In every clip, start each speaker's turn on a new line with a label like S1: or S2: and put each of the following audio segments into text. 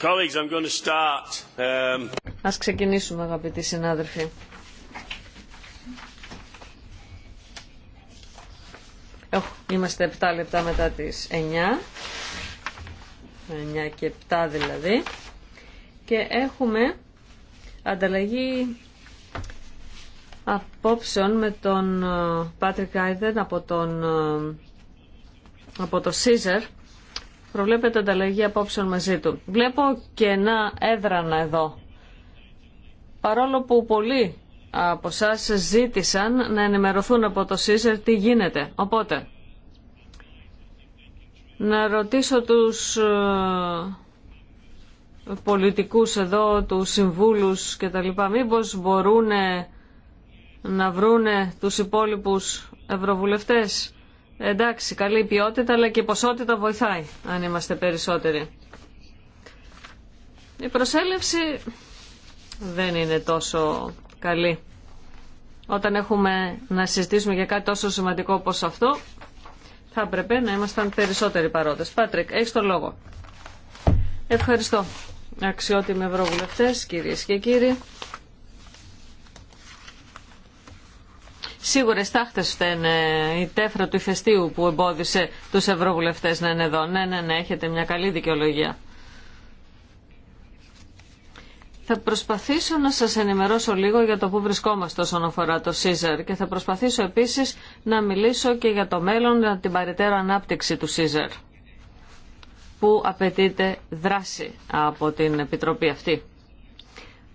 S1: Colleagues, um, Ας ξεκινήσουμε αγαπητοί συνάδελφοι. Oh, είμαστε 7 λεπτά μετά τις 9. 9 και 7 δηλαδή. Και έχουμε ανταλλαγή απόψεων με τον Πάτρικ ε, Άιδεν από, τον, ε, από το Caesar προβλέπεται ανταλλαγή απόψεων μαζί του. Βλέπω και ένα έδρανα εδώ. Παρόλο που πολλοί από εσά ζήτησαν να ενημερωθούν από το ΣΥΖΕΡ τι γίνεται. Οπότε, να ρωτήσω τους ε, πολιτικούς εδώ, τους συμβούλους και τα λοιπά, μήπως μπορούν να βρούνε τους υπόλοιπους ευρωβουλευτές Εντάξει, καλή ποιότητα, αλλά και ποσότητα βοηθάει, αν είμαστε περισσότεροι. Η προσέλευση δεν είναι τόσο καλή. Όταν έχουμε να συζητήσουμε για κάτι τόσο σημαντικό όπως αυτό, θα έπρεπε να ήμασταν περισσότεροι παρόντες. Πάτρικ, έχεις το λόγο. Ευχαριστώ. Αξιότιμοι ευρωβουλευτές, κυρίες και κύριοι. Σίγουρα τάχτε φταίνε η τέφρα του ηφαιστείου που εμπόδισε του ευρωβουλευτέ να είναι εδώ. Ναι, ναι, ναι, έχετε μια καλή δικαιολογία. Θα προσπαθήσω να σας ενημερώσω λίγο για το που βρισκόμαστε όσον αφορά το ΣΥΖΑΡ και θα προσπαθήσω επίσης να μιλήσω και για το μέλλον, για την παρετέρω ανάπτυξη του ΣΥΖΑΡ που απαιτείται δράση από την Επιτροπή αυτή.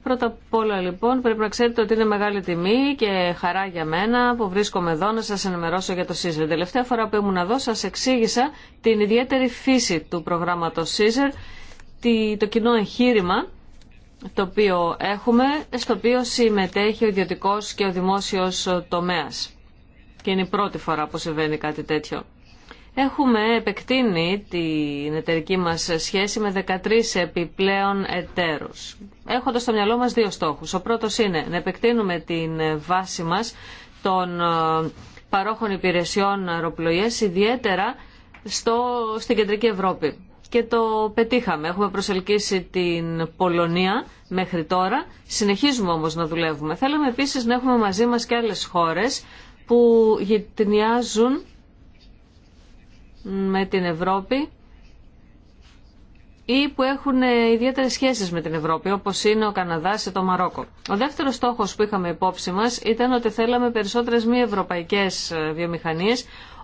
S1: Πρώτα απ' όλα λοιπόν πρέπει να ξέρετε ότι είναι μεγάλη τιμή και χαρά για μένα που βρίσκομαι εδώ να σας ενημερώσω για το Caesar. Τελευταία φορά που ήμουν εδώ σας εξήγησα την ιδιαίτερη φύση του προγράμματος Caesar, το κοινό εγχείρημα το οποίο έχουμε, στο οποίο συμμετέχει ο ιδιωτικός και ο δημόσιος τομέας. Και είναι η πρώτη φορά που συμβαίνει κάτι τέτοιο. Έχουμε επεκτείνει την εταιρική μας σχέση με 13 επιπλέον εταίρους, έχοντας στο μυαλό μας δύο στόχους. Ο πρώτος είναι να επεκτείνουμε την βάση μας των ε, παρόχων υπηρεσιών αεροπλοίες, ιδιαίτερα στο, στην Κεντρική Ευρώπη. Και το πετύχαμε. Έχουμε προσελκύσει την Πολωνία μέχρι τώρα. Συνεχίζουμε όμως να δουλεύουμε. θέλουμε επίσης να έχουμε μαζί μας και άλλες χώρες που γυτνιάζουν με την Ευρώπη ή που έχουν ε, ιδιαίτερε σχέσει με την Ευρώπη, όπω είναι ο Καναδά ή το Μαρόκο. Ο δεύτερο στόχο που είχαμε υπόψη μα ήταν ότι θέλαμε περισσότερε μη ευρωπαϊκέ ε, βιομηχανίε,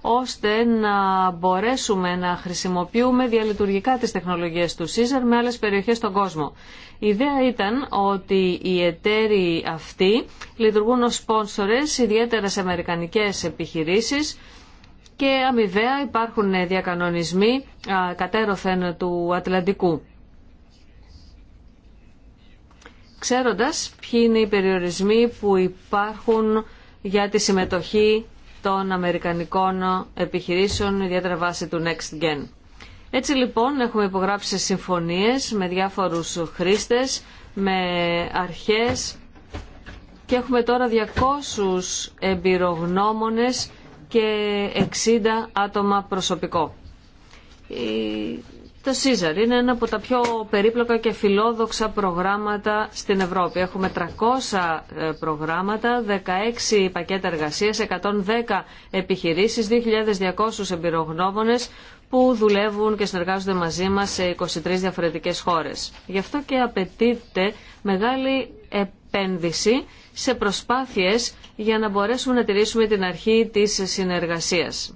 S1: ώστε να μπορέσουμε να χρησιμοποιούμε διαλειτουργικά τις τεχνολογίες του Caesar με άλλες περιοχές στον κόσμο. Η ιδέα ήταν ότι οι εταίροι αυτοί λειτουργούν ως σπόνσορες ιδιαίτερα σε αμερικανικές επιχειρήσεις και αμοιβαία υπάρχουν διακανονισμοί κατέρωθεν του Ατλαντικού. Ξέροντας ποιοι είναι οι περιορισμοί που υπάρχουν για τη συμμετοχή των Αμερικανικών επιχειρήσεων, ιδιαίτερα βάση του Next Gen. Έτσι λοιπόν έχουμε υπογράψει συμφωνίες με διάφορους χρήστες, με αρχές και έχουμε τώρα 200 εμπειρογνώμονες και 60 άτομα προσωπικό. Το Caesar είναι ένα από τα πιο περίπλοκα και φιλόδοξα προγράμματα στην Ευρώπη. Έχουμε 300 ε, προγράμματα, 16 πακέτα εργασίας, 110 επιχειρήσεις, 2.200 εμπειρογνώμονες που δουλεύουν και συνεργάζονται μαζί μας σε 23 διαφορετικές χώρες. Γι' αυτό και απαιτείται μεγάλη επένδυση σε προσπάθειες για να μπορέσουμε να τηρήσουμε την αρχή της συνεργασίας.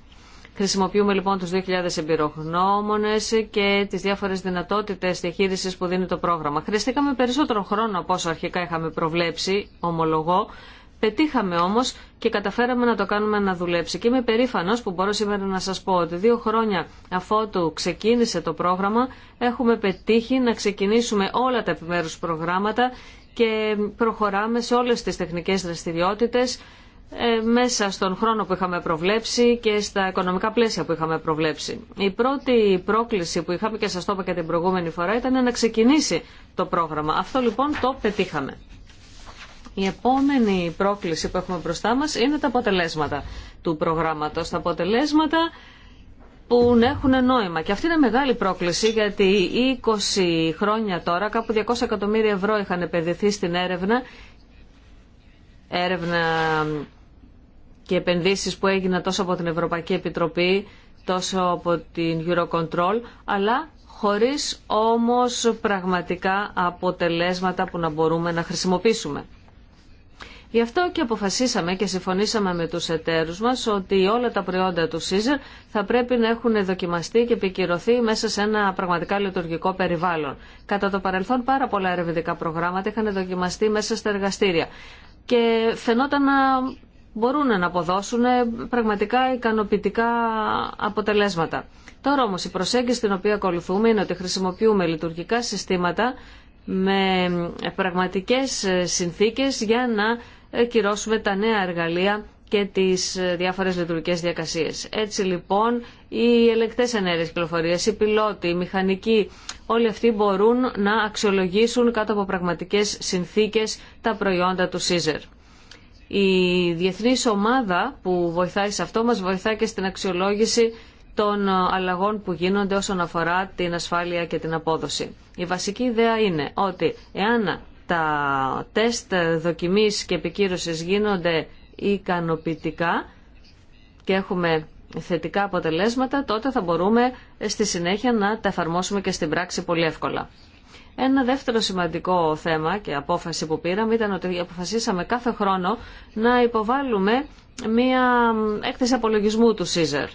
S1: Χρησιμοποιούμε λοιπόν τους 2.000 εμπειρογνώμονες και τις διάφορες δυνατότητες διαχείρισης που δίνει το πρόγραμμα. Χρειαστήκαμε περισσότερο χρόνο από όσο αρχικά είχαμε προβλέψει, ομολογώ. Πετύχαμε όμως και καταφέραμε να το κάνουμε να δουλέψει. Και είμαι περήφανος που μπορώ σήμερα να σας πω ότι δύο χρόνια αφότου ξεκίνησε το πρόγραμμα έχουμε πετύχει να ξεκινήσουμε όλα τα επιμέρους προγράμματα και προχωράμε σε όλες τις τεχνικές δραστηριότητες ε, μέσα στον χρόνο που είχαμε προβλέψει και στα οικονομικά πλαίσια που είχαμε προβλέψει. Η πρώτη πρόκληση που είχαμε και σας το είπα και την προηγούμενη φορά ήταν να ξεκινήσει το πρόγραμμα. Αυτό λοιπόν το πετύχαμε. Η επόμενη πρόκληση που έχουμε μπροστά μας είναι τα αποτελέσματα του προγράμματος. Τα αποτελέσματα που έχουν νόημα. Και αυτή είναι μεγάλη πρόκληση γιατί 20 χρόνια τώρα κάπου 200 εκατομμύρια ευρώ είχαν επενδυθεί στην έρευνα έρευνα και επενδύσεις που έγιναν τόσο από την Ευρωπαϊκή Επιτροπή, τόσο από την Eurocontrol, αλλά χωρίς όμως πραγματικά αποτελέσματα που να μπορούμε να χρησιμοποιήσουμε. Γι' αυτό και αποφασίσαμε και συμφωνήσαμε με τους εταίρους μας ότι όλα τα προϊόντα του Caesar θα πρέπει να έχουν δοκιμαστεί και επικυρωθεί μέσα σε ένα πραγματικά λειτουργικό περιβάλλον. Κατά το παρελθόν πάρα πολλά ερευνητικά προγράμματα είχαν δοκιμαστεί μέσα στα εργαστήρια και φαινόταν να μπορούν να αποδώσουν πραγματικά ικανοποιητικά αποτελέσματα. Τώρα όμως η προσέγγιση την οποία ακολουθούμε είναι ότι χρησιμοποιούμε λειτουργικά συστήματα με πραγματικές συνθήκες για να κυρώσουμε τα νέα εργαλεία και τις ε, διάφορες λειτουργικές διακασίες. Έτσι λοιπόν οι ελεκτές ενέργειες κυκλοφορίας, οι πιλότοι, οι μηχανικοί, όλοι αυτοί μπορούν να αξιολογήσουν κάτω από πραγματικές συνθήκες τα προϊόντα του ΣΥΖΕΡ. Η διεθνής ομάδα που βοηθάει σε αυτό μας βοηθάει και στην αξιολόγηση των ε, αλλαγών που γίνονται όσον αφορά την ασφάλεια και την απόδοση. Η βασική ιδέα είναι ότι εάν τα τεστ δοκιμής και επικύρωσης γίνονται ικανοποιητικά και έχουμε θετικά αποτελέσματα, τότε θα μπορούμε στη συνέχεια να τα εφαρμόσουμε και στην πράξη πολύ εύκολα. Ένα δεύτερο σημαντικό θέμα και απόφαση που πήραμε ήταν ότι αποφασίσαμε κάθε χρόνο να υποβάλουμε μία έκθεση απολογισμού του ΣΥΖΕΡ,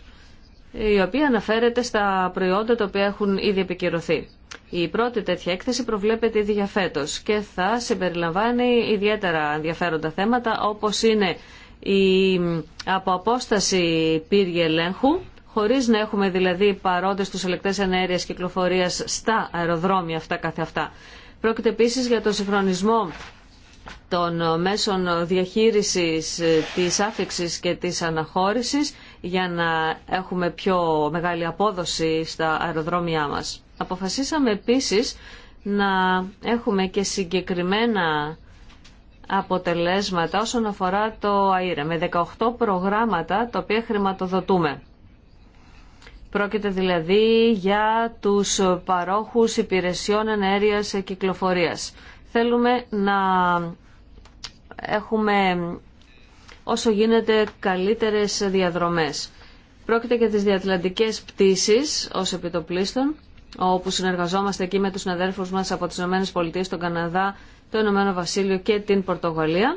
S1: η οποία αναφέρεται στα προϊόντα τα οποία έχουν ήδη επικυρωθεί. Η πρώτη τέτοια έκθεση προβλέπεται ήδη για φέτο και θα συμπεριλαμβάνει ιδιαίτερα ενδιαφέροντα θέματα όπως είναι η από απόσταση πύργη ελέγχου, χωρίς να έχουμε δηλαδή παρόντες τους ελεκτέ ενέργεια κυκλοφορία στα αεροδρόμια αυτά καθε αυτά. Πρόκειται επίσης για το συγχρονισμό των μέσων διαχείρισης ε, της άφηξης και της αναχώρησης για να έχουμε πιο μεγάλη απόδοση στα αεροδρόμια μας. Αποφασίσαμε επίσης να έχουμε και συγκεκριμένα αποτελέσματα όσον αφορά το αέρα, με 18 προγράμματα τα οποία χρηματοδοτούμε. Πρόκειται δηλαδή για τους παρόχους υπηρεσιών ενέργειας κυκλοφορίας. Θέλουμε να έχουμε όσο γίνεται καλύτερες διαδρομές. Πρόκειται για τις διατλαντικές πτήσεις ως επιτοπλίστων όπου συνεργαζόμαστε εκεί με τους συναδέλφους μας από τις Πολιτείες, τον Καναδά, το Ηνωμένο Βασίλειο και την Πορτογαλία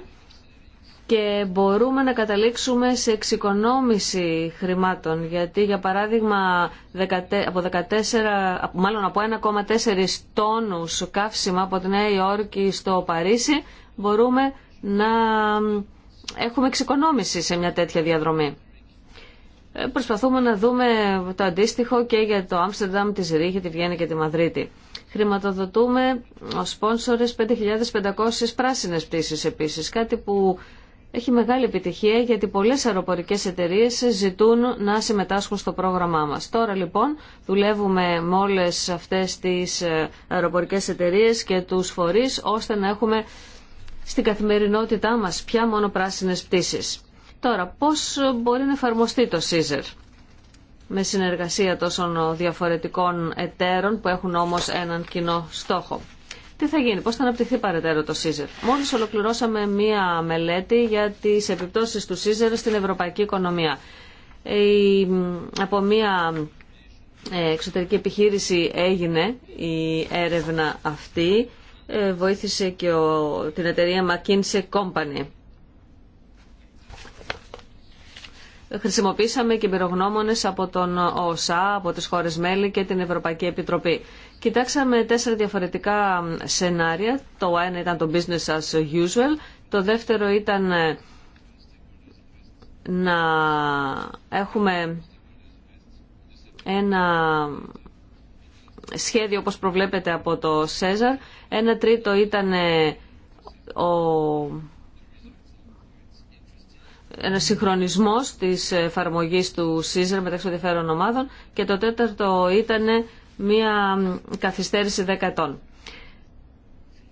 S1: και μπορούμε να καταλήξουμε σε εξοικονόμηση χρημάτων γιατί για παράδειγμα από 14, μάλλον από 1,4 τόνους καύσιμα από τη Νέα Υόρκη στο Παρίσι μπορούμε να έχουμε εξοικονόμηση σε μια τέτοια διαδρομή. Ε, προσπαθούμε να δούμε το αντίστοιχο και για το Άμστερνταμ, τη Ζηρίχη, τη Βιέννη και τη Μαδρίτη. Χρηματοδοτούμε ως σπόνσορες 5.500 πράσινε πτήσεις επίσης, κάτι που έχει μεγάλη επιτυχία γιατί πολλέ αεροπορικές εταιρείε ζητούν να συμμετάσχουν στο πρόγραμμά μας. Τώρα λοιπόν δουλεύουμε με όλες αυτές τις ε, αεροπορικές εταιρείε και του φορεί, ώστε να έχουμε στην καθημερινότητά μα πια μόνο πράσινε πτήσει. Τώρα, πώς μπορεί να εφαρμοστεί το ΣΥΖΕΡ με συνεργασία τόσων διαφορετικών εταίρων που έχουν όμως έναν κοινό στόχο. Τι θα γίνει, πώς θα αναπτυχθεί παρετέρω το ΣΥΖΕΡ. Μόλις ολοκληρώσαμε μία μελέτη για τις επιπτώσεις του ΣΥΖΕΡ στην ευρωπαϊκή οικονομία. από μία ε, εξωτερική επιχείρηση έγινε η έρευνα αυτή. Ε, βοήθησε και την εταιρεία McKinsey Company. χρησιμοποίησαμε και πυρογνώμονε από τον ΟΣΑ, από τις χώρες μέλη και την Ευρωπαϊκή Επιτροπή. Κοιτάξαμε τέσσερα διαφορετικά σενάρια. Το ένα ήταν το business as usual, το δεύτερο ήταν να έχουμε ένα σχέδιο όπως προβλέπεται από το ΣΕΖΑΡ. Ένα τρίτο ήταν ο ένα συγχρονισμό της εφαρμογή του ΣΥΖΡ μεταξύ των διαφέρων ομάδων και το τέταρτο ήταν μια καθυστέρηση 10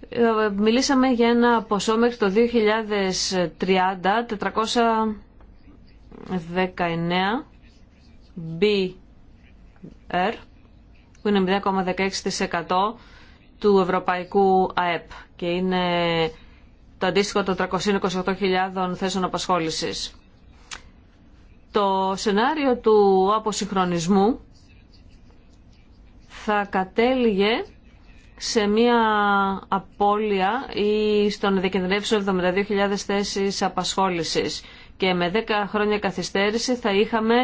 S1: ε, Μιλήσαμε για ένα ποσό μέχρι το 2030, 419 BR, που είναι 0,16% του ευρωπαϊκού ΑΕΠ και είναι το αντίστοιχο των 328.000 θέσεων απασχόλησης. Το σενάριο του αποσυγχρονισμού θα κατέληγε σε μια απώλεια ή στον διακεντρεύσιο 72.000 θέσεις απασχόλησης και με 10 χρόνια καθυστέρηση θα είχαμε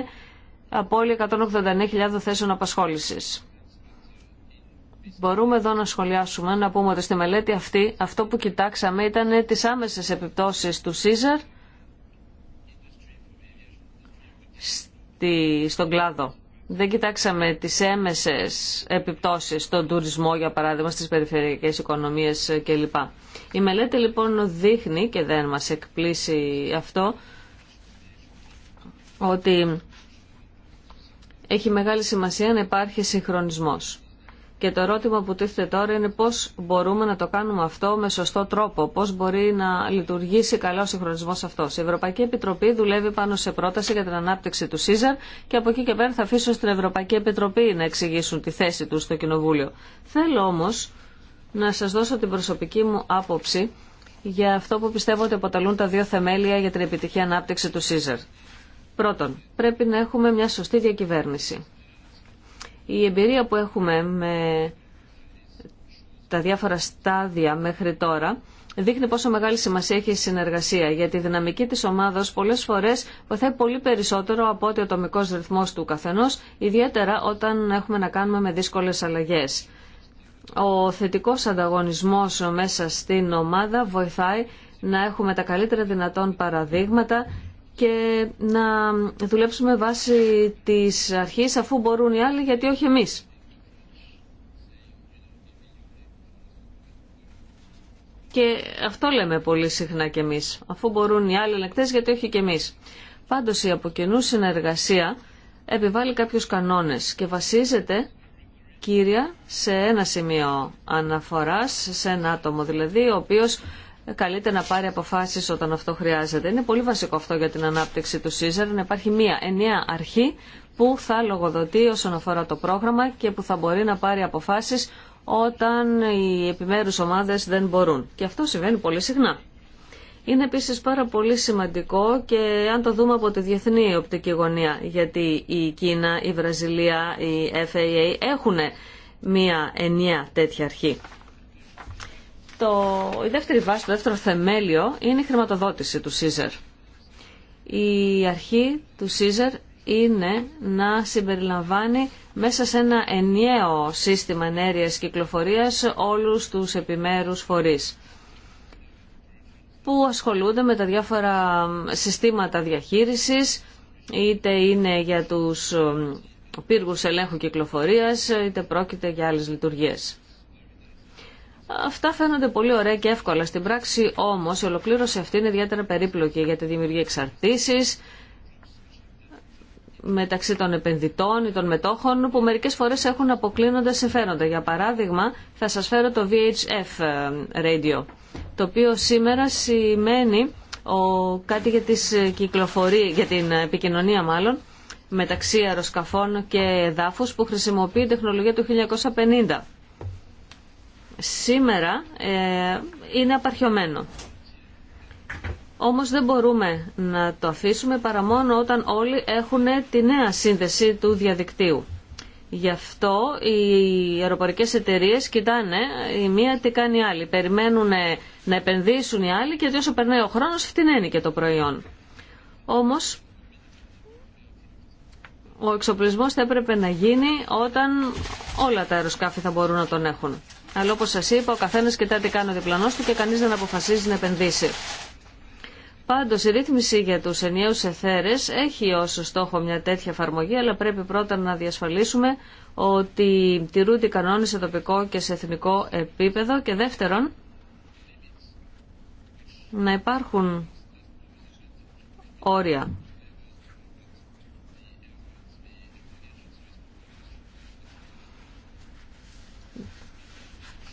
S1: απώλεια 189.000 θέσεων απασχόλησης. Μπορούμε εδώ να σχολιάσουμε, να πούμε ότι στη μελέτη αυτή αυτό που κοιτάξαμε ήταν τις άμεσες επιπτώσεις του ΣΥΖΑΡ στη, στον κλάδο. Δεν κοιτάξαμε τις έμεσες επιπτώσεις στον τουρισμό, για παράδειγμα, στις περιφερειακές οικονομίες κλπ. Η μελέτη λοιπόν δείχνει, και δεν μας εκπλήσει αυτό, ότι έχει μεγάλη σημασία να υπάρχει συγχρονισμός. Και το ερώτημα που τίθεται τώρα είναι πώς μπορούμε να το κάνουμε αυτό με σωστό τρόπο, πώς μπορεί να λειτουργήσει καλά ο συγχρονισμός αυτός. Η Ευρωπαϊκή Επιτροπή δουλεύει πάνω σε πρόταση για την ανάπτυξη του ΣΥΖΑΡ και από εκεί και πέρα θα αφήσω στην Ευρωπαϊκή Επιτροπή να εξηγήσουν τη θέση του στο Κοινοβούλιο. Θέλω όμως να σας δώσω την προσωπική μου άποψη για αυτό που πιστεύω ότι αποτελούν τα δύο θεμέλια για την επιτυχή ανάπτυξη του ΣΥΖΑΡ. Πρώτον, πρέπει να έχουμε μια σωστή διακυβέρνηση. Η εμπειρία που έχουμε με τα διάφορα στάδια μέχρι τώρα δείχνει πόσο μεγάλη σημασία έχει η συνεργασία, γιατί η δυναμική της ομάδας πολλές φορές βοηθάει πολύ περισσότερο από ότι ο τομικό ρυθμός του καθενός, ιδιαίτερα όταν έχουμε να κάνουμε με δύσκολες αλλαγές. Ο θετικός ανταγωνισμός μέσα στην ομάδα βοηθάει να έχουμε τα καλύτερα δυνατόν παραδείγματα και να δουλέψουμε βάσει της αρχής αφού μπορούν οι άλλοι γιατί όχι εμείς. Και αυτό λέμε πολύ συχνά κι εμείς. Αφού μπορούν οι άλλοι ελεκτές γιατί όχι κι εμείς. Πάντως η αποκενού συνεργασία επιβάλλει κάποιους κανόνες και βασίζεται κύρια σε ένα σημείο αναφοράς, σε ένα άτομο δηλαδή, ο οποίος καλείται να πάρει αποφάσεις όταν αυτό χρειάζεται. Είναι πολύ βασικό αυτό για την ανάπτυξη του ΣΥΖΑΡ να υπάρχει μία ενιαία αρχή που θα λογοδοτεί όσον αφορά το πρόγραμμα και που θα μπορεί να πάρει αποφάσεις όταν οι επιμέρους ομάδες δεν μπορούν. Και αυτό συμβαίνει πολύ συχνά. Είναι επίσης πάρα πολύ σημαντικό και αν το δούμε από τη διεθνή οπτική γωνία, γιατί η Κίνα, η Βραζιλία, η FAA έχουν μία ενιαία τέτοια αρχή το, η δεύτερη βάση, το δεύτερο θεμέλιο είναι η χρηματοδότηση του Σίζερ. Η αρχή του Σίζερ είναι να συμπεριλαμβάνει μέσα σε ένα ενιαίο σύστημα ενέργειας κυκλοφορίας όλους τους επιμέρους φορείς που ασχολούνται με τα διάφορα συστήματα διαχείρισης είτε είναι για τους ε, πύργους ελέγχου κυκλοφορίας είτε πρόκειται για άλλες λειτουργίες. Αυτά φαίνονται πολύ ωραία και εύκολα. Στην πράξη όμω, η ολοκλήρωση αυτή είναι ιδιαίτερα περίπλοκη τη δημιουργία εξαρτήσεις μεταξύ των επενδυτών ή των μετόχων που μερικές φορές έχουν αποκλίνοντα συμφέροντα. Για παράδειγμα θα σας φέρω το VHF radio ε, το οποίο σήμερα σημαίνει ο, κάτι για, τις για την επικοινωνία μάλλον μεταξύ αεροσκαφών και δάφους που χρησιμοποιεί η τεχνολογία του 1950 σήμερα ε, είναι απαρχιωμένο. Όμως δεν μπορούμε να το αφήσουμε παρά μόνο όταν όλοι έχουν τη νέα σύνδεση του διαδικτύου. Γι' αυτό οι αεροπορικές εταιρείες κοιτάνε η μία τι κάνει η άλλη. Περιμένουν να επενδύσουν οι άλλοι και όσο περνάει ο χρόνος φτηνένει και το προϊόν. Όμως ο εξοπλισμός θα έπρεπε να γίνει όταν όλα τα αεροσκάφη θα μπορούν να τον έχουν. Αλλά όπως σας είπα, ο καθένας κοιτά τι κάνει ο διπλανός του και κανείς δεν αποφασίζει να επενδύσει. Πάντως η ρύθμιση για τους ενιαίους εθέρες έχει ως στόχο μια τέτοια εφαρμογή, αλλά πρέπει πρώτα να διασφαλίσουμε ότι τηρούνται οι κανόνες σε τοπικό και σε εθνικό επίπεδο και δεύτερον να υπάρχουν όρια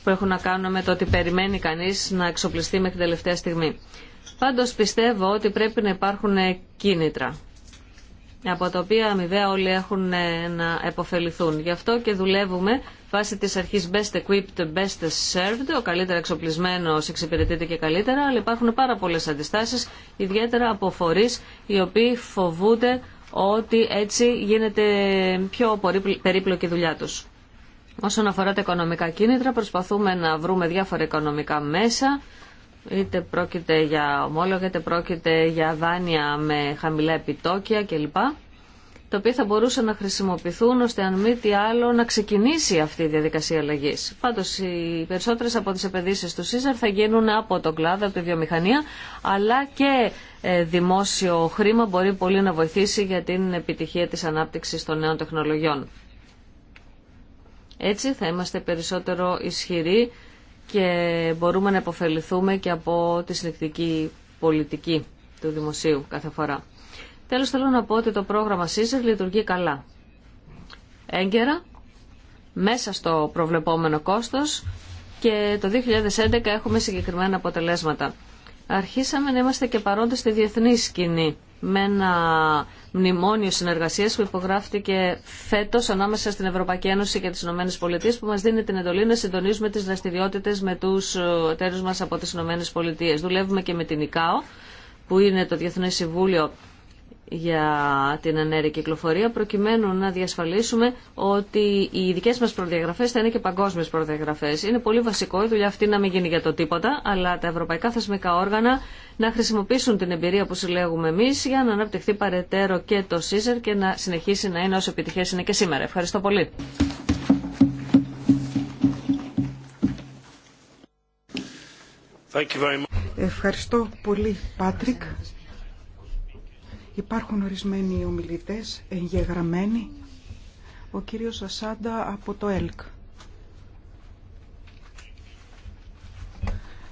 S1: που έχουν να κάνουν με το ότι περιμένει κανείς να εξοπλιστεί μέχρι την τελευταία στιγμή. Πάντως πιστεύω ότι πρέπει να υπάρχουν κίνητρα από τα οποία αμοιβαία όλοι έχουν ε, να επωφεληθούν. Γι' αυτό και δουλεύουμε βάσει της αρχής best equipped, best served, ο καλύτερα εξοπλισμένος εξυπηρετείται και καλύτερα, αλλά υπάρχουν πάρα πολλές αντιστάσεις, ιδιαίτερα από φορείς οι οποίοι φοβούνται ότι έτσι γίνεται πιο περίπλοκη δουλειά τους. Όσον αφορά τα οικονομικά κίνητρα, προσπαθούμε να βρούμε διάφορα οικονομικά μέσα, είτε πρόκειται για ομόλογα, είτε πρόκειται για δάνεια με χαμηλά επιτόκια κλπ τα οποία θα μπορούσαν να χρησιμοποιηθούν ώστε αν μη τι άλλο να ξεκινήσει αυτή η διαδικασία αλλαγή. Πάντω, οι περισσότερε από τι επενδύσει του ΣΥΖΑΡ θα γίνουν από τον κλάδο, από τη βιομηχανία, αλλά και ε, δημόσιο χρήμα μπορεί πολύ να βοηθήσει για την επιτυχία τη ανάπτυξη των νέων τεχνολογιών. Έτσι θα είμαστε περισσότερο ισχυροί και μπορούμε να αποφεληθούμε και από τη συνεκτική πολιτική του δημοσίου κάθε φορά. Τέλος θέλω να πω ότι το πρόγραμμα ΣΥΖΕΡ λειτουργεί καλά. Έγκαιρα, μέσα στο προβλεπόμενο κόστος και το 2011 έχουμε συγκεκριμένα αποτελέσματα. Αρχίσαμε να είμαστε και παρόντες στη διεθνή σκηνή με ένα μνημόνιο συνεργασία που υπογράφτηκε φέτο ανάμεσα στην Ευρωπαϊκή Ένωση και τι ΗΠΑ που μα δίνει την εντολή να συντονίζουμε τι δραστηριότητε με του ε, εταίρου μα από τι ΗΠΑ. Δουλεύουμε και με την ΙΚΑΟ που είναι το Διεθνέ Συμβούλιο για την ενέργεια κυκλοφορία προκειμένου να διασφαλίσουμε ότι οι δικές μας προδιαγραφές θα είναι και παγκόσμιες προδιαγραφές. Είναι πολύ βασικό η δουλειά αυτή να μην γίνει για το τίποτα, αλλά τα ευρωπαϊκά θεσμικά όργανα να χρησιμοποιήσουν την εμπειρία που συλλέγουμε εμείς για να αναπτυχθεί παρετέρω και το ΣΥΖΕΡ και να συνεχίσει να είναι όσο επιτυχές είναι και σήμερα. Ευχαριστώ πολύ.
S2: Ευχαριστώ πολύ, Πάτρικ. Υπάρχουν ορισμένοι ομιλητές εγγεγραμμένοι. Ο κύριος Ασάντα από το ΕΛΚ.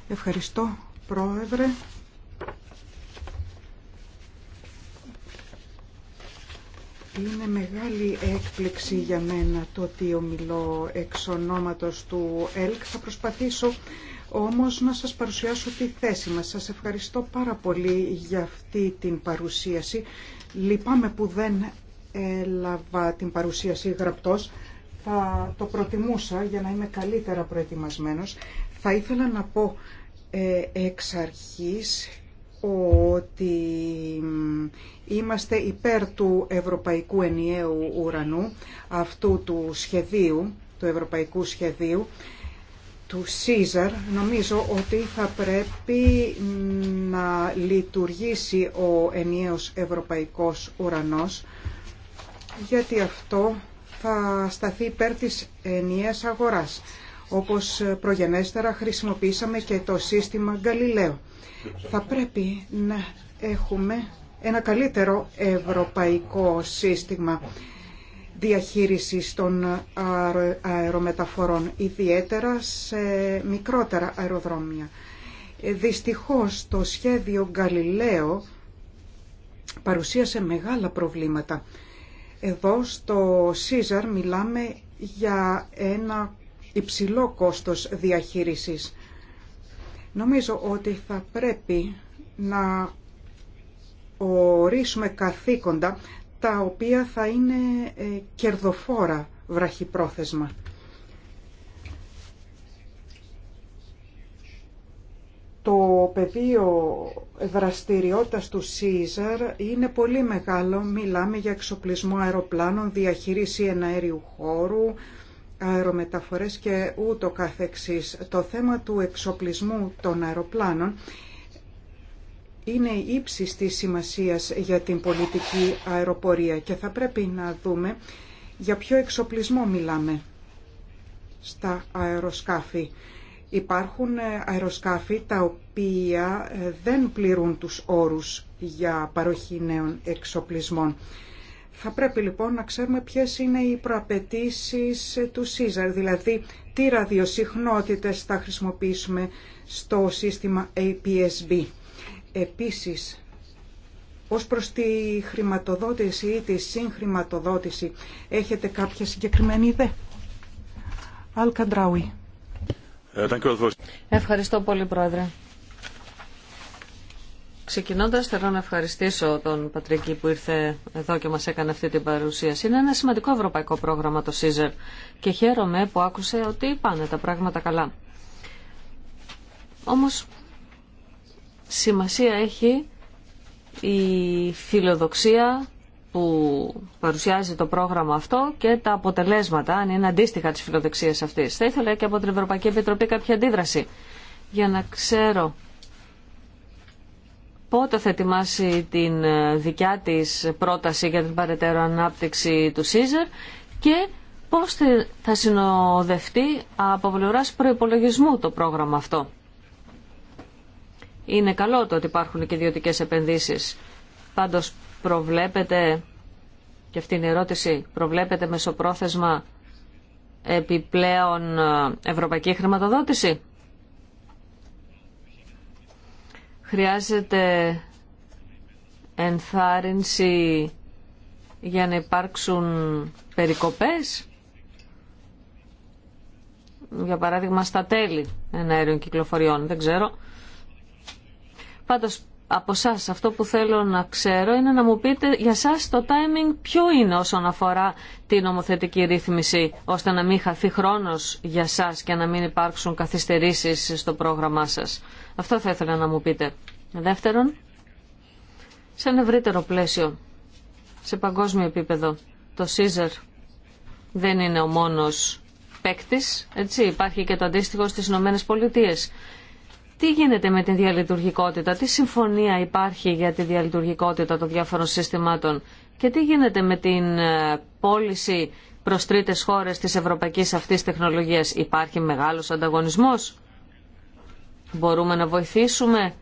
S2: Ευχαριστώ, Πρόεδρε. Είναι μεγάλη έκπληξη για μένα το ότι ομιλώ εξ του ΕΛΚ. Θα προσπαθήσω όμως να σας παρουσιάσω τη θέση μας. Σας ευχαριστώ πάρα πολύ για αυτή την παρουσίαση. Λυπάμαι που δεν έλαβα την παρουσίαση γραπτός. Θα το προτιμούσα για να είμαι καλύτερα προετοιμασμένος. Θα ήθελα να πω ε, εξ αρχής ότι είμαστε υπέρ του Ευρωπαϊκού Ενιαίου Ουρανού, αυτού του σχεδίου, του Ευρωπαϊκού Σχεδίου, του Σίζαρ, νομίζω ότι θα πρέπει να λειτουργήσει ο ενιαίος ευρωπαϊκός ουρανός, γιατί αυτό θα σταθεί υπέρ της ενιαίας αγοράς. Όπως προγενέστερα χρησιμοποίησαμε και το σύστημα Galileo. Θα πρέπει να έχουμε ένα καλύτερο ευρωπαϊκό σύστημα διαχείρισης των αερομεταφορών, ιδιαίτερα σε μικρότερα αεροδρόμια. Ε, δυστυχώς το σχέδιο Γαλιλαίο παρουσίασε μεγάλα προβλήματα. Εδώ στο Σίζαρ μιλάμε για ένα υψηλό κόστος διαχείρισης. Νομίζω ότι θα πρέπει να ορίσουμε καθήκοντα τα οποία θα είναι ε, κερδοφόρα βραχυπρόθεσμα. Το πεδίο δραστηριότητας του ΣΥΖΑΡ είναι πολύ μεγάλο. Μιλάμε για εξοπλισμό αεροπλάνων, διαχείριση εναέριου χώρου, αερομεταφορές και ούτω καθεξής. Το θέμα του εξοπλισμού των αεροπλάνων είναι ύψης της σημασίας για την πολιτική αεροπορία και θα πρέπει να δούμε για ποιο εξοπλισμό μιλάμε στα αεροσκάφη. Υπάρχουν ε, αεροσκάφη τα οποία ε, δεν πληρούν τους όρους για παροχή νέων εξοπλισμών. Θα πρέπει λοιπόν να ξέρουμε ποιες είναι οι προαπαιτήσεις του ΣΥΖΑΡ, δηλαδή τι ραδιοσυχνότητες θα χρησιμοποιήσουμε στο σύστημα APSB. Επίσης, ως προς τη χρηματοδότηση ή τη συγχρηματοδότηση, έχετε κάποια συγκεκριμένη ιδέα. Αλκαντράουι. Ε, Ευχαριστώ πολύ, Πρόεδρε.
S1: Ξεκινώντας, θέλω να ευχαριστήσω τον Πατρίκη που ήρθε εδώ και μας έκανε αυτή την παρουσίαση. Είναι ένα σημαντικό ευρωπαϊκό πρόγραμμα το ΣΥΖΕΡ και χαίρομαι που άκουσε ότι πάνε τα πράγματα καλά. Όμως σημασία έχει η φιλοδοξία που παρουσιάζει το πρόγραμμα αυτό και τα αποτελέσματα, αν είναι αντίστοιχα της φιλοδοξίας αυτής. Θα ήθελα και από την Ευρωπαϊκή Επιτροπή κάποια αντίδραση για να ξέρω πότε θα ετοιμάσει την ε, δικιά της πρόταση για την παρετέρω ανάπτυξη του ΣΥΖΕΡ και πώς θα συνοδευτεί από πλευρά προϋπολογισμού το πρόγραμμα αυτό. Είναι καλό το ότι υπάρχουν και ιδιωτικέ επενδύσεις. Πάντως προβλέπετε, και αυτή είναι η ερώτηση, προβλέπετε μεσοπρόθεσμα επιπλέον ε, ευρωπαϊκή χρηματοδότηση. Χρειάζεται ενθάρρυνση για να υπάρξουν περικοπές για παράδειγμα στα τέλη εναέριων κυκλοφοριών δεν ξέρω Πάντως από εσά αυτό που θέλω να ξέρω είναι να μου πείτε για σας το timing ποιο είναι όσον αφορά την νομοθετική ρύθμιση ώστε να μην χαθεί χρόνος για σας και να μην υπάρξουν καθυστερήσεις στο πρόγραμμά σας. Αυτό θα ήθελα να μου πείτε. Δεύτερον, σε ένα ευρύτερο πλαίσιο, σε παγκόσμιο επίπεδο, το Caesar δεν είναι ο μόνος παίκτη, έτσι, υπάρχει και το αντίστοιχο στις Ηνωμένες Πολιτείες. Τι γίνεται με τη διαλειτουργικότητα, τι συμφωνία υπάρχει για τη διαλειτουργικότητα των διάφορων συστημάτων και τι γίνεται με την ε, πώληση προς τρίτες χώρες της ευρωπαϊκής αυτής τεχνολογίας. Υπάρχει μεγάλος ανταγωνισμός. Μπορούμε να βοηθήσουμε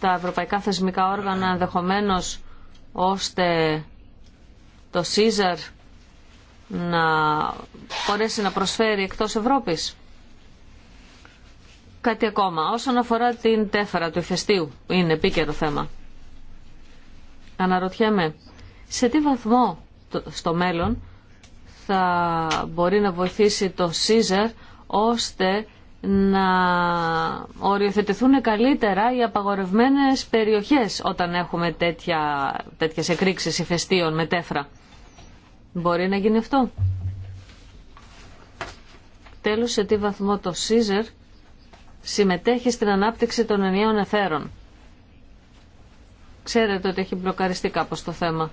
S1: τα ευρωπαϊκά θεσμικά όργανα ενδεχομένω ώστε το ΣΥΖΑΡ να μπορέσει να προσφέρει εκτός Ευρώπης. Κάτι ακόμα. Όσον αφορά την τέφαρα του ηφαιστείου, είναι επίκαιρο θέμα. Αναρωτιέμαι, σε τι βαθμό στο μέλλον θα μπορεί να βοηθήσει το ΣΥΖΕΡ ώστε να οριοθετηθούν καλύτερα οι απαγορευμένες περιοχές όταν έχουμε τέτοια, τέτοιες εκρήξεις ηφαιστείων με τέφρα. Μπορεί να γίνει αυτό. Τέλος, σε τι βαθμό το ΣΥΖΕΡ συμμετέχει στην ανάπτυξη των ενιαίων εθέρων. Ξέρετε ότι έχει μπλοκαριστεί κάπως το θέμα.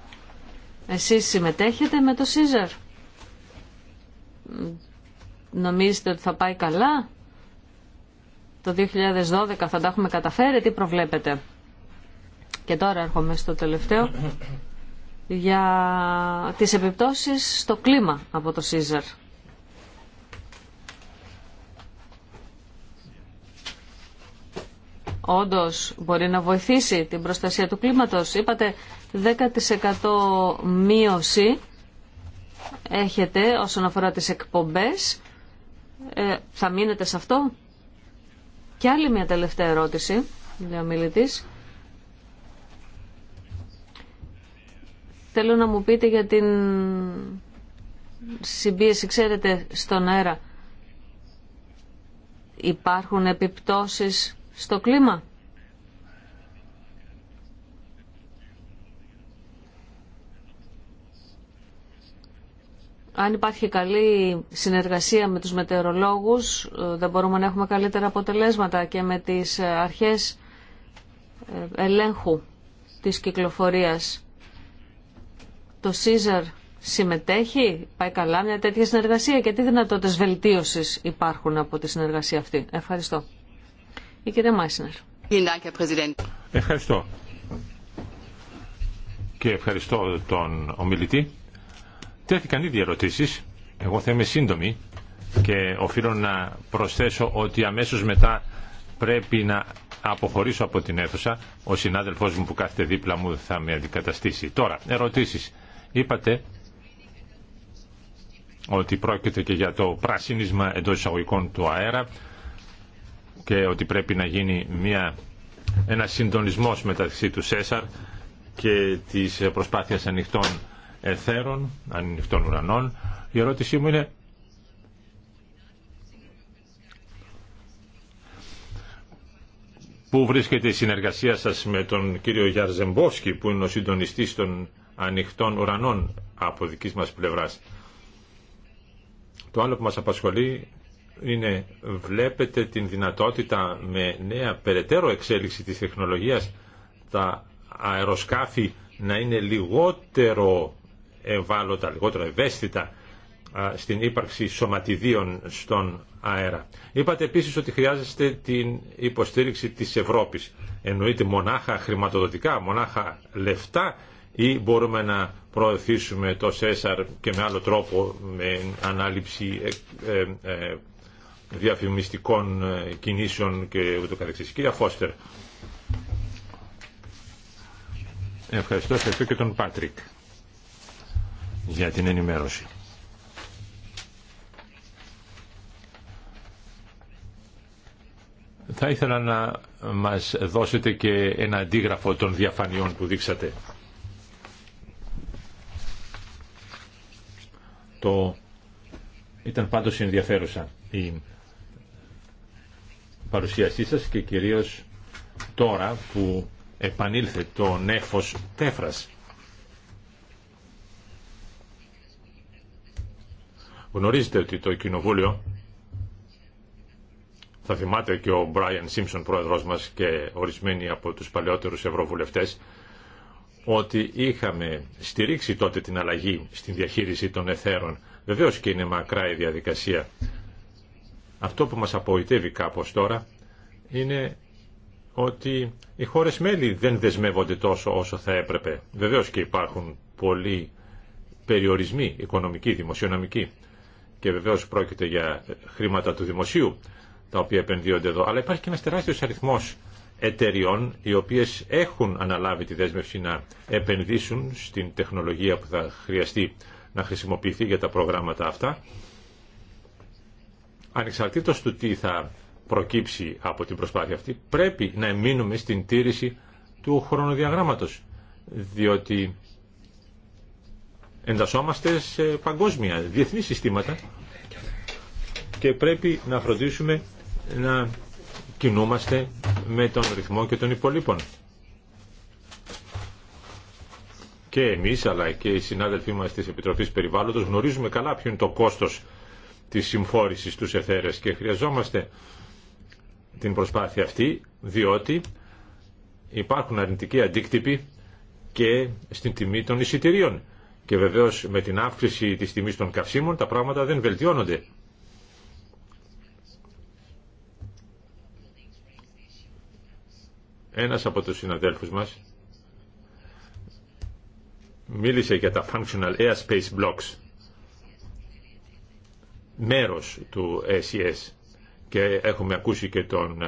S1: Εσείς συμμετέχετε με το Σίζαρ. Νομίζετε ότι θα πάει καλά. Το 2012 θα τα έχουμε καταφέρει. Τι προβλέπετε. Και τώρα έρχομαι στο τελευταίο για τις επιπτώσεις στο κλίμα από το Σίζαρ. όντως μπορεί να βοηθήσει την προστασία του κλίματος. Είπατε 10% μείωση έχετε όσον αφορά τις εκπομπές. Ε, θα μείνετε σε αυτό. Και άλλη μια τελευταία ερώτηση, λέει Θέλω να μου πείτε για την συμπίεση, ξέρετε, στον αέρα. Υπάρχουν επιπτώσεις στο κλίμα. Αν υπάρχει καλή συνεργασία με τους μετεωρολόγους, ε, δεν μπορούμε να έχουμε καλύτερα αποτελέσματα και με τις ε, αρχές ε, ελέγχου της κυκλοφορίας. Το ΣΥΖΑΡ συμμετέχει, πάει καλά μια τέτοια συνεργασία και τι δυνατότητες βελτίωσης υπάρχουν από τη συνεργασία αυτή. Ευχαριστώ. Η κυρία
S3: Ευχαριστώ. Και ευχαριστώ τον ομιλητή. Τέθηκαν ήδη ερωτήσει. Εγώ θα είμαι σύντομη και οφείλω να προσθέσω ότι αμέσως μετά πρέπει να αποχωρήσω από την αίθουσα. Ο συνάδελφός μου που κάθεται δίπλα μου θα με αντικαταστήσει. Τώρα, ερωτήσεις. Είπατε ότι πρόκειται και για το πράσινισμα εντό εισαγωγικών του αέρα, και ότι πρέπει να γίνει μια, ένα συντονισμός μεταξύ του ΣΕΣΑΡ και της προσπάθειας ανοιχτών εθέρων, ανοιχτών ουρανών. Η ερώτησή μου είναι Πού βρίσκεται η συνεργασία σας με τον κύριο Γιαρζεμπόσκι που είναι ο συντονιστής των ανοιχτών ουρανών από δικής μας πλευράς. Το άλλο που μας απασχολεί είναι βλέπετε την δυνατότητα με νέα περαιτέρω εξέλιξη της τεχνολογίας τα αεροσκάφη να είναι λιγότερο ευάλωτα, λιγότερο ευαίσθητα στην ύπαρξη σωματιδίων στον αέρα. Είπατε επίσης ότι χρειάζεστε την υποστήριξη της Ευρώπης. Εννοείται μονάχα χρηματοδοτικά, μονάχα λεφτά ή μπορούμε να προωθήσουμε το ΣΕΣΑΡ και με άλλο τρόπο με ανάληψη ε, ε, ε, διαφημιστικών ε, κινήσεων και ούτω καθεξής. Κύριε Φώστερ. Ευχαριστώ, ευχαριστώ και τον Πάτρικ για την ενημέρωση. Θα ήθελα να μας δώσετε και ένα αντίγραφο των διαφανειών που δείξατε. Το... Ήταν πάντως ενδιαφέρουσα η παρουσίασή σας και κυρίως τώρα που επανήλθε το νέφος τέφρας. Γνωρίζετε ότι το Κοινοβούλιο θα θυμάται και ο Μπράιαν Σίμψον πρόεδρος μας και ορισμένοι από τους παλαιότερους ευρωβουλευτές ότι είχαμε στηρίξει τότε την αλλαγή στην διαχείριση των εθέρων. Βεβαίως και είναι μακρά η διαδικασία αυτό που μας απογοητεύει κάπως τώρα είναι ότι οι χώρες μέλη δεν δεσμεύονται τόσο όσο θα έπρεπε. Βεβαίως και υπάρχουν πολλοί περιορισμοί οικονομικοί, δημοσιονομικοί και βεβαίως πρόκειται για χρήματα του δημοσίου τα οποία επενδύονται εδώ. Αλλά υπάρχει και ένας τεράστιος αριθμός εταιριών οι οποίες έχουν αναλάβει τη δέσμευση να επενδύσουν στην τεχνολογία που θα χρειαστεί να χρησιμοποιηθεί για τα προγράμματα αυτά Ανεξαρτήτως του τι θα προκύψει από την προσπάθεια αυτή, πρέπει να μείνουμε στην τήρηση του χρονοδιαγράμματος, διότι εντασσόμαστε σε παγκόσμια, διεθνή συστήματα και πρέπει να φροντίσουμε να κινούμαστε με τον ρυθμό και των υπολείπων. Και εμείς αλλά και οι συνάδελφοί μας της Επιτροφής Περιβάλλοντος γνωρίζουμε καλά ποιο είναι το κόστος τη συμφόρησης τους εθέρες και χρειαζόμαστε την προσπάθεια αυτή διότι υπάρχουν αρνητικοί αντίκτυποι και στην τιμή των εισιτηρίων. Και βεβαίως με την αύξηση της τιμής των καυσίμων τα πράγματα δεν βελτιώνονται. Ένας από τους συναδέλφους μας μίλησε για τα functional airspace blocks μέρος του SES e και έχουμε ακούσει και τον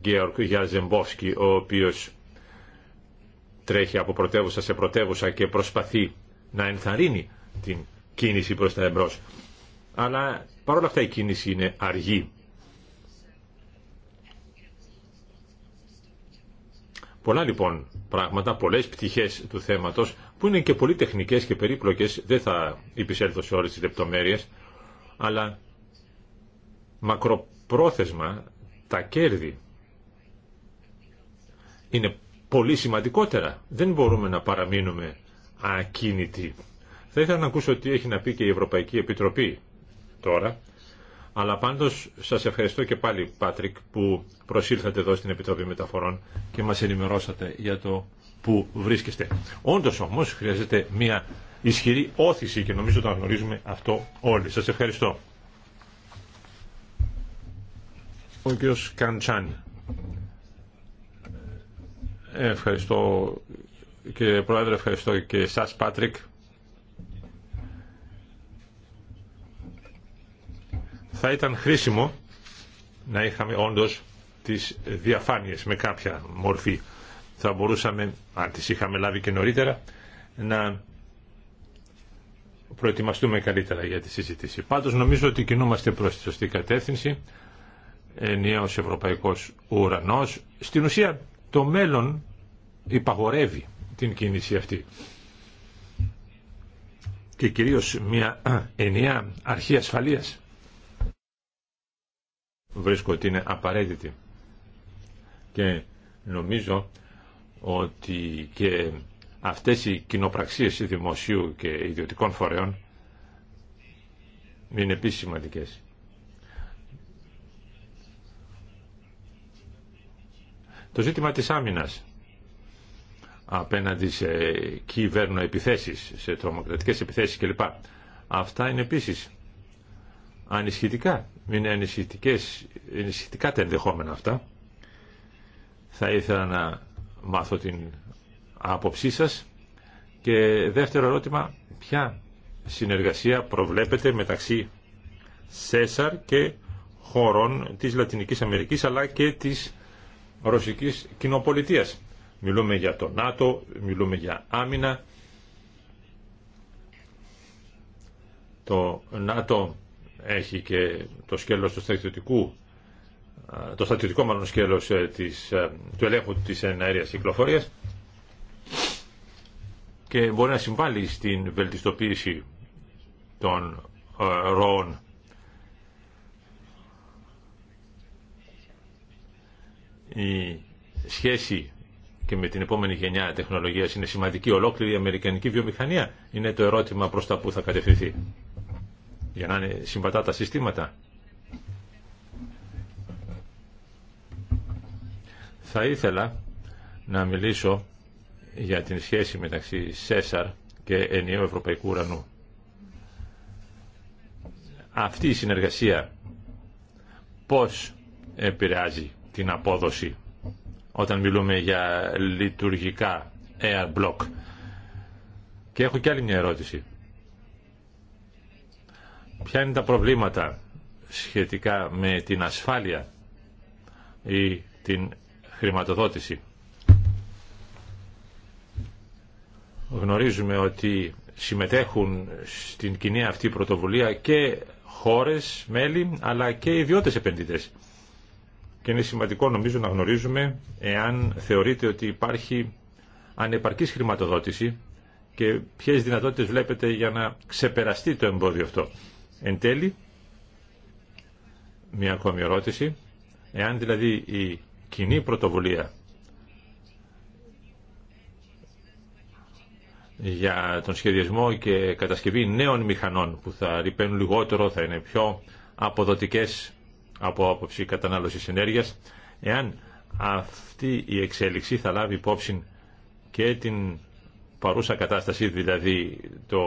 S3: Γκέορκ ε, Γιαζεμπόφσκι ο οποίος τρέχει από πρωτεύουσα σε πρωτεύουσα και προσπαθεί να ενθαρρύνει την κίνηση προς τα εμπρός. Αλλά παρόλα αυτά η κίνηση είναι αργή. Πολλά λοιπόν πράγματα, πολλές πτυχές του θέματος που είναι και πολύ τεχνικές και περίπλοκες, δεν θα υπησέλθω σε όλες τις λεπτομέρειες, αλλά μακροπρόθεσμα τα κέρδη είναι πολύ σημαντικότερα. Δεν μπορούμε να παραμείνουμε ακίνητοι. Θα ήθελα να ακούσω τι έχει να πει και η Ευρωπαϊκή Επιτροπή τώρα. Αλλά πάντως σας ευχαριστώ και πάλι Πάτρικ που προσήλθατε εδώ στην Επιτροπή Μεταφορών και μας ενημερώσατε για το που βρίσκεστε. Όντως όμως χρειάζεται μια ισχυρή όθηση και νομίζω το αναγνωρίζουμε αυτό όλοι. Σας ευχαριστώ. Ο κ. Καντσάν. Ευχαριστώ και Πρόεδρε, ευχαριστώ και εσάς Πάτρικ. Θα ήταν χρήσιμο να είχαμε όντως τις διαφάνειες με κάποια μορφή. Θα μπορούσαμε, αν τις είχαμε λάβει και νωρίτερα, να προετοιμαστούμε καλύτερα για τη συζήτηση. Πάντως νομίζω ότι κινούμαστε προς τη σωστή κατεύθυνση, ενιαίος Ευρωπαϊκό ουρανός. Στην ουσία το μέλλον υπαγορεύει την κίνηση αυτή. Και κυρίω μια ενιαία αρχή ασφαλεία Βρίσκω ότι είναι απαραίτητη. Και νομίζω ότι και αυτές οι κοινοπραξίες δημοσίου και ιδιωτικών φορέων είναι επίσης σημαντικές. Το ζήτημα της άμυνας απέναντι σε κυβέρνο επιθέσεις, σε τρομοκρατικές επιθέσεις κλπ. Αυτά είναι επίσης ανισχυτικά. Είναι ανησυχητικά ανισχυτικά τα ενδεχόμενα αυτά. Θα ήθελα να μάθω την άποψή σας. Και δεύτερο ερώτημα, ποια συνεργασία προβλέπετε μεταξύ ΣΕΣΑΡ και χωρών της Λατινικής Αμερικής αλλά και της Ρωσικής Κοινοπολιτείας. Μιλούμε για το ΝΑΤΟ, μιλούμε για άμυνα. Το ΝΑΤΟ έχει και το σκέλος του στρατιωτικού το στρατιωτικό μάλλον σκέλος ε, της, ε, του ελέγχου της εναέριας κυκλοφορίας και μπορεί να συμβάλλει στην βελτιστοποίηση των ε, ροών. Η σχέση και με την επόμενη γενιά τεχνολογία είναι σημαντική. Ολόκληρη η αμερικανική βιομηχανία είναι το ερώτημα προς τα που θα κατευθυνθεί. Για να είναι συμβατά τα συστήματα. Θα ήθελα να μιλήσω για την σχέση μεταξύ ΣΕΣΑΡ και ενιαίου Ευρωπαϊκού Ουρανού. Αυτή η συνεργασία πώς επηρεάζει την απόδοση όταν μιλούμε για λειτουργικά air block. Και έχω και άλλη μια ερώτηση. Ποια είναι τα προβλήματα σχετικά με την ασφάλεια ή την χρηματοδότηση. Γνωρίζουμε ότι συμμετέχουν στην κοινή αυτή πρωτοβουλία και χώρες, μέλη, αλλά και ιδιώτες επενδυτές. Και είναι σημαντικό νομίζω να γνωρίζουμε εάν θεωρείτε ότι υπάρχει ανεπαρκής χρηματοδότηση και ποιες δυνατότητες βλέπετε για να ξεπεραστεί το εμπόδιο αυτό. Εν τέλει, μια ακόμη ερώτηση, εάν δηλαδή η κοινή πρωτοβουλία για τον σχεδιασμό και κατασκευή νέων μηχανών που θα ρηπαίνουν λιγότερο, θα είναι πιο αποδοτικές από άποψη κατανάλωσης ενέργειας, εάν αυτή η εξέλιξη θα λάβει υπόψη και την παρούσα κατάσταση, δηλαδή το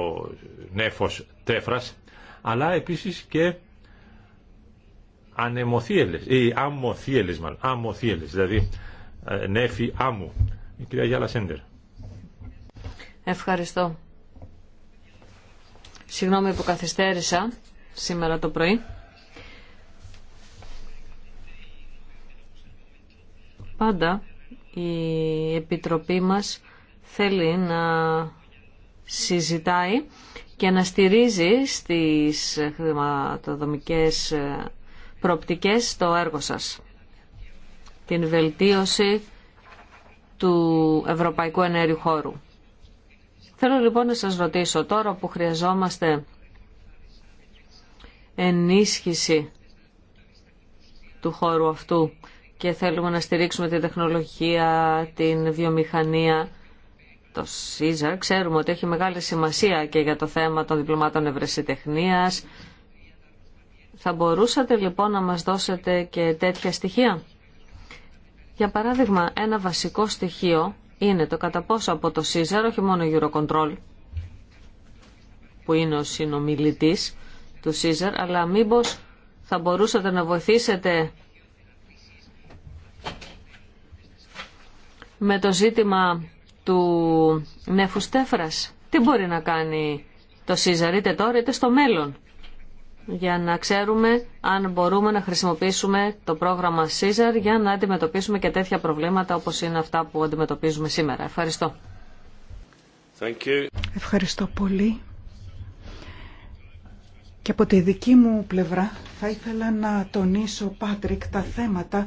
S3: νέφος τέφρας, αλλά επίσης και ανεμοθίελες, ή αμμοθίελες μάλλον, αμμοθίελες, δηλαδή ε, νέφη άμμου. Η κυρία Γιάλα Σέντερ.
S1: Ευχαριστώ. Συγγνώμη που καθυστέρησα σήμερα το πρωί. Πάντα η Επιτροπή μας θέλει να συζητάει και να στηρίζει στις χρηματοδομικές προοπτικές το έργο σας. Την βελτίωση του Ευρωπαϊκού Ενέργειου Χώρου. Θέλω λοιπόν να σας ρωτήσω τώρα που χρειαζόμαστε ενίσχυση του χώρου αυτού και θέλουμε να στηρίξουμε την τεχνολογία, την βιομηχανία, το ΣΥΖΑ, Ξέρουμε ότι έχει μεγάλη σημασία και για το θέμα των διπλωμάτων ευρεσιτεχνίας. Θα μπορούσατε λοιπόν να μας δώσετε και τέτοια στοιχεία. Για παράδειγμα, ένα βασικό στοιχείο είναι το κατά πόσο από το ΣΥΖΑΡ, όχι μόνο Eurocontrol, που είναι ο συνομιλητής του ΣΥΖΑΡ, αλλά μήπως θα μπορούσατε να βοηθήσετε με το ζήτημα του νεφουστέφρας. Τι μπορεί να κάνει το ΣΥΖΑΡ είτε τώρα είτε στο μέλλον για να ξέρουμε αν μπορούμε να χρησιμοποιήσουμε το πρόγραμμα Caesar για να αντιμετωπίσουμε και τέτοια προβλήματα όπως είναι αυτά που αντιμετωπίζουμε σήμερα. Ευχαριστώ. Thank Ευχαριστώ πολύ.
S2: Και από τη δική μου πλευρά θα ήθελα να τονίσω, Πάτρικ, τα θέματα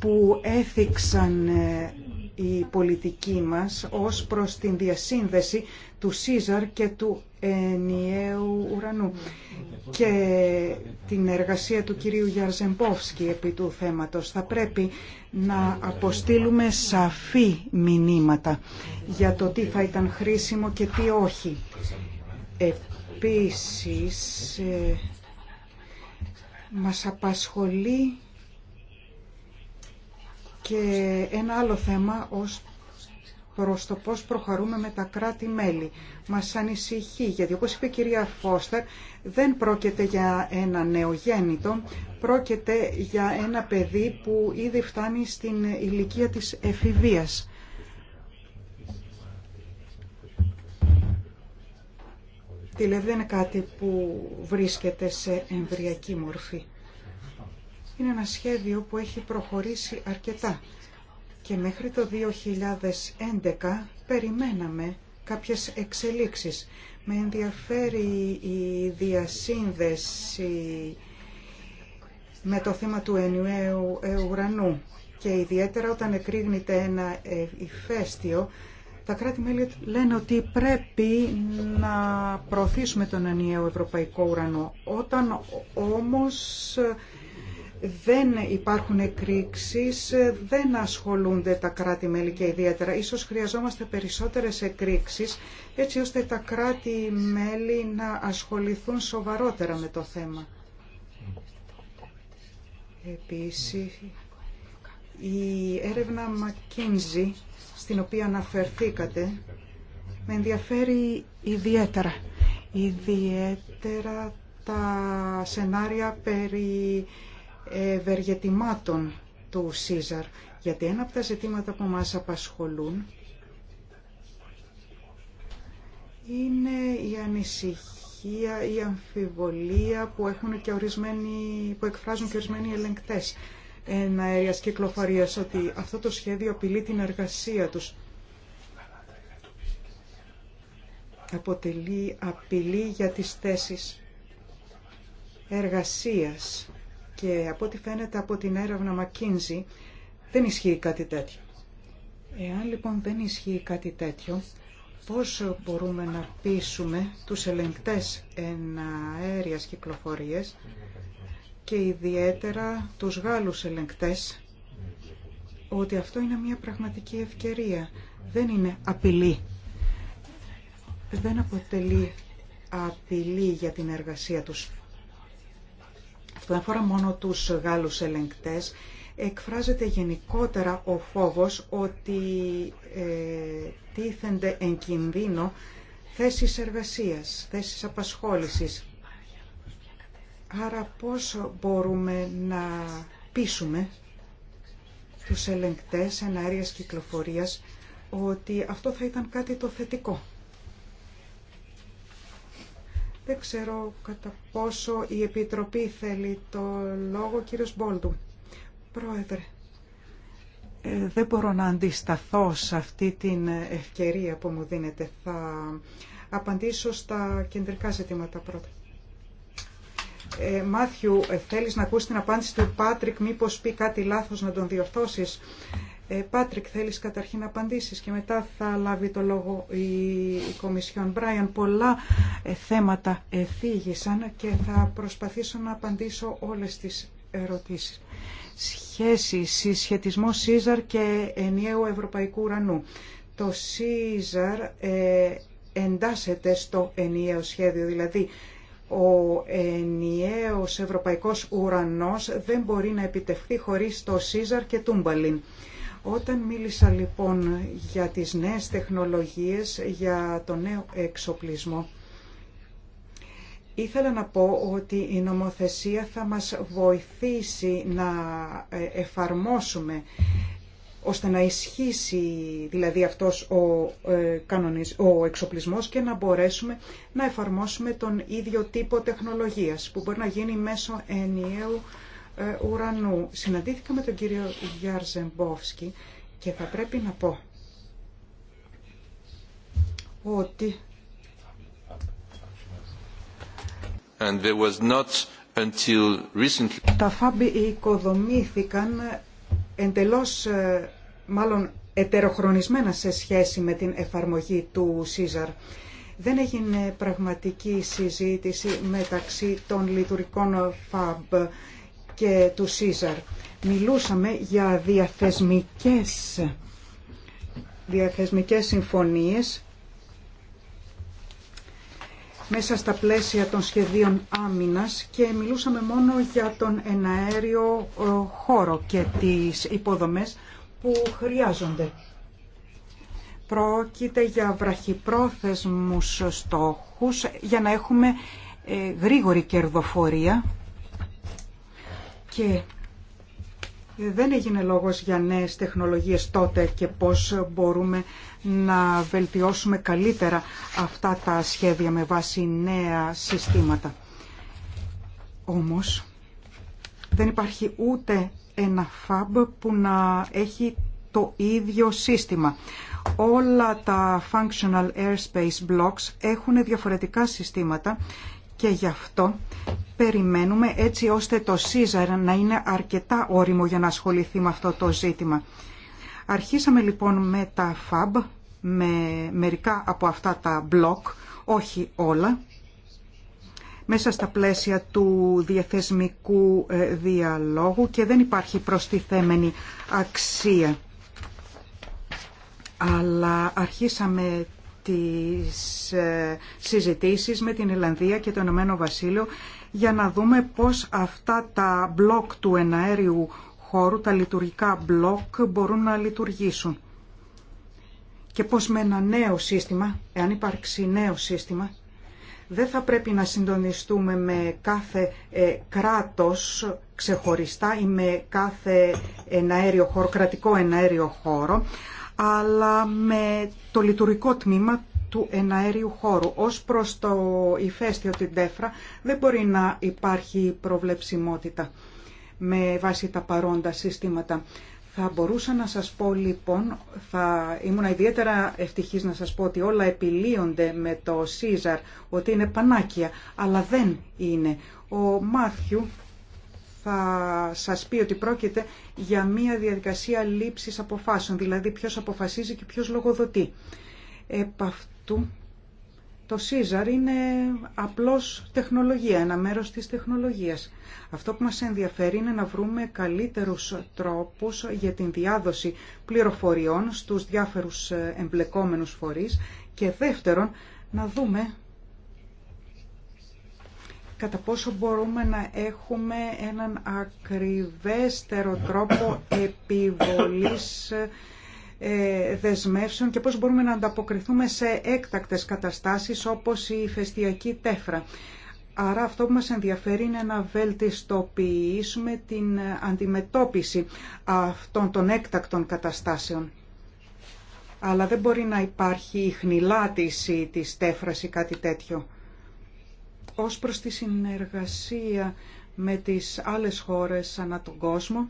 S2: που έθιξαν ε, η πολιτική μας ως προς την διασύνδεση του Σίζαρ και του ενιαίου ουρανού και την εργασία του κυρίου Γιαρζεμπόφσκι επί του θέματος. Θα πρέπει να αποστείλουμε σαφή μηνύματα για το τι θα ήταν χρήσιμο και τι όχι. Επίσης, ε, μας απασχολεί και ένα άλλο θέμα ως προς το πώς προχωρούμε με τα κράτη-μέλη. Μας ανησυχεί, γιατί όπως είπε η κυρία Φώστερ, δεν πρόκειται για ένα νεογέννητο, πρόκειται για ένα παιδί που ήδη φτάνει στην ηλικία της εφηβείας. Δηλαδή δεν είναι κάτι που βρίσκεται σε εμβριακή μορφή. Είναι ένα σχέδιο που έχει προχωρήσει αρκετά και μέχρι το 2011 περιμέναμε κάποιες εξελίξεις. Με ενδιαφέρει η διασύνδεση με το θέμα του ενιαίου ουρανού και ιδιαίτερα όταν εκρήγνεται ένα ηφαίστειο τα κράτη-μέλη λένε ότι πρέπει να προωθήσουμε τον ενιαίο ευρωπαϊκό ουρανό. Όταν όμως δεν υπάρχουν εκρήξεις, δεν ασχολούνται τα κράτη-μέλη και ιδιαίτερα. Ίσως χρειαζόμαστε περισσότερες εκρήξεις έτσι ώστε τα κράτη-μέλη να ασχοληθούν σοβαρότερα με το θέμα. Επίσης, η έρευνα McKinsey, στην οποία αναφερθήκατε, με ενδιαφέρει ιδιαίτερα. Ιδιαίτερα τα σενάρια περί ευεργετημάτων του Σίζαρ. Γιατί ένα από τα ζητήματα που μας απασχολούν είναι η ανησυχία, η αμφιβολία που, έχουν και ορισμένοι, που εκφράζουν και ορισμένοι ελεγκτές εναέριας κυκλοφορίας, ότι αυτό το σχέδιο απειλεί την εργασία τους. Αποτελεί απειλή για τις θέσεις εργασίας και από ό,τι φαίνεται από την έρευνα McKinsey δεν ισχύει κάτι τέτοιο. Εάν λοιπόν δεν ισχύει κάτι τέτοιο, πώς μπορούμε να πείσουμε τους ελεγκτές αέριας κυκλοφορίες και ιδιαίτερα τους Γάλλους ελεγκτές ότι αυτό είναι μια πραγματική ευκαιρία. Δεν είναι απειλή. Δεν αποτελεί απειλή για την εργασία τους που δεν αφορά μόνο τους Γάλλους ελεγκτές, εκφράζεται γενικότερα ο φόβος ότι ε, τίθενται εν κινδύνο θέσεις εργασίας, θέσεις απασχόλησης. Άρα πώς μπορούμε να πείσουμε τους ελεγκτές εναέριας κυκλοφορίας ότι αυτό θα ήταν κάτι το θετικό. Δεν ξέρω κατά πόσο η Επιτροπή θέλει το λόγο, κύριος Μπόλτου. Πρόεδρε, ε, δεν μπορώ να αντισταθώ σε αυτή την ευκαιρία που μου δίνεται. Θα απαντήσω στα κεντρικά ζητήματα πρώτα. Ε, Μάθιου, ε, θέλεις να ακούσει την απάντηση του Πάτρικ, μήπως πει κάτι λάθος να τον διορθώσεις. Ε, Πάτρικ, θέλεις καταρχήν να απαντήσεις και μετά θα λάβει το λόγο η Κομισιόν. Μπράιαν, πολλά ε, θέματα εθίγησαν και θα προσπαθήσω να απαντήσω όλες τις ερωτήσεις. Σχέση, συσχετισμό Σίζαρ και ενιαίου ευρωπαϊκού ουρανού. Το Σίζαρ ε, εντάσσεται στο ενιαίο σχέδιο, δηλαδή ο ενιαίος ευρωπαϊκός ουρανός δεν μπορεί να επιτευχθεί χωρίς το Σίζαρ και Τούμπαλιν. Όταν μίλησα λοιπόν για τις νέες τεχνολογίες, για τον νέο εξοπλισμό, ήθελα να πω ότι η νομοθεσία θα μας βοηθήσει να ε, εφαρμόσουμε ώστε να ισχύσει δηλαδή αυτός ο, ε, εξοπλισμός και να μπορέσουμε να εφαρμόσουμε τον ίδιο τύπο τεχνολογίας που μπορεί να γίνει μέσω ενιαίου ε, ουρανού. Συναντήθηκα με τον κύριο Ζεμπόφσκι και θα πρέπει να πω ότι τα φάμπη οικοδομήθηκαν εντελώς ε, μάλλον ετεροχρονισμένα σε σχέση με την εφαρμογή του ΣΥΖΑΡ. Δεν έγινε πραγματική συζήτηση μεταξύ των λειτουργικών ΦΑΜΠ και του Σίζαρ. Μιλούσαμε για διαθεσμικές, διαθεσμικές συμφωνίες μέσα στα πλαίσια των σχεδίων άμυνας και μιλούσαμε μόνο για τον εναέριο ε, χώρο και τις υποδομές που χρειάζονται. Πρόκειται για βραχυπρόθεσμους στόχους για να έχουμε ε, γρήγορη κερδοφορία και ε, δεν έγινε λόγος για νέες τεχνολογίες τότε και πώς μπορούμε να βελτιώσουμε καλύτερα αυτά τα σχέδια με βάση νέα συστήματα. Όμως δεν υπάρχει ούτε ένα φαμπ που να έχει το ίδιο σύστημα. Όλα τα functional airspace blocks έχουν διαφορετικά συστήματα και γι' αυτό περιμένουμε έτσι ώστε το ΣΥΖΑΡ να είναι αρκετά όριμο για να ασχοληθεί με αυτό το ζήτημα. Αρχίσαμε λοιπόν με τα FAB, με μερικά από αυτά τα μπλοκ, όχι όλα, μέσα στα πλαίσια του διαθεσμικού ε, διαλόγου και δεν υπάρχει προστιθέμενη αξία. Αλλά αρχίσαμε τις ε, συζητήσεις με την Ιλλανδία και το Ηνωμένο Βασίλειο για να δούμε πώς αυτά τα μπλοκ του εναέριου χώρου, τα λειτουργικά μπλοκ μπορούν να λειτουργήσουν. Και πώς με ένα νέο σύστημα, εάν υπάρξει νέο σύστημα, δεν θα πρέπει να συντονιστούμε με κάθε ε, κράτος ξεχωριστά ή με κάθε εναέριο χώρο, κρατικό εναέριο χώρο, αλλά με το λειτουργικό τμήμα του εναέριου χώρου. Ως προς το ηφαίστειο την τέφρα δεν μπορεί να υπάρχει προβλεψιμότητα με βάση τα παρόντα συστήματα. Θα μπορούσα να σας πω λοιπόν, θα ήμουν ιδιαίτερα ευτυχής να σας πω ότι όλα επιλύονται με το Σίζαρ, ότι είναι πανάκια, αλλά δεν είναι. Ο Μάθιου θα σας πει ότι πρόκειται για μία διαδικασία λήψης αποφάσεων, δηλαδή ποιος αποφασίζει και ποιος λογοδοτεί. Επ' αυτού το Caesar είναι απλώς τεχνολογία, ένα μέρος της τεχνολογίας. Αυτό που μας ενδιαφέρει είναι να βρούμε καλύτερους τρόπους για την διάδοση πληροφοριών στους διάφορους εμπλεκόμενους φορείς και δεύτερον να δούμε κατά πόσο μπορούμε να έχουμε έναν ακριβέστερο τρόπο επιβολής ε, δεσμεύσεων και πώς μπορούμε να ανταποκριθούμε σε έκτακτες καταστάσεις όπως η φεστιακή τέφρα. Άρα αυτό που μας ενδιαφέρει είναι να βελτιστοποιήσουμε την αντιμετώπιση αυτών των έκτακτων καταστάσεων. Αλλά δεν μπορεί να υπάρχει η χνηλάτιση της τέφρας ή κάτι τέτοιο ως προς τη συνεργασία με τις άλλες χώρες ανά τον κόσμο.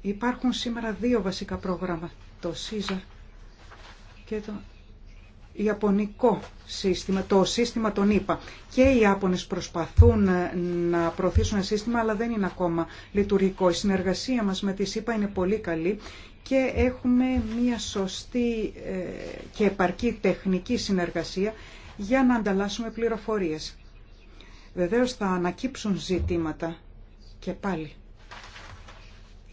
S2: Υπάρχουν σήμερα δύο βασικά πρόγραμμα, το ΣΥΖΑΡ και το Ιαπωνικό σύστημα, το σύστημα των ΙΠΑ. Και οι Ιάπωνες προσπαθούν ε, να προωθήσουν ένα σύστημα, αλλά δεν είναι ακόμα λειτουργικό. Η συνεργασία μας με τις ΙΠΑ είναι πολύ καλή και έχουμε μια σωστή ε, και επαρκή τεχνική συνεργασία για να ανταλλάσσουμε πληροφορίες. Βεβαίως θα ανακύψουν ζητήματα και πάλι.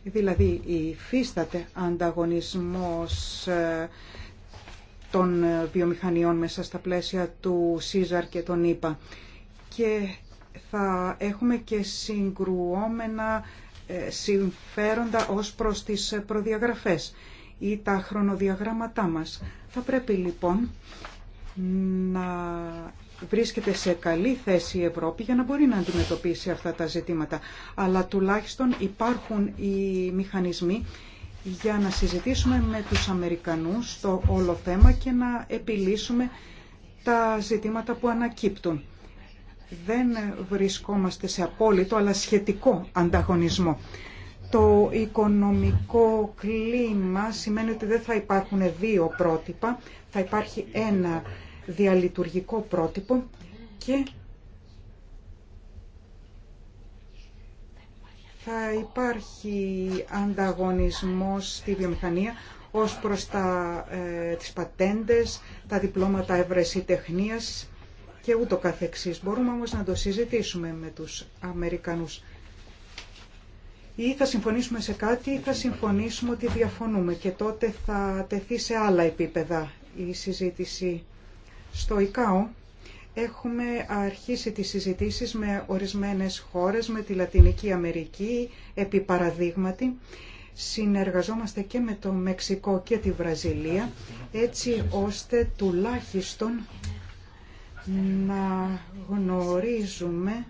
S2: Δηλαδή υφίσταται ανταγωνισμός ε, των βιομηχανιών μέσα στα πλαίσια του ΣΥΖΑΡ και των ΙΠΑ. Και θα έχουμε και συγκρουόμενα ε, συμφέροντα ως προς τις προδιαγραφές ή τα χρονοδιαγράμματά μας. Θα πρέπει λοιπόν να βρίσκεται σε καλή θέση η Ευρώπη για να μπορεί να αντιμετωπίσει αυτά τα ζητήματα. Αλλά τουλάχιστον υπάρχουν οι μηχανισμοί για να συζητήσουμε με τους Αμερικανούς το όλο θέμα και να επιλύσουμε τα ζητήματα που ανακύπτουν. Δεν βρισκόμαστε σε απόλυτο αλλά σχετικό ανταγωνισμό. Το οικονομικό κλίμα σημαίνει ότι δεν θα υπάρχουν δύο πρότυπα, θα υπάρχει ένα διαλειτουργικό πρότυπο και θα υπάρχει ανταγωνισμός στη βιομηχανία ως προς τα, ε, τις πατέντες, τα διπλώματα ευρεσιτεχνίας και ούτω καθεξής. Μπορούμε όμως να το συζητήσουμε με τους Αμερικανούς. Ή θα συμφωνήσουμε σε κάτι ή θα συμφωνήσουμε ότι διαφωνούμε και τότε θα τεθεί σε άλλα επίπεδα η συζήτηση στο ΙΚΑΟ έχουμε αρχίσει τις συζητήσεις με ορισμένες χώρες, με τη Λατινική Αμερική, επί παραδείγματι. Συνεργαζόμαστε και με το Μεξικό και τη Βραζιλία, έτσι ώστε τουλάχιστον να γνωρίζουμε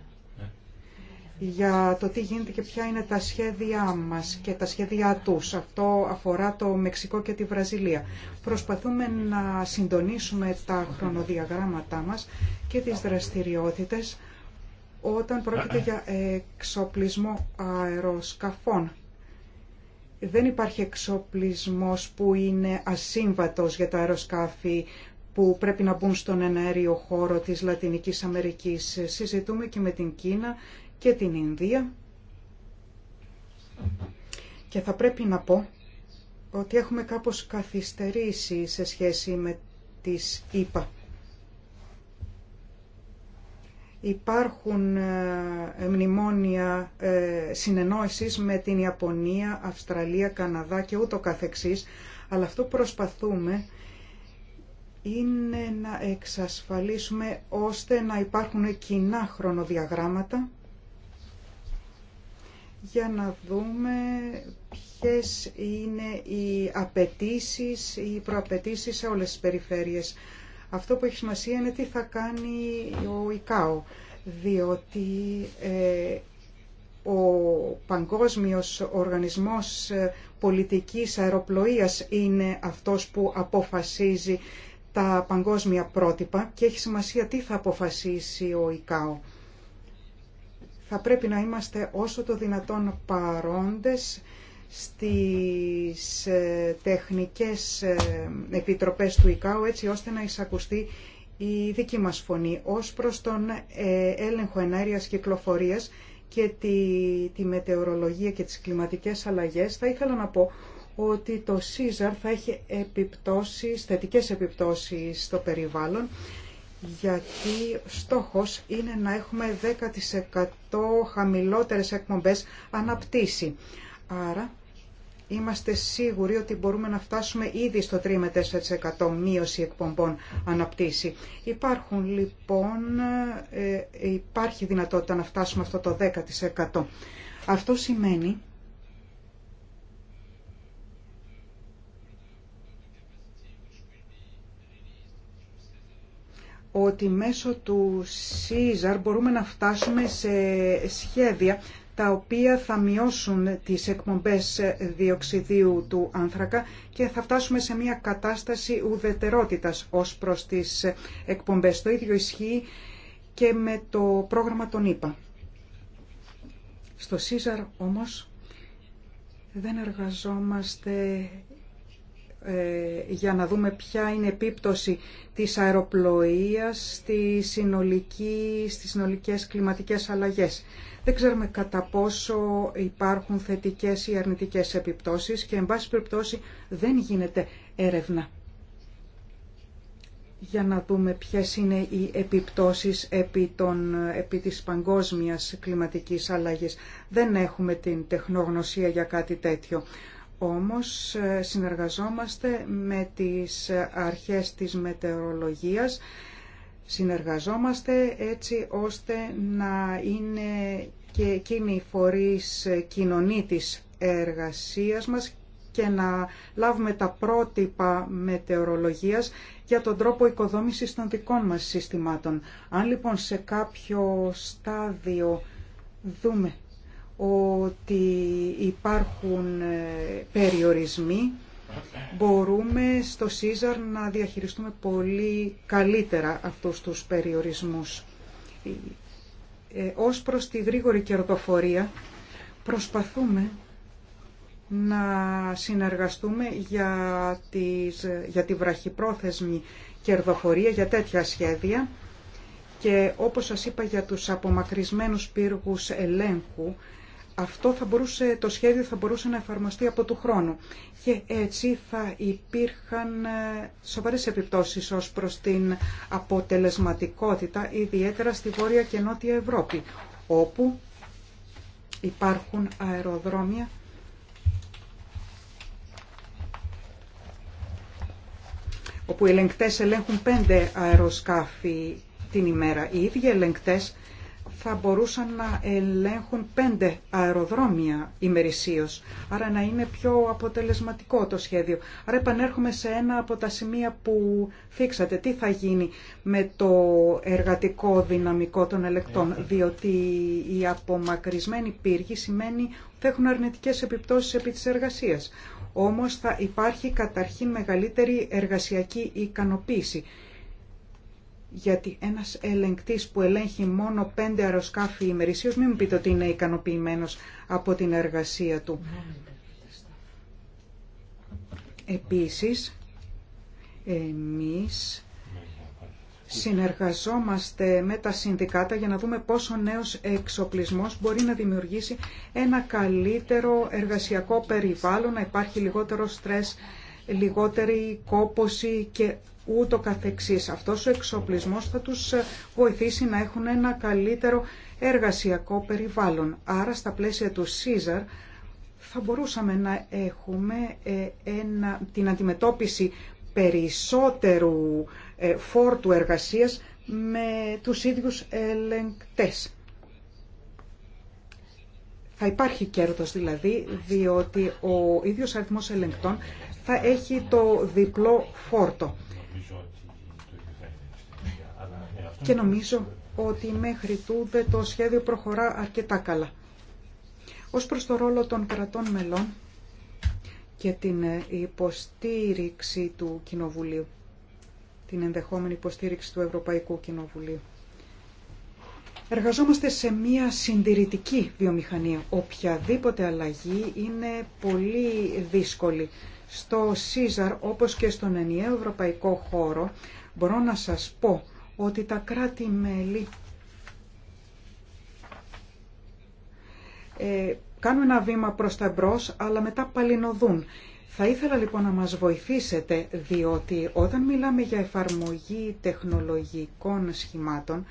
S2: για το τι γίνεται και ποια είναι τα σχέδιά μας και τα σχέδιά τους. Αυτό αφορά το Μεξικό και τη Βραζιλία. Προσπαθούμε να συντονίσουμε τα χρονοδιαγράμματά μας και τις δραστηριότητες όταν πρόκειται για εξοπλισμό αεροσκαφών. Δεν υπάρχει εξοπλισμός που είναι ασύμβατος για τα αεροσκάφη που πρέπει να μπουν στον εναέριο χώρο της Λατινικής Αμερικής. Συζητούμε και με την Κίνα και την Ινδία και θα πρέπει να πω ότι έχουμε κάπως καθυστερήσει σε σχέση με τις ΙΠΑ. Υπάρχουν ε, μνημόνια ε, συνεννόησης με την Ιαπωνία, Αυστραλία, Καναδά και ούτω καθεξής, αλλά αυτό που προσπαθούμε είναι να εξασφαλίσουμε ώστε να υπάρχουν κοινά χρονοδιαγράμματα για να δούμε ποιες είναι οι απαιτήσει, οι προαπαιτήσει σε όλες τις περιφέρειες. Αυτό που έχει σημασία είναι τι θα κάνει ο ΙΚΑΟ, διότι ε, ο Παγκόσμιος Οργανισμός ε, Πολιτικής Αεροπλοείας είναι αυτός που αποφασίζει τα παγκόσμια πρότυπα και έχει σημασία τι θα αποφασίσει ο ΙΚΑΟ θα πρέπει να είμαστε όσο το δυνατόν παρόντες στις ε, τεχνικές ε, επιτροπές του ΙΚΑΟ έτσι ώστε να εισακουστεί η δική μας φωνή ως προς τον ε, έλεγχο ενέργειας κυκλοφορίας και τη, τη μετεωρολογία και τις κλιματικές αλλαγές θα ήθελα να πω ότι το ΣΥΖΑΡ θα έχει επιπτώσεις, θετικές επιπτώσεις στο περιβάλλον γιατί στόχος είναι να έχουμε 10% χαμηλότερες εκπομπές αναπτύσσει. Άρα είμαστε σίγουροι ότι μπορούμε να φτάσουμε ήδη στο 3 με 4% μείωση εκπομπών αναπτύσσει. Υπάρχουν λοιπόν, ε, υπάρχει δυνατότητα να φτάσουμε αυτό το 10%. Αυτό σημαίνει ότι μέσω του ΣΥΖΑΡ μπορούμε να φτάσουμε σε σχέδια τα οποία θα μειώσουν τις εκπομπές διοξιδίου του άνθρακα και θα φτάσουμε σε μια κατάσταση ουδετερότητας ως προς τις εκπομπές. Το ίδιο ισχύει και με το πρόγραμμα των ΙΠΑ. Στο ΣΥΖΑΡ όμως δεν εργαζόμαστε ε, για να δούμε ποια είναι η επίπτωση της αεροπλοείας στη συνολική, στις συνολικές κλιματικές αλλαγές. Δεν ξέρουμε κατά πόσο υπάρχουν θετικές ή αρνητικές επιπτώσεις και εν πάση περιπτώσει δεν γίνεται έρευνα για να δούμε ποιες είναι οι επιπτώσεις επί, των, επί της παγκόσμιας κλιματικής αλλαγής. Δεν έχουμε την τεχνογνωσία για κάτι τέτοιο. Όμως ε, συνεργαζόμαστε με τις αρχές της μετεωρολογίας, συνεργαζόμαστε έτσι ώστε να είναι και εκείνοι οι φορείς ε, κοινωνή της εργασίας μας και να λάβουμε τα πρότυπα μετεωρολογίας για τον τρόπο οικοδόμησης των δικών μας συστημάτων. Αν λοιπόν σε κάποιο στάδιο δούμε ότι υπάρχουν ε, περιορισμοί, μπορούμε στο ΣΥΖΑΡ να διαχειριστούμε πολύ καλύτερα αυτούς τους περιορισμούς. Ε, ε, ως προς τη γρήγορη κερδοφορία προσπαθούμε να συνεργαστούμε για, τις, για τη βραχυπρόθεσμη κερδοφορία, για τέτοια σχέδια και όπως σας είπα για τους απομακρυσμένους πύργους ελέγχου αυτό θα μπορούσε, το σχέδιο θα μπορούσε να εφαρμοστεί από του χρόνου. Και έτσι θα υπήρχαν ε, σοβαρές επιπτώσεις ως προς την αποτελεσματικότητα, ιδιαίτερα στη Βόρεια και Νότια Ευρώπη, όπου υπάρχουν αεροδρόμια όπου οι ελεγκτές ελέγχουν πέντε αεροσκάφη την ημέρα. Οι ίδιοι ελεγκτές θα μπορούσαν να ελέγχουν πέντε αεροδρόμια ημερησίω. άρα να είναι πιο αποτελεσματικό το σχέδιο. Άρα επανέρχομαι σε ένα από τα σημεία που φίξατε Τι θα γίνει με το εργατικό δυναμικό των ελεκτών, διότι η απομακρυσμένη πύργη σημαίνει ότι θα έχουν αρνητικές επιπτώσεις επί της εργασίας. Όμως θα υπάρχει καταρχήν μεγαλύτερη εργασιακή ικανοποίηση γιατί ένας ελεγκτής που ελέγχει μόνο πέντε αεροσκάφη ημερησίως, μην μου πείτε ότι είναι ικανοποιημένο από την εργασία του. Επίσης, εμείς συνεργαζόμαστε με τα συνδικάτα για να δούμε πόσο νέος εξοπλισμός μπορεί να δημιουργήσει ένα καλύτερο εργασιακό περιβάλλον, να υπάρχει λιγότερο στρες, λιγότερη κόποση και ούτω καθεξής. Αυτός ο εξοπλισμός θα τους ε, βοηθήσει να έχουν ένα καλύτερο εργασιακό περιβάλλον. Άρα στα πλαίσια του Caesar θα μπορούσαμε να έχουμε ε, ένα, την αντιμετώπιση περισσότερου ε, φόρτου εργασίας με τους ίδιους ελεγκτές. Θα υπάρχει κέρδος δηλαδή, διότι ο ίδιος αριθμός ελεγκτών θα έχει το διπλό φόρτο. και νομίζω ότι μέχρι τούδε το σχέδιο προχωρά αρκετά καλά. Ως προς το ρόλο των κρατών μελών και την ε, υποστήριξη του Κοινοβουλίου, την ενδεχόμενη υποστήριξη του Ευρωπαϊκού Κοινοβουλίου. Εργαζόμαστε σε μια συντηρητική βιομηχανία. Οποιαδήποτε αλλαγή είναι πολύ δύσκολη. Στο ΣΥΖΑΡ όπως και στον ενιαίο ευρωπαϊκό χώρο μπορώ να σας πω ότι τα κράτη-μέλη ε, κάνουν ένα βήμα προς τα εμπρός, αλλά μετά παλινοδούν. Θα ήθελα λοιπόν να μας βοηθήσετε, διότι όταν μιλάμε για εφαρμογή τεχνολογικών σχημάτων,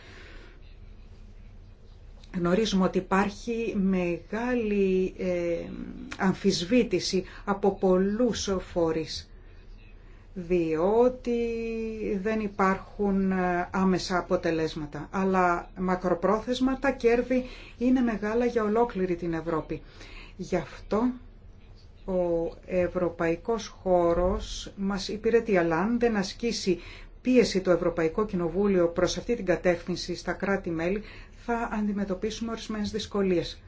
S2: γνωρίζουμε ότι υπάρχει μεγάλη ε, αμφισβήτηση από πολλούς φορείς διότι δεν υπάρχουν ε, άμεσα αποτελέσματα. Αλλά μακροπρόθεσμα τα κέρδη είναι μεγάλα για ολόκληρη την Ευρώπη. Γι' αυτό ο ευρωπαϊκός χώρος μας υπηρετεί, αλλά αν δεν ασκήσει πίεση το Ευρωπαϊκό Κοινοβούλιο προς αυτή την κατεύθυνση στα κράτη-μέλη, θα αντιμετωπίσουμε ορισμένες δυσκολίες.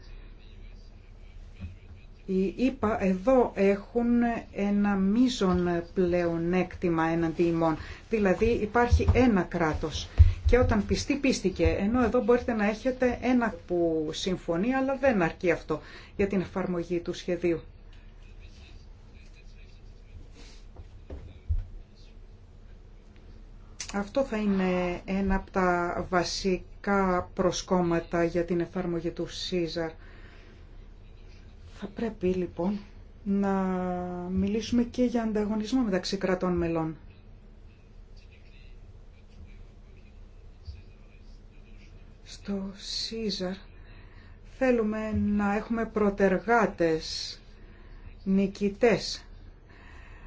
S2: Οι εδώ έχουν ένα μείζον πλεονέκτημα έναντι ημών. Δηλαδή υπάρχει ένα κράτος. Και όταν πιστεί, πίστηκε. Ενώ εδώ μπορείτε να έχετε ένα που συμφωνεί, αλλά δεν αρκεί αυτό για την εφαρμογή του σχεδίου. Αυτό θα είναι ένα από τα βασικά προσκόμματα για την εφαρμογή του ΣΥΖΑΡ. Θα πρέπει λοιπόν να μιλήσουμε και για ανταγωνισμό μεταξύ κρατών μελών. Στο Σίζαρ θέλουμε να έχουμε προτεργάτες, νικητές,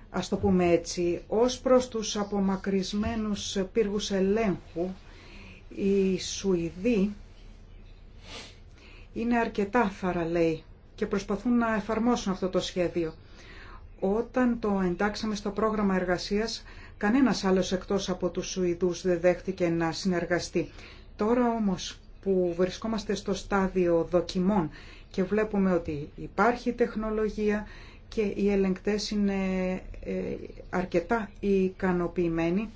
S2: ας το πούμε έτσι, ως προς τους απομακρυσμένους πύργους ελέγχου, οι Σουηδοί είναι αρκετά θαραλέοι και προσπαθούν να εφαρμόσουν αυτό το σχέδιο. Όταν το εντάξαμε στο πρόγραμμα εργασίας, κανένας άλλος εκτός από τους Σουηδούς δεν δέχτηκε να συνεργαστεί. Τώρα όμως που βρισκόμαστε στο στάδιο δοκιμών και βλέπουμε ότι υπάρχει τεχνολογία και οι ελεγκτές είναι ε, αρκετά ικανοποιημένοι,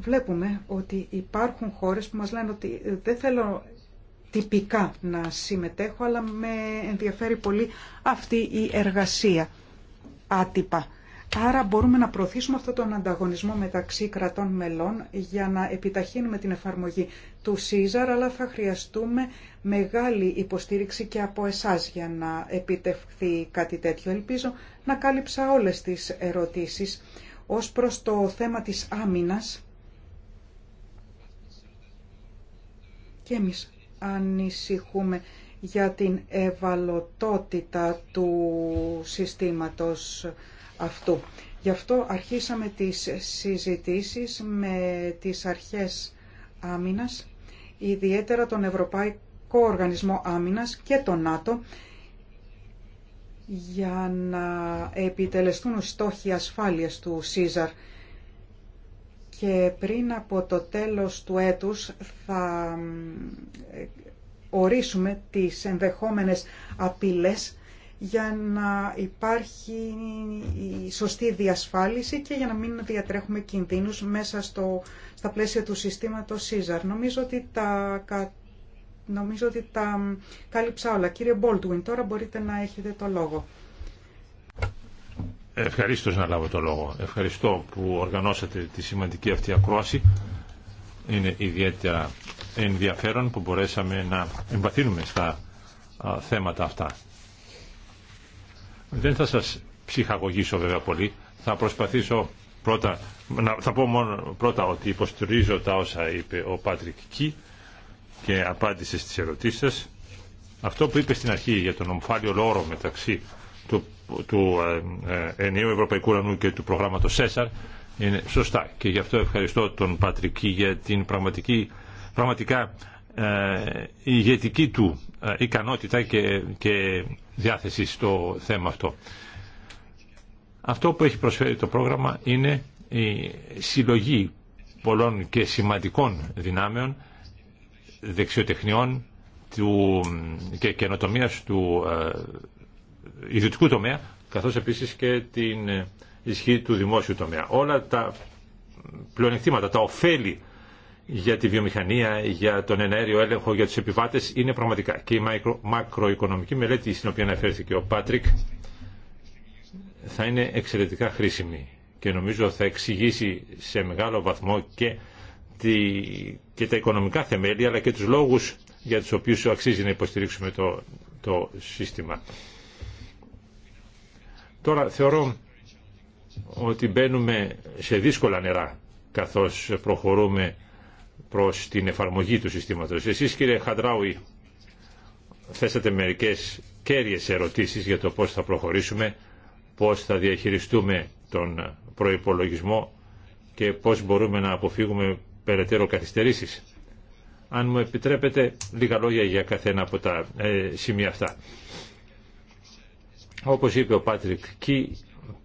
S2: βλέπουμε ότι υπάρχουν χώρες που μας λένε ότι δεν θέλω τυπικά να συμμετέχω, αλλά με ενδιαφέρει πολύ αυτή η εργασία άτυπα. Άρα μπορούμε να προωθήσουμε αυτόν τον ανταγωνισμό μεταξύ κρατών μελών για να επιταχύνουμε την εφαρμογή του ΣΥΖΑΡ, αλλά θα χρειαστούμε μεγάλη υποστήριξη και από εσάς για να επιτευχθεί κάτι τέτοιο. Ελπίζω να κάλυψα όλες τις ερωτήσεις. Ως προς το θέμα της άμυνας, και εμείς ανησυχούμε για την ευαλωτότητα του συστήματος αυτού. Γι' αυτό αρχίσαμε τις συζητήσεις με τις αρχές άμυνας, ιδιαίτερα τον Ευρωπαϊκό Οργανισμό Άμυνας και τον ΝΑΤΟ, για να επιτελεστούν στόχοι ασφάλειας του ΣΥΖΑΡ και πριν από το τέλος του έτους θα ορίσουμε τις ενδεχόμενες απειλές για να υπάρχει η σωστή διασφάλιση και για να μην διατρέχουμε κινδύνους μέσα στο, στα πλαίσια του συστήματος Caesar. Νομίζω ότι τα, νομίζω ότι τα κάλυψα όλα. Κύριε Μπόλτουιν, τώρα μπορείτε να έχετε το λόγο.
S3: Ευχαριστώ να λάβω το λόγο. Ευχαριστώ που οργανώσατε τη σημαντική αυτή ακρόαση. Είναι ιδιαίτερα ενδιαφέρον που μπορέσαμε να εμπαθύνουμε στα θέματα αυτά. Δεν θα σας ψυχαγωγήσω βέβαια πολύ. Θα προσπαθήσω πρώτα, να, θα πω μόνο πρώτα ότι υποστηρίζω τα όσα είπε ο Πάτρικ Κι και απάντησε στις ερωτήσεις σας. Αυτό που είπε στην αρχή για τον ομφάλιο λόρο μεταξύ του του ε, ε, Ενίου Ευρωπαϊκού Ουρανού και του προγράμματο ΣΕΣΑΡ είναι σωστά και γι' αυτό ευχαριστώ τον Πατρική για την πραγματική, πραγματικά η ε, ηγετική του ε, ικανότητα και, και διάθεση στο θέμα αυτό. Αυτό που έχει προσφέρει το πρόγραμμα είναι η συλλογή πολλών και σημαντικών δυνάμεων, δεξιοτεχνιών του, και καινοτομία του ιδιωτικού τομέα, καθώς επίσης και την ε, ισχύ του δημόσιου τομέα. Όλα τα πλεονεκτήματα, τα ωφέλη για τη βιομηχανία, για τον εναέριο έλεγχο, για τους επιβάτες είναι πραγματικά. Και η μακροοικονομική μελέτη στην οποία αναφέρθηκε ο Πάτρικ θα είναι εξαιρετικά χρήσιμη και νομίζω θα εξηγήσει σε μεγάλο βαθμό και, τη, και τα οικονομικά θεμέλια αλλά και τους λόγους για τους οποίους αξίζει να υποστηρίξουμε το, το σύστημα. Τώρα θεωρώ ότι μπαίνουμε σε δύσκολα νερά καθώς προχωρούμε προς την εφαρμογή του συστήματος. Εσείς κύριε Χαντράουι θέσατε μερικές κέρυες ερωτήσεις για το πώς θα προχωρήσουμε, πώς θα διαχειριστούμε τον προϋπολογισμό και πώς μπορούμε να αποφύγουμε περαιτέρω καθυστερήσεις. Αν μου επιτρέπετε λίγα λόγια για καθένα από τα ε, σημεία αυτά. Όπως είπε ο Πάτρικ Κι,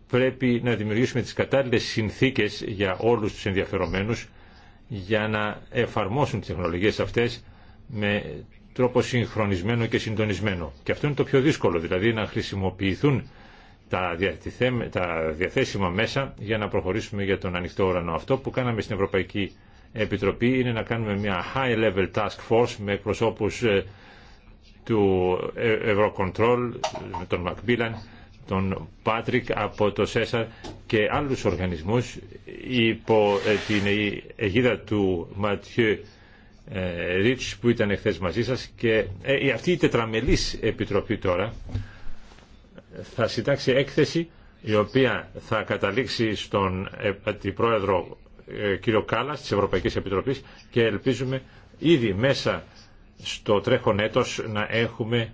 S3: πρέπει να δημιουργήσουμε τις κατάλληλες συνθήκες για όλους τους ενδιαφερομένους για να εφαρμόσουν τις τεχνολογίες αυτές με τρόπο συγχρονισμένο και συντονισμένο. Και αυτό είναι το πιο δύσκολο, δηλαδή να χρησιμοποιηθούν τα, τα διαθέσιμα μέσα για να προχωρήσουμε για τον ανοιχτό ουρανό. Αυτό που κάναμε στην Ευρωπαϊκή Επιτροπή είναι να κάνουμε μια high-level task force με προσώπους... Ε, του ε- Eurocontrol, τον Μακμπίλαν, τον Πάτρικ από το ΣΕΣΑ και άλλους οργανισμούς υπό ε, την αιγίδα του Ματιού Ρίτς ε, που ήταν εχθές μαζί σας και αυτή η τετραμελής επιτροπή τώρα θα συντάξει έκθεση η οποία θα καταλήξει στον αντιπρόεδρο κύριο Κάλλας της Ευρωπαϊκής Επιτροπής και ελπίζουμε ήδη μέσα στο τρέχον έτος να έχουμε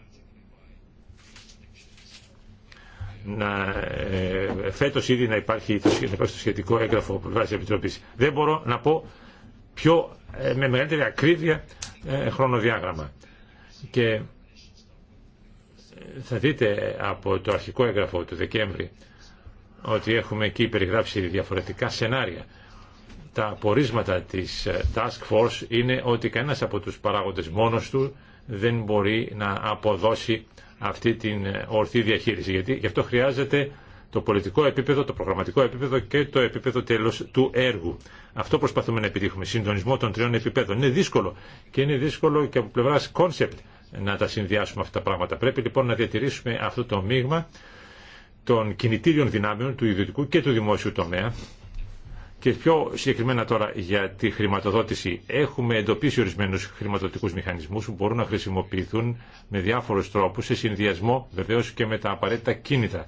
S3: να, ε, φέτος ήδη να υπάρχει, το, το σχετικό έγγραφο που βάζει επιτροπή Δεν μπορώ να πω πιο, ε, με μεγαλύτερη ακρίβεια ε, χρονοδιάγραμμα. Και ε, θα δείτε από το αρχικό έγγραφο του Δεκέμβρη ότι έχουμε εκεί περιγράψει διαφορετικά σενάρια τα απορίσματα της ε, Task Force είναι ότι κανένας από τους παράγοντες μόνος του δεν μπορεί να αποδώσει αυτή την ε, ορθή διαχείριση. Γιατί γι' αυτό χρειάζεται το πολιτικό επίπεδο, το προγραμματικό επίπεδο και το επίπεδο τέλος του έργου. Αυτό προσπαθούμε να επιτύχουμε, συντονισμό των τριών επίπεδων. Είναι δύσκολο και είναι δύσκολο και από πλευρά concept να τα συνδυάσουμε αυτά τα πράγματα. Πρέπει λοιπόν να διατηρήσουμε αυτό το μείγμα των κινητήριων δυνάμεων του ιδιωτικού και του δημόσιου τομέα και πιο συγκεκριμένα τώρα για τη χρηματοδότηση. Έχουμε εντοπίσει ορισμένου χρηματοδοτικού μηχανισμού που μπορούν να χρησιμοποιηθούν με διάφορου τρόπου, σε συνδυασμό βεβαίω και με τα απαραίτητα κίνητρα,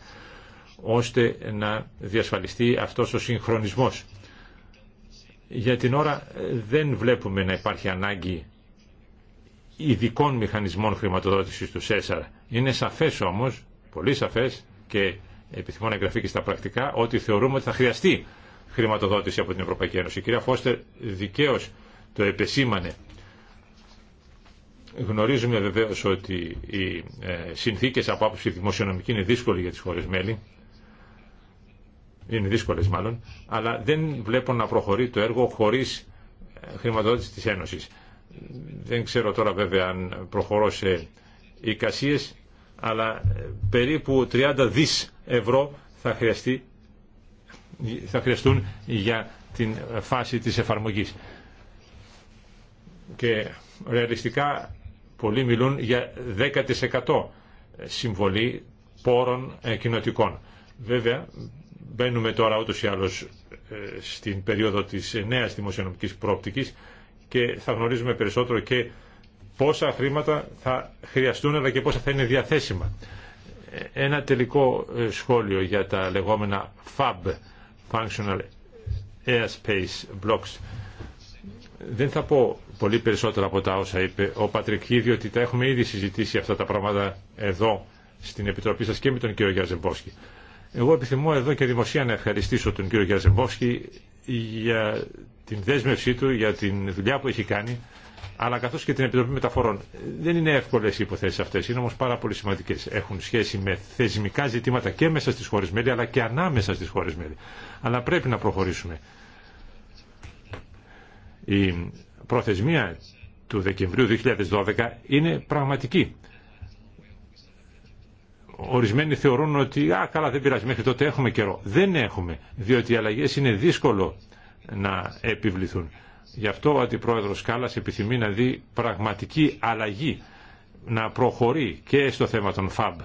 S3: ώστε να διασφαλιστεί αυτό ο συγχρονισμό. Για την ώρα δεν βλέπουμε να υπάρχει ανάγκη ειδικών μηχανισμών χρηματοδότησης του ΣΕΣΑΡ. Είναι σαφές όμως, πολύ σαφές και επιθυμώ να εγγραφεί και στα πρακτικά, ότι θεωρούμε ότι θα χρειαστεί χρηματοδότηση από την Ευρωπαϊκή Ένωση. Η κυρία Φώστερ δικαίω το επεσήμανε. Γνωρίζουμε βεβαίω ότι οι ε, συνθήκες από άποψη δημοσιονομική είναι δύσκολοι για τις χώρες μέλη, είναι δύσκολε μάλλον, αλλά δεν βλέπω να προχωρεί το έργο χωρί ε, χρηματοδότηση της Ένωσης. Δεν ξέρω τώρα βέβαια αν προχωρώ σε εικασίες, αλλά ε, περίπου 30 δις ευρώ θα χρειαστεί θα χρειαστούν για την φάση της εφαρμογής. Και ρεαλιστικά πολλοί μιλούν για 10% συμβολή πόρων ε, κοινοτικών. Βέβαια, μπαίνουμε τώρα ούτως ή άλλως ε, στην περίοδο της ε, νέας δημοσιονομικής πρόπτικης και θα γνωρίζουμε περισσότερο και πόσα χρήματα θα χρειαστούν αλλά και πόσα θα είναι διαθέσιμα. Ένα τελικό σχόλιο για τα λεγόμενα FAB functional airspace blocks. Δεν θα πω πολύ περισσότερα από τα όσα είπε ο Πατρικίδη ότι τα έχουμε ήδη συζητήσει αυτά τα πράγματα εδώ στην Επιτροπή σας και με τον κύριο Γιαζεμπόσκη. Εγώ επιθυμώ εδώ και δημοσία να ευχαριστήσω τον κύριο Γιαζεμπόσκη για την δέσμευσή του, για την δουλειά που έχει κάνει αλλά καθώ και την Επιτροπή Μεταφορών. Δεν είναι εύκολε οι υποθέσει αυτέ, είναι όμω πάρα πολύ σημαντικέ. Έχουν σχέση με θεσμικά ζητήματα και μέσα στι χώρε μέλη, αλλά και ανάμεσα στι χώρε μέλη. Αλλά πρέπει να προχωρήσουμε. Η προθεσμία του Δεκεμβρίου 2012 είναι πραγματική. Ορισμένοι θεωρούν ότι α, καλά δεν πειράζει μέχρι τότε έχουμε καιρό. Δεν έχουμε, διότι οι αλλαγές είναι δύσκολο να επιβληθούν. Γι' αυτό ο Αντιπρόεδρος Κάλλας επιθυμεί να δει πραγματική αλλαγή, να προχωρεί και στο θέμα των ΦΑΜΠ.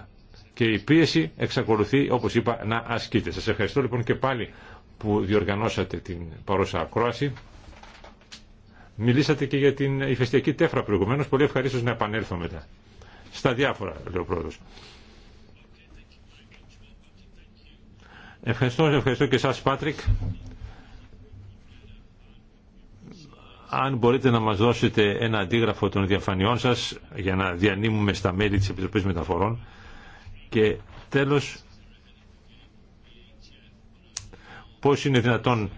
S3: Και η πίεση εξακολουθεί, όπως είπα, να ασκείται. Σας ευχαριστώ λοιπόν και πάλι που διοργανώσατε την παρούσα ακρόαση. Μιλήσατε και για την ηφαιστειακή τέφρα προηγουμένω. Πολύ ευχαρίστω να επανέλθω μετά. Στα διάφορα, λέει ο πρόεδρο. Ευχαριστώ, ευχαριστώ και εσά, Πάτρικ. αν μπορείτε να μας δώσετε ένα αντίγραφο των διαφανειών σας για να διανύμουμε στα μέλη της Επιτροπής Μεταφορών και τέλος πώς είναι δυνατόν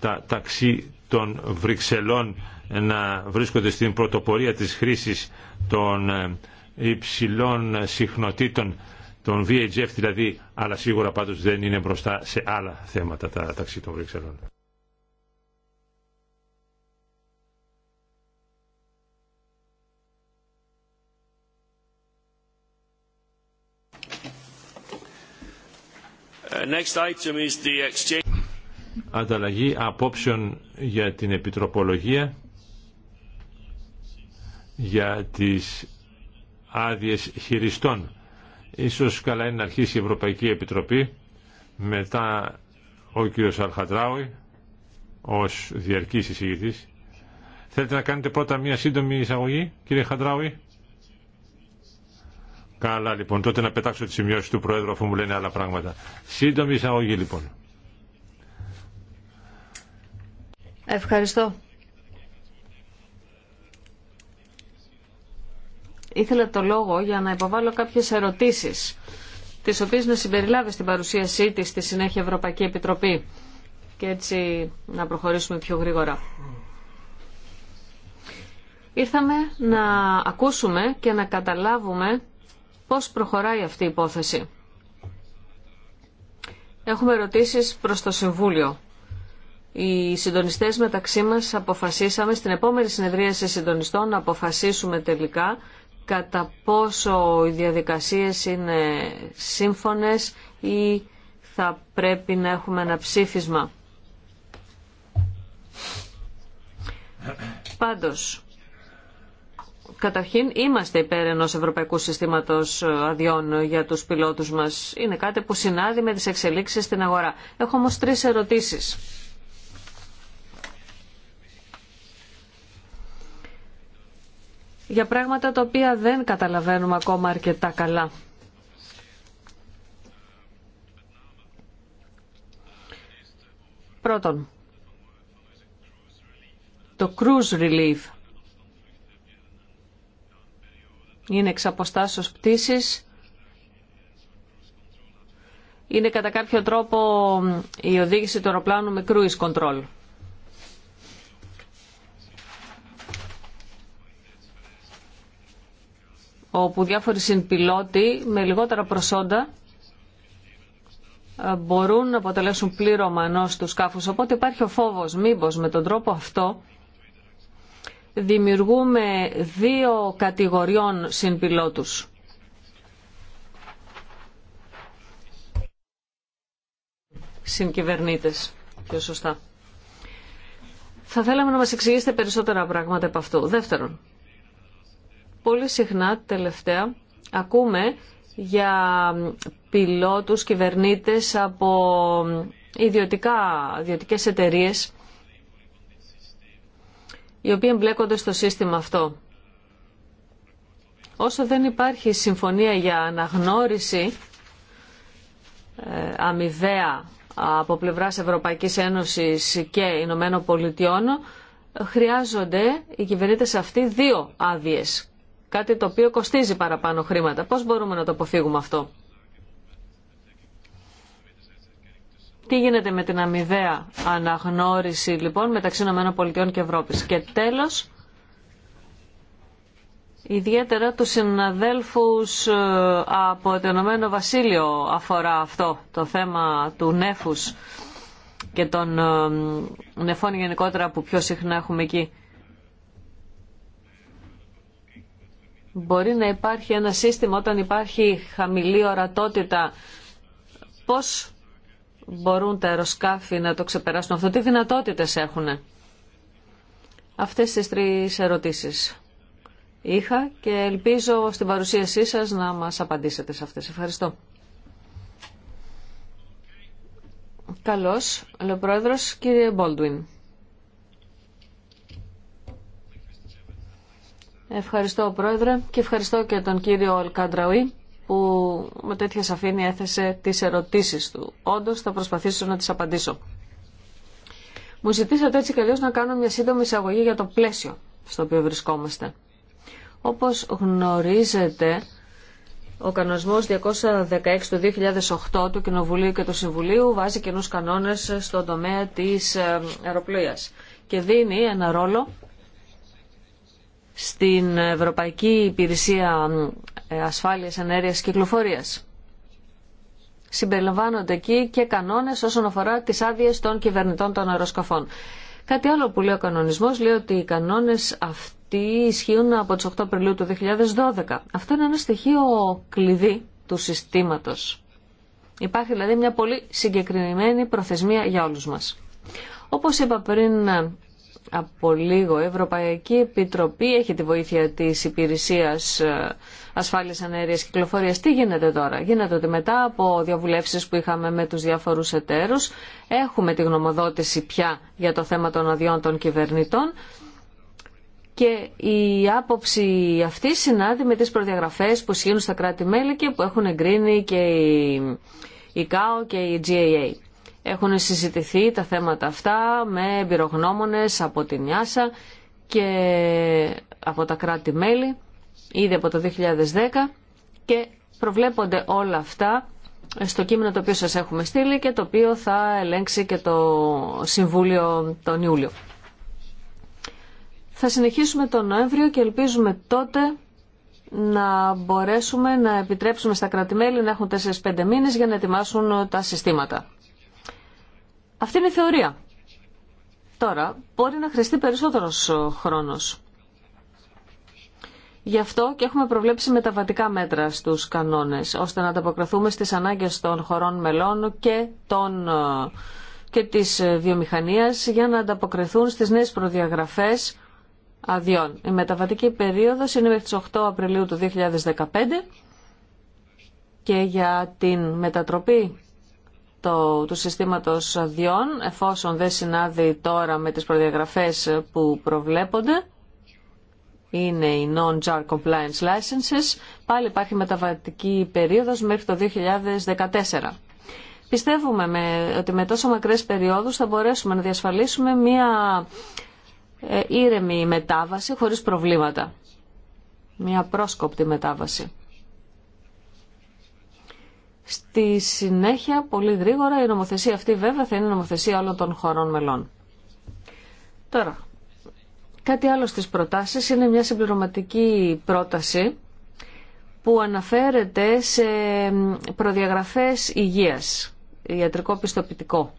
S3: τα ταξί των Βρυξελών να βρίσκονται στην πρωτοπορία της χρήσης των ε, υψηλών συχνοτήτων των VHF δηλαδή, αλλά σίγουρα πάντως δεν είναι μπροστά σε άλλα θέματα τα ταξί των Βρυξελών. Uh, Ανταλλαγή απόψεων για την επιτροπολογία για τις άδειες χειριστών. Ίσως καλά είναι να αρχίσει η Ευρωπαϊκή Επιτροπή μετά ο κ. Αλχατράουι ως διαρκής εισηγητής. Θέλετε να κάνετε πρώτα μια σύντομη εισαγωγή κύριε Χατράουι. Καλά λοιπόν, τότε να πετάξω τις σημειώσεις του Πρόεδρου αφού μου λένε άλλα πράγματα. Σύντομη εισαγωγή λοιπόν.
S1: Ευχαριστώ. Ήθελα το λόγο για να υποβάλω κάποιες ερωτήσεις, τις οποίες να συμπεριλάβει στην παρουσίασή της στη συνέχεια Ευρωπαϊκή Επιτροπή και έτσι να προχωρήσουμε πιο γρήγορα. Ήρθαμε να ακούσουμε και να καταλάβουμε πώς προχωράει αυτή η υπόθεση. Έχουμε ερωτήσεις προς το Συμβούλιο. Οι συντονιστές μεταξύ μας αποφασίσαμε στην επόμενη συνεδρίαση συντονιστών να αποφασίσουμε τελικά κατά πόσο οι διαδικασίες είναι σύμφωνες ή θα πρέπει να έχουμε ένα ψήφισμα. Πάντως, Καταρχήν, είμαστε υπέρ ενό ευρωπαϊκού συστήματο ε, αδειών για του πιλότους μα. Είναι κάτι που συνάδει με τι εξελίξει στην αγορά. Έχω όμω τρει ερωτήσει. για πράγματα τα οποία δεν καταλαβαίνουμε ακόμα αρκετά καλά. Πρώτον, το cruise relief είναι εξ αποστάσεως πτήσης, είναι κατά κάποιο τρόπο η οδήγηση του αεροπλάνου με cruise control. όπου διάφοροι συνπιλότοι με λιγότερα προσόντα ε, μπορούν να αποτελέσουν πλήρωμα ενό του σκάφους. Οπότε υπάρχει ο φόβος μήπως με τον τρόπο αυτό δημιουργούμε δύο κατηγοριών συνπιλότους. Συνκυβερνήτες, πιο σωστά. Θα θέλαμε να μας εξηγήσετε περισσότερα πράγματα από αυτού. Δεύτερον, πολύ συχνά τελευταία ακούμε για πιλότους, κυβερνήτες από ιδιωτικά, ιδιωτικές εταιρείες οι οποίοι εμπλέκονται στο σύστημα αυτό. Όσο δεν υπάρχει συμφωνία για αναγνώριση ε, αμοιβαία από πλευράς Ευρωπαϊκής Ένωσης και Ηνωμένων Πολιτειών, χρειάζονται οι κυβερνήτες αυτοί δύο άδειες, Κάτι το οποίο κοστίζει παραπάνω χρήματα. Πώς μπορούμε να το αποφύγουμε αυτό. Τι γίνεται με την αμοιβαία αναγνώριση λοιπόν μεταξύ Πολιτειών και Ευρώπης. Και τέλος, ιδιαίτερα τους συναδέλφους ε, από το Ηνωμένο Βασίλειο αφορά αυτό το θέμα του νέφους και των ε, νεφών γενικότερα που πιο συχνά έχουμε εκεί. Μπορεί να υπάρχει ένα σύστημα όταν υπάρχει χαμηλή ορατότητα. Πώς μπορούν τα αεροσκάφη να το ξεπεράσουν αυτό, τι δυνατότητες έχουν. Αυτές τις τρεις ερωτήσεις είχα και ελπίζω στην παρουσίασή σας να μας απαντήσετε σε αυτές. Ευχαριστώ. Καλώς, λέει Πρόεδρος, κύριε Μπόλτουιν. Ευχαριστώ, Πρόεδρε, και ευχαριστώ και τον κύριο Ολκάντραουι που με τέτοια σαφήνεια έθεσε τις ερωτήσεις του. Όντως θα προσπαθήσω να τις απαντήσω. Μου ζητήσατε έτσι και να κάνω μια σύντομη εισαγωγή για το πλαίσιο στο οποίο βρισκόμαστε. Όπως γνωρίζετε, ο κανονισμός 216 του 2008 του Κοινοβουλίου και του Συμβουλίου βάζει καινούς κανόνες στον τομέα της ε, αεροπλοίας και δίνει ένα ρόλο στην Ευρωπαϊκή Υπηρεσία ασφάλειας ενέργειας κυκλοφορίας. Συμπεριλαμβάνονται εκεί και κανόνες όσον αφορά τις άδειες των κυβερνητών των αεροσκαφών. Κάτι άλλο που λέει ο κανονισμός λέει ότι οι κανόνες αυτοί ισχύουν από τις 8 Απριλίου του 2012. Αυτό είναι ένα στοιχείο κλειδί του συστήματος. Υπάρχει δηλαδή μια πολύ συγκεκριμένη προθεσμία για όλους μας. Όπως είπα πριν, από λίγο. Η Ευρωπαϊκή Επιτροπή έχει τη βοήθεια της Υπηρεσίας ε, Ασφάλειας και Κυκλοφορίας. Τι γίνεται τώρα. Γίνεται ότι μετά από διαβουλεύσεις που είχαμε με τους διάφορους εταίρους έχουμε τη γνωμοδότηση πια για το θέμα των αδειών των κυβερνητών και η άποψη αυτή συνάδει με τις προδιαγραφές που ισχύουν στα κράτη-μέλη και που έχουν εγκρίνει και η ΚΑΟ και η GAA. Έχουν συζητηθεί τα θέματα αυτά με εμπειρογνώμονες από την Ιάσα και από τα κράτη-μέλη ήδη από το 2010 και προβλέπονται όλα αυτά στο κείμενο το οποίο σας έχουμε στείλει και το οποίο θα ελέγξει και το Συμβούλιο τον Ιούλιο. Θα συνεχίσουμε τον Νοέμβριο και ελπίζουμε τότε να μπορέσουμε να επιτρέψουμε στα κράτη-μέλη να έχουν 4-5 μήνες για να ετοιμάσουν τα συστήματα. Αυτή είναι η θεωρία. Τώρα, μπορεί να χρειαστεί περισσότερος χρόνος. Γι' αυτό και έχουμε προβλέψει μεταβατικά μέτρα στους κανόνες, ώστε να ανταποκριθούμε στις ανάγκες των χωρών μελών και, των, ε, και της ε, βιομηχανίας για να ανταποκριθούν στις νέες προδιαγραφές αδειών. Η μεταβατική περίοδος είναι μέχρι τις 8 Απριλίου του 2015 και για την μετατροπή το, του συστήματος διών εφόσον δεν συνάδει τώρα με τις προδιαγραφές που προβλέπονται, είναι οι non-jar compliance licenses, πάλι υπάρχει μεταβατική περίοδος μέχρι το 2014. Πιστεύουμε με, ότι με τόσο μακρές περιόδους θα μπορέσουμε να διασφαλίσουμε μία ε, ήρεμη μετάβαση χωρίς προβλήματα. Μία πρόσκοπτη μετάβαση. Στη συνέχεια, πολύ γρήγορα, η νομοθεσία αυτή βέβαια θα είναι νομοθεσία όλων των χωρών μελών. Τώρα, κάτι άλλο στις προτάσεις είναι μια συμπληρωματική πρόταση που αναφέρεται σε προδιαγραφές υγείας, ιατρικό πιστοποιητικό.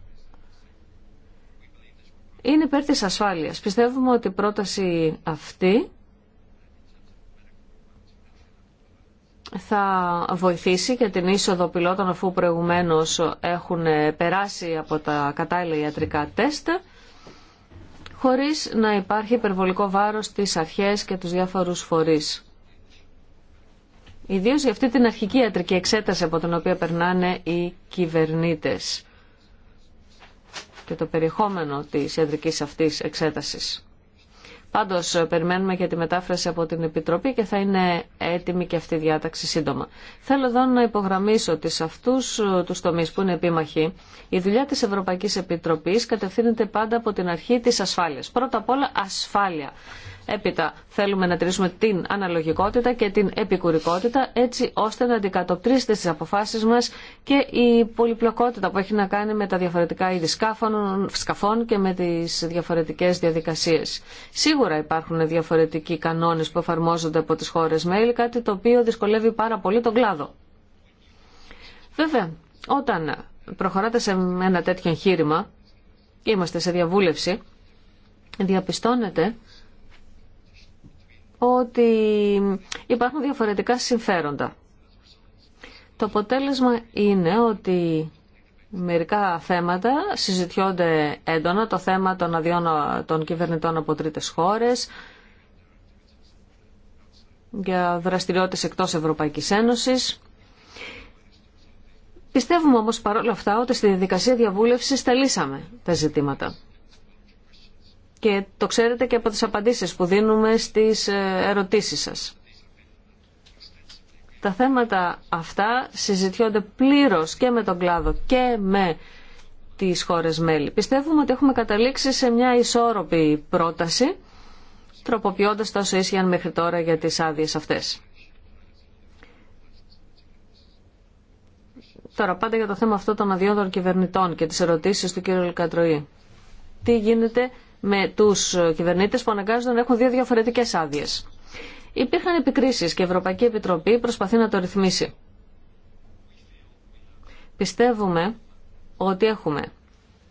S1: Είναι υπέρ της ασφάλειας. Πιστεύουμε ότι η πρόταση αυτή θα βοηθήσει για την είσοδο πιλότων αφού προηγουμένως έχουν περάσει από τα κατάλληλα ιατρικά τεστ χωρίς να υπάρχει υπερβολικό βάρος στις αρχές και τους διάφορους φορείς. Ιδίως για αυτή την αρχική ιατρική εξέταση από την οποία περνάνε οι κυβερνήτες και το περιεχόμενο της ιατρικής αυτής εξέτασης. Πάντω ε, περιμένουμε και τη μετάφραση από την Επιτροπή και θα είναι έτοιμη και αυτή η διάταξη σύντομα. Θέλω εδώ να υπογραμμίσω ότι σε αυτού ε, του τομεί που είναι επίμαχοι, η δουλειά τη Ευρωπαϊκή Επιτροπή κατευθύνεται πάντα από την αρχή τη ασφάλεια. Πρώτα απ' όλα ασφάλεια. Έπειτα θέλουμε να τηρήσουμε την αναλογικότητα και την επικουρικότητα έτσι ώστε να αντικατοπτρίσετε στις αποφάσεις μας και η πολυπλοκότητα που έχει να κάνει με τα διαφορετικά είδη σκαφών και με τις διαφορετικές διαδικασίες. Σίγουρα υπάρχουν διαφορετικοί κανόνες που εφαρμόζονται από τις χώρες μέλη, κάτι το οποίο δυσκολεύει πάρα πολύ τον κλάδο. Βέβαια, όταν προχωράτε σε ένα τέτοιο εγχείρημα είμαστε σε διαβούλευση, διαπιστώνετε ότι υπάρχουν διαφορετικά συμφέροντα. Το αποτέλεσμα είναι ότι μερικά θέματα συζητιώνται έντονα, το θέμα των αδειών των κυβερνητών από τρίτες χώρες, για δραστηριότητες εκτός Ευρωπαϊκής Ένωσης. Πιστεύουμε όμως παρόλα αυτά ότι στη διαδικασία διαβούλευσης τα τα ζητήματα και το ξέρετε και από τις απαντήσεις που δίνουμε στις ε, ερωτήσεις σας. Τα θέματα αυτά συζητιώνται πλήρως και με τον κλάδο και με τις χώρες μέλη. Πιστεύουμε ότι έχουμε καταλήξει σε μια ισόρροπη πρόταση, τροποποιώντας τόσο ίσιαν μέχρι τώρα για τις άδειε αυτές. Τώρα πάντα για το θέμα αυτό των αδειών των κυβερνητών και τις ερωτήσεις του κ. Λικατροή. Τι γίνεται με τους κυβερνήτες που αναγκάζονται να έχουν δύο διαφορετικές άδειε. Υπήρχαν επικρίσεις και η Ευρωπαϊκή Επιτροπή προσπαθεί να το ρυθμίσει. Πιστεύουμε ότι έχουμε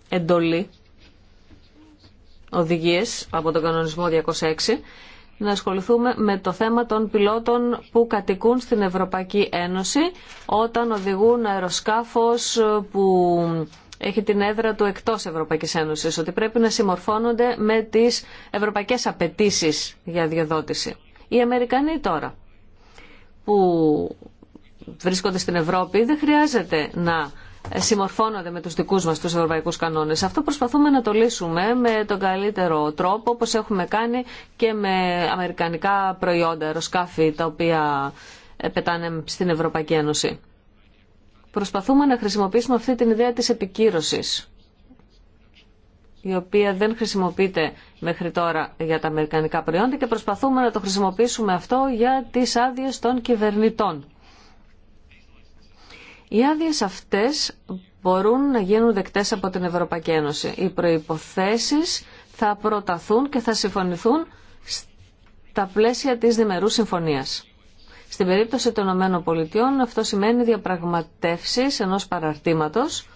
S1: εντολή οδηγίες από τον κανονισμό 206 να ασχοληθούμε με το θέμα των πιλότων που κατοικούν στην Ευρωπαϊκή Ένωση όταν οδηγούν αεροσκάφος που έχει την έδρα του εκτός Ευρωπαϊκής Ένωσης, ότι πρέπει να συμμορφώνονται με τις ευρωπαϊκές απαιτήσει για διαδότηση. Οι Αμερικανοί τώρα που βρίσκονται στην Ευρώπη δεν χρειάζεται να συμμορφώνονται με τους δικούς μας τους ευρωπαϊκούς κανόνες. Αυτό προσπαθούμε να το λύσουμε με τον καλύτερο τρόπο όπως έχουμε κάνει και με αμερικανικά προϊόντα, αεροσκάφη τα οποία ε, πετάνε στην Ευρωπαϊκή Ένωση. Προσπαθούμε να χρησιμοποιήσουμε αυτή την ιδέα της επικύρωσης, η οποία δεν χρησιμοποιείται μέχρι τώρα για τα αμερικανικά προϊόντα και προσπαθούμε να το χρησιμοποιήσουμε αυτό για τις άδειε των κυβερνητών. Οι άδειε αυτές μπορούν να γίνουν δεκτές από την Ευρωπαϊκή Ένωση. Οι προϋποθέσεις θα προταθούν και θα συμφωνηθούν στα πλαίσια της δημερού συμφωνίας. Στην περίπτωση των ΗΠΑ αυτό σημαίνει διαπραγματεύσεις ενός παραρτήματος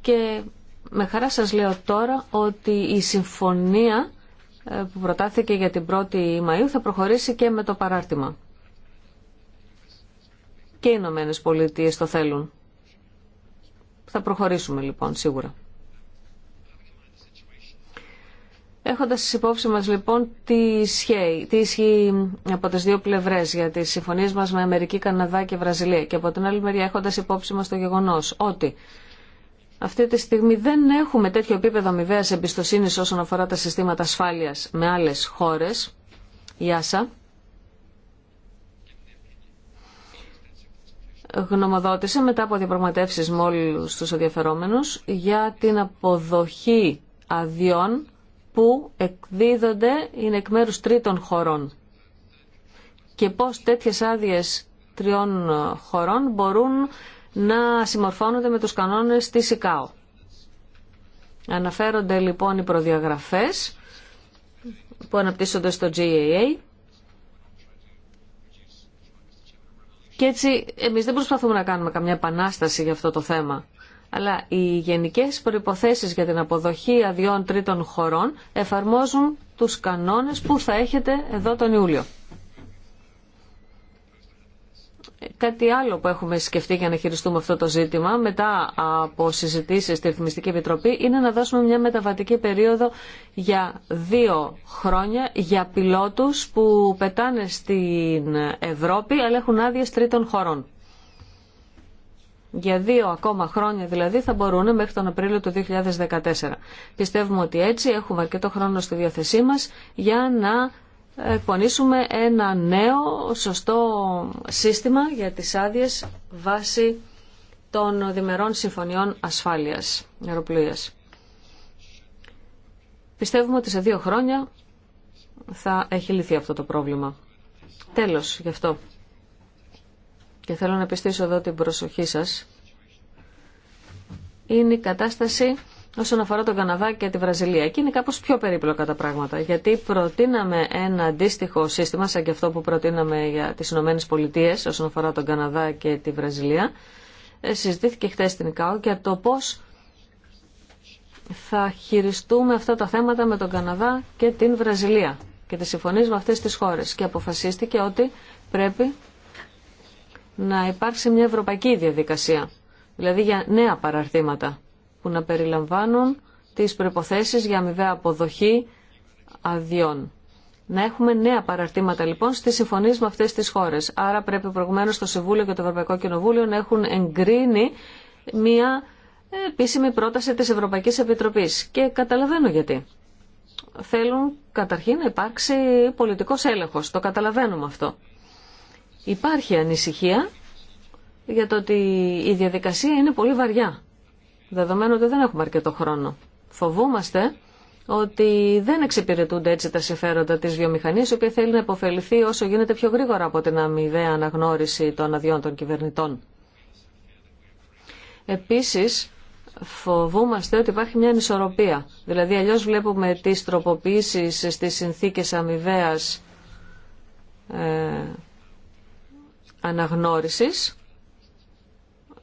S1: και με χαρά σας λέω τώρα ότι η συμφωνία ε, που προτάθηκε για την 1η Μαΐου θα προχωρήσει και με το παράρτημα. Και οι Ηνωμένε το θέλουν. Θα προχωρήσουμε λοιπόν σίγουρα. Έχοντας υπόψη μας λοιπόν τι ισχύει, τι ισχύει από τις δύο πλευρές για τις συμφωνίες μας με Αμερική, Καναδά και Βραζιλία και από την άλλη μεριά έχοντας υπόψη μας το γεγονός ότι αυτή τη στιγμή δεν έχουμε τέτοιο επίπεδο αμοιβαία εμπιστοσύνη όσον αφορά τα συστήματα ασφάλειας με άλλες χώρες, Η Άσα γνωμοδότησε μετά από διαπραγματεύσεις με όλου του ενδιαφερόμενους για την αποδοχή αδειών που εκδίδονται είναι εκ μέρους τρίτων χωρών και πώς τέτοιες άδειες τριών χωρών μπορούν να συμμορφώνονται με τους κανόνες της ΙΚΑΟ. Αναφέρονται λοιπόν οι προδιαγραφές που αναπτύσσονται στο GAA και έτσι εμείς δεν προσπαθούμε να κάνουμε καμιά επανάσταση για αυτό το θέμα αλλά οι γενικές προϋποθέσεις για την αποδοχή αδειών τρίτων χωρών εφαρμόζουν τους κανόνες που θα έχετε εδώ τον Ιούλιο. Κάτι άλλο που έχουμε σκεφτεί για να χειριστούμε αυτό το ζήτημα μετά από συζητήσεις στη Ρυθμιστική Επιτροπή είναι να δώσουμε μια μεταβατική περίοδο για δύο χρόνια για πιλότους που πετάνε στην Ευρώπη αλλά έχουν άδειες τρίτων χωρών. Για δύο ακόμα χρόνια δηλαδή θα μπορούν μέχρι τον Απρίλιο του 2014. Πιστεύουμε ότι έτσι έχουμε αρκετό χρόνο στη διάθεσή μας για να εκπονήσουμε ένα νέο σωστό σύστημα για τις άδειες βάσει των διμερών συμφωνιών ασφάλειας αεροπλοίας. Πιστεύουμε ότι σε δύο χρόνια θα έχει λυθεί αυτό το πρόβλημα. Τέλος γι' αυτό και θέλω να πιστήσω εδώ την προσοχή σας, είναι η κατάσταση όσον αφορά τον Καναδά και τη Βραζιλία. Εκεί είναι κάπως πιο περίπλοκα τα πράγματα, γιατί προτείναμε ένα αντίστοιχο σύστημα, σαν και αυτό που προτείναμε για τις Ηνωμένε Πολιτείε όσον αφορά τον Καναδά και τη Βραζιλία. Ε, συζητήθηκε χθε στην ΚΑΟ για το πώς θα χειριστούμε αυτά τα θέματα με τον Καναδά και την Βραζιλία και τις συμφωνίες με αυτές τις χώρες. Και αποφασίστηκε ότι πρέπει να υπάρξει μια ευρωπαϊκή διαδικασία, δηλαδή για νέα παραρτήματα που να περιλαμβάνουν τις προϋποθέσεις για αμοιβαία αποδοχή αδειών. Να έχουμε νέα παραρτήματα λοιπόν στι συμφωνίες με αυτές τις χώρες. Άρα πρέπει προηγουμένω το Συμβούλιο και το Ευρωπαϊκό Κοινοβούλιο να έχουν εγκρίνει μια επίσημη πρόταση της Ευρωπαϊκής Επιτροπής. Και καταλαβαίνω γιατί. Θέλουν καταρχήν να υπάρξει πολιτικός έλεγχος. Το καταλαβαίνουμε αυτό. Υπάρχει ανησυχία για το ότι η διαδικασία είναι πολύ βαριά, δεδομένου ότι δεν έχουμε αρκετό χρόνο. Φοβούμαστε ότι δεν εξυπηρετούνται έτσι τα συμφέροντα της βιομηχανίας, η οποία θέλει να υποφεληθεί όσο γίνεται πιο γρήγορα από την αμοιβαία αναγνώριση των αδειών των κυβερνητών. Επίσης, φοβούμαστε ότι υπάρχει μια ανισορροπία. Δηλαδή, αλλιώς βλέπουμε τις τροποποίησεις στις συνθήκες αμοιβαία ε, αναγνώρισης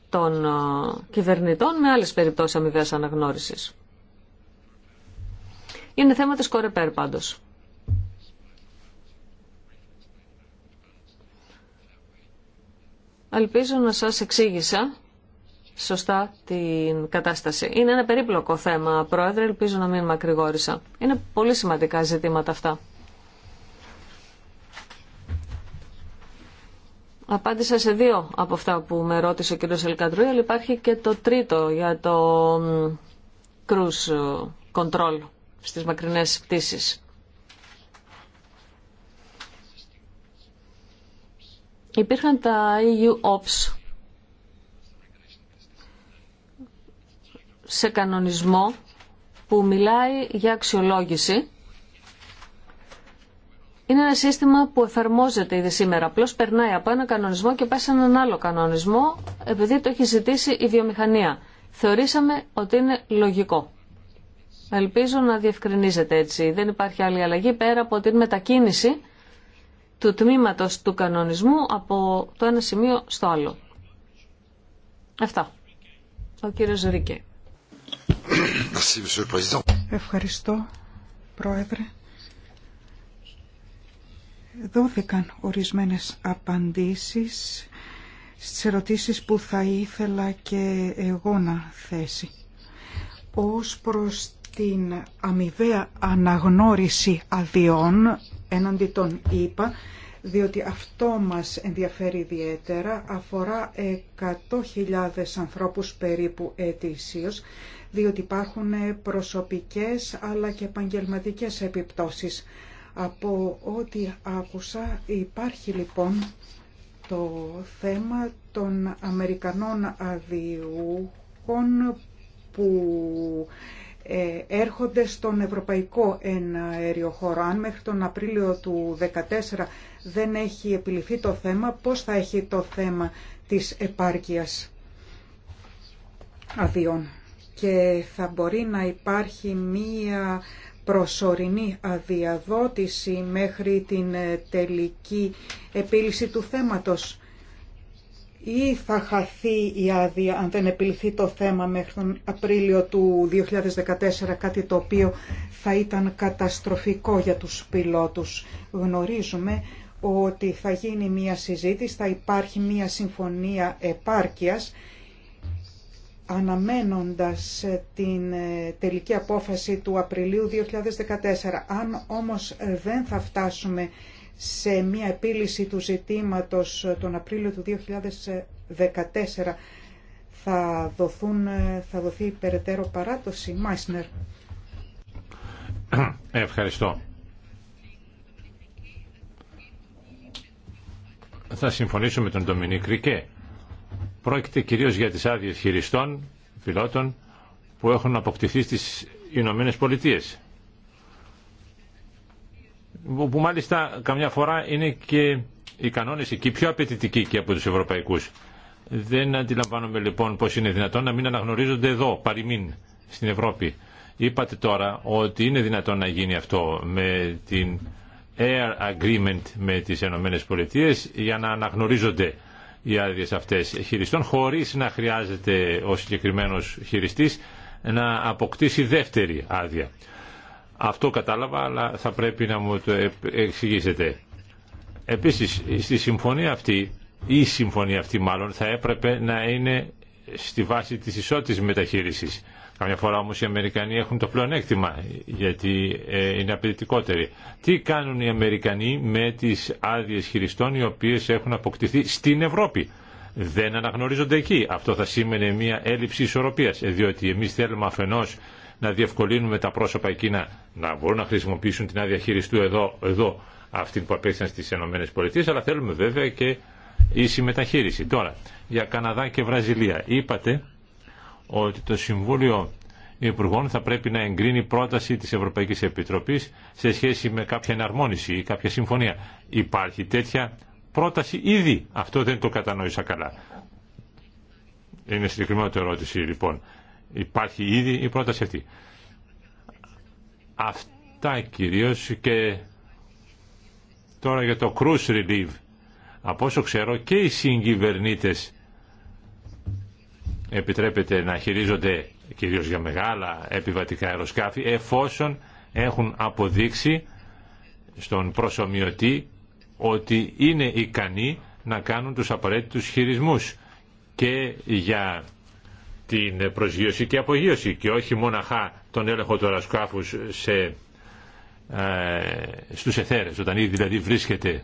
S1: των ε, κυβερνητών με άλλες περιπτώσεις αμοιβαίας αναγνώρισης. Είναι θέμα της Κορεπέρ πάντως. Ελπίζω να σας εξήγησα σωστά την κατάσταση. Είναι ένα περίπλοκο θέμα, Πρόεδρε, ελπίζω να μην μακρηγόρησα. Είναι πολύ σημαντικά ζητήματα αυτά. Απάντησα σε δύο από αυτά που με ρώτησε ο κ. Ελκαντρούη, αλλά υπάρχει και το τρίτο για το cruise control στις μακρινές πτήσεις. Υπήρχαν τα EU Ops σε κανονισμό που μιλάει για αξιολόγηση είναι ένα σύστημα που εφαρμόζεται ήδη σήμερα. Απλώ περνάει από ένα κανονισμό και πάει σε έναν άλλο κανονισμό επειδή το έχει ζητήσει η βιομηχανία. Θεωρήσαμε ότι είναι λογικό. Ελπίζω να διευκρινίζεται έτσι. Δεν υπάρχει άλλη αλλαγή πέρα από την μετακίνηση του τμήματος του κανονισμού από το ένα σημείο στο άλλο.
S2: Αυτά. Ο κύριο Ρίκε. Ευχαριστώ, Πρόεδρε δόθηκαν ορισμένες απαντήσεις στις ερωτήσεις που θα ήθελα και εγώ να θέσει. Ως προς την αμοιβαία αναγνώριση αδειών έναντι των ΙΠΑ, διότι αυτό μας ενδιαφέρει ιδιαίτερα, αφορά 100.000 ανθρώπους περίπου ετησίως, διότι υπάρχουν προσωπικές αλλά και επαγγελματικές επιπτώσεις από ό,τι άκουσα υπάρχει λοιπόν το θέμα των Αμερικανών αδειούχων που ε, έρχονται στον ευρωπαϊκό εναέριο χώρο. Αν μέχρι τον Απρίλιο του 2014 δεν έχει επιληθεί το θέμα, πώς θα έχει το θέμα της επάρκειας αδειών. Και θα μπορεί να υπάρχει μία προσωρινή αδιαδότηση μέχρι την ε, τελική επίλυση του θέματος ή θα χαθεί η άδεια αν δεν επιληθεί το θέμα μέχρι τον Απρίλιο του 2014, κάτι το οποίο θα ήταν καταστροφικό για τους πιλότους. Γνωρίζουμε ότι θα γίνει μία συζήτηση, θα υπάρχει μία συμφωνία επάρκειας αναμένοντας ε, την ε, τελική απόφαση του Απριλίου 2014. Αν όμως ε, δεν θα φτάσουμε σε μια επίλυση του ζητήματος τον Απρίλιο του 2014 θα, δοθούν, θα δοθεί περαιτέρω παράτωση. Μάισνερ.
S3: Ευχαριστώ. Θα συμφωνήσω με τον Ντομινίκ Ρικέ. Πρόκειται κυρίως για τις άδειες χειριστών, πιλότων, που έχουν αποκτηθεί στις Ηνωμένε Πολιτείε. Που μάλιστα καμιά φορά είναι και οι κανόνες εκεί πιο απαιτητικοί και από τους ευρωπαϊκούς. Δεν αντιλαμβάνομαι λοιπόν πώς είναι δυνατόν να μην αναγνωρίζονται εδώ, παροιμήν, στην Ευρώπη. Είπατε τώρα ότι είναι δυνατόν να γίνει αυτό με την Air Agreement με τις Ηνωμένε Πολιτείε για να αναγνωρίζονται οι άδειε αυτέ χειριστών χωρίς να χρειάζεται ο συγκεκριμένο χειριστή να αποκτήσει δεύτερη άδεια. Αυτό κατάλαβα, αλλά θα πρέπει να μου το εξηγήσετε. Επίσης, στη συμφωνία αυτή, η συμφωνία αυτή μάλλον, θα έπρεπε να είναι στη βάση της ισότης μεταχείρισης. Καμιά φορά όμως οι Αμερικανοί έχουν το πλεονέκτημα γιατί ε, είναι απαιτητικότεροι. Τι κάνουν οι Αμερικανοί με τις άδειε χειριστών οι οποίες έχουν αποκτηθεί στην Ευρώπη. Δεν αναγνωρίζονται εκεί. Αυτό θα σήμαινε μια έλλειψη ισορροπίας ε, διότι εμείς θέλουμε αφενός να διευκολύνουμε τα πρόσωπα εκείνα να μπορούν να χρησιμοποιήσουν την άδεια χειριστού εδώ, εδώ αυτή που απέκτησαν στις ΗΠΑ αλλά θέλουμε βέβαια και ίση μεταχείριση. Τώρα, για Καναδά και Βραζιλία. Είπατε ότι το Συμβούλιο Υπουργών θα πρέπει να εγκρίνει πρόταση της Ευρωπαϊκής Επιτροπής σε σχέση με κάποια εναρμόνιση ή κάποια συμφωνία. Υπάρχει τέτοια πρόταση ήδη. Αυτό δεν το κατανόησα καλά. Είναι συγκεκριμένο το ερώτηση λοιπόν. Υπάρχει ήδη η πρόταση αυτή. Αυτά κυρίως και τώρα για το cruise relief. Από όσο ξέρω και οι συγκυβερνήτες επιτρέπεται να χειρίζονται κυρίως για μεγάλα επιβατικά αεροσκάφη εφόσον έχουν αποδείξει στον προσωμιωτή ότι είναι ικανοί να κάνουν τους απαραίτητους χειρισμούς και για την προσγείωση και απογείωση και όχι μοναχά τον έλεγχο του αεροσκάφους σε, ε, στους εθέρες, όταν ήδη δηλαδή βρίσκεται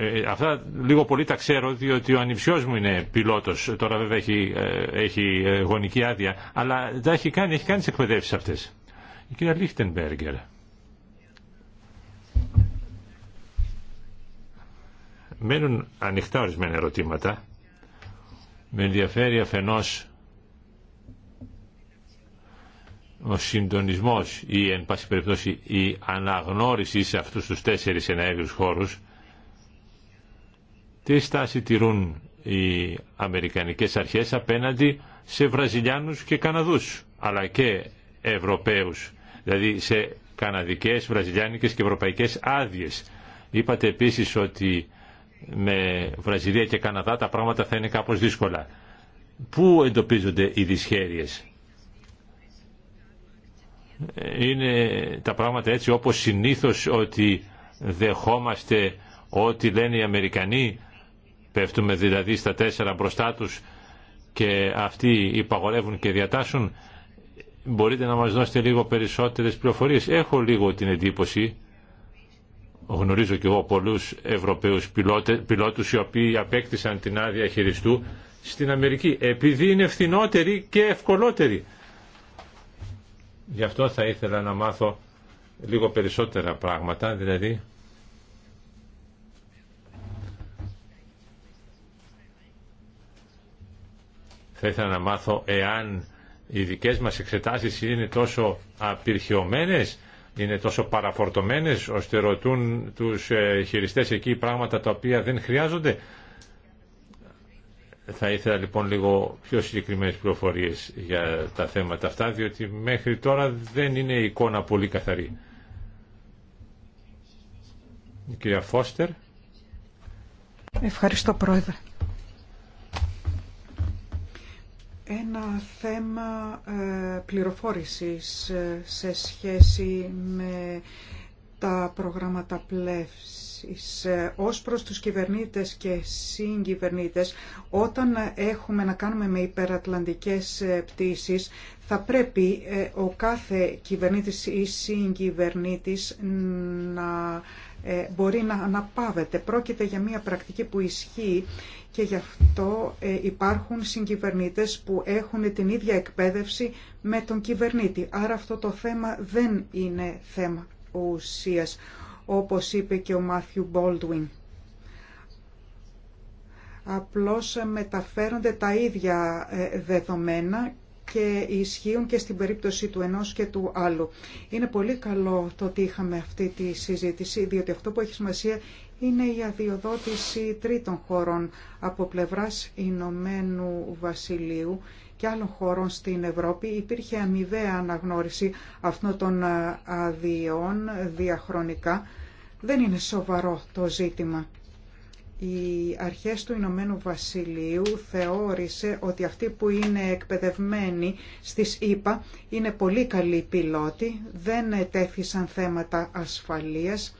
S3: Ε, αυτά λίγο πολύ τα ξέρω διότι ο ανιψιός μου είναι πιλότος, τώρα βέβαια έχει, ε, έχει ε, γονική άδεια, αλλά δεν έχει κάνει, έχει κάνει τις εκπαιδεύσεις αυτές. Η κυρία Λίχτενμπέργκερ. Μένουν ανοιχτά ορισμένα ερωτήματα. Με ενδιαφέρει αφενός ο συντονισμός ή εν πάση περιπτώσει η αναγνώριση σε αυτούς τους τέσσερις εναέριου χώρους τι στάση τηρούν οι Αμερικανικές αρχές απέναντι σε Βραζιλιάνους και Καναδούς, αλλά και Ευρωπαίους, δηλαδή σε Καναδικές, Βραζιλιάνικες και Ευρωπαϊκές άδειε. Είπατε επίσης ότι με Βραζιλία και Καναδά τα πράγματα θα είναι κάπως δύσκολα. Πού εντοπίζονται οι δυσχέρειες. Είναι τα πράγματα έτσι όπως συνήθως ότι δεχόμαστε ό,τι λένε οι Αμερικανοί Πέφτουμε δηλαδή στα τέσσερα μπροστά τους και αυτοί υπαγορεύουν και διατάσσουν. Μπορείτε να μας δώσετε λίγο περισσότερες πληροφορίες. Έχω λίγο την εντύπωση, γνωρίζω και εγώ πολλούς Ευρωπαίους πιλότους οι οποίοι απέκτησαν την άδεια χειριστού στην Αμερική επειδή είναι φθηνότεροι και ευκολότεροι. Γι' αυτό θα ήθελα να μάθω λίγο περισσότερα πράγματα, δηλαδή Θα ήθελα να μάθω εάν οι δικές μας εξετάσεις είναι τόσο απειρχιωμένες, είναι τόσο παραφορτωμένες, ώστε ρωτούν τους ε, χειριστές εκεί πράγματα τα οποία δεν χρειάζονται. Θα ήθελα λοιπόν λίγο πιο συγκεκριμένες πληροφορίες για τα θέματα αυτά, διότι μέχρι τώρα δεν είναι η εικόνα πολύ καθαρή. κυρία Φώστερ.
S2: Ευχαριστώ πρόεδρε. ένα θέμα ε, πληροφόρησης ε, σε σχέση με τα προγράμματα πλεύσης ε, ως προς τους κυβερνήτες και συγκυβερνήτες όταν έχουμε να κάνουμε με υπερατλαντικές πτήσεις θα πρέπει ο κάθε κυβερνήτης ή συγκυβερνήτης να ε, μπορεί να αναπαύεται. Πρόκειται για μια πρακτική που ισχύει και γι' αυτό ε, υπάρχουν συγκυβερνήτες που έχουν την ίδια εκπαίδευση με τον κυβερνήτη. Άρα αυτό το θέμα δεν είναι θέμα ουσίας, όπως είπε και ο Μάθιου Μπόλτουιν. Απλώς μεταφέρονται τα ίδια ε, δεδομένα και ισχύουν και στην περίπτωση του ενός και του άλλου. Είναι πολύ καλό το ότι είχαμε αυτή τη συζήτηση, διότι αυτό που έχει σημασία είναι η αδειοδότηση τρίτων χωρών από πλευράς Ηνωμένου Βασιλείου και άλλων χωρών στην Ευρώπη υπήρχε αμοιβαία αναγνώριση αυτών των αδειών διαχρονικά. Δεν είναι σοβαρό το ζήτημα οι αρχές του Ηνωμένου Βασιλείου θεώρησε ότι αυτοί που είναι εκπαιδευμένοι στις ΗΠΑ είναι πολύ καλοί πιλότοι, δεν ετέθησαν θέματα ασφαλείας.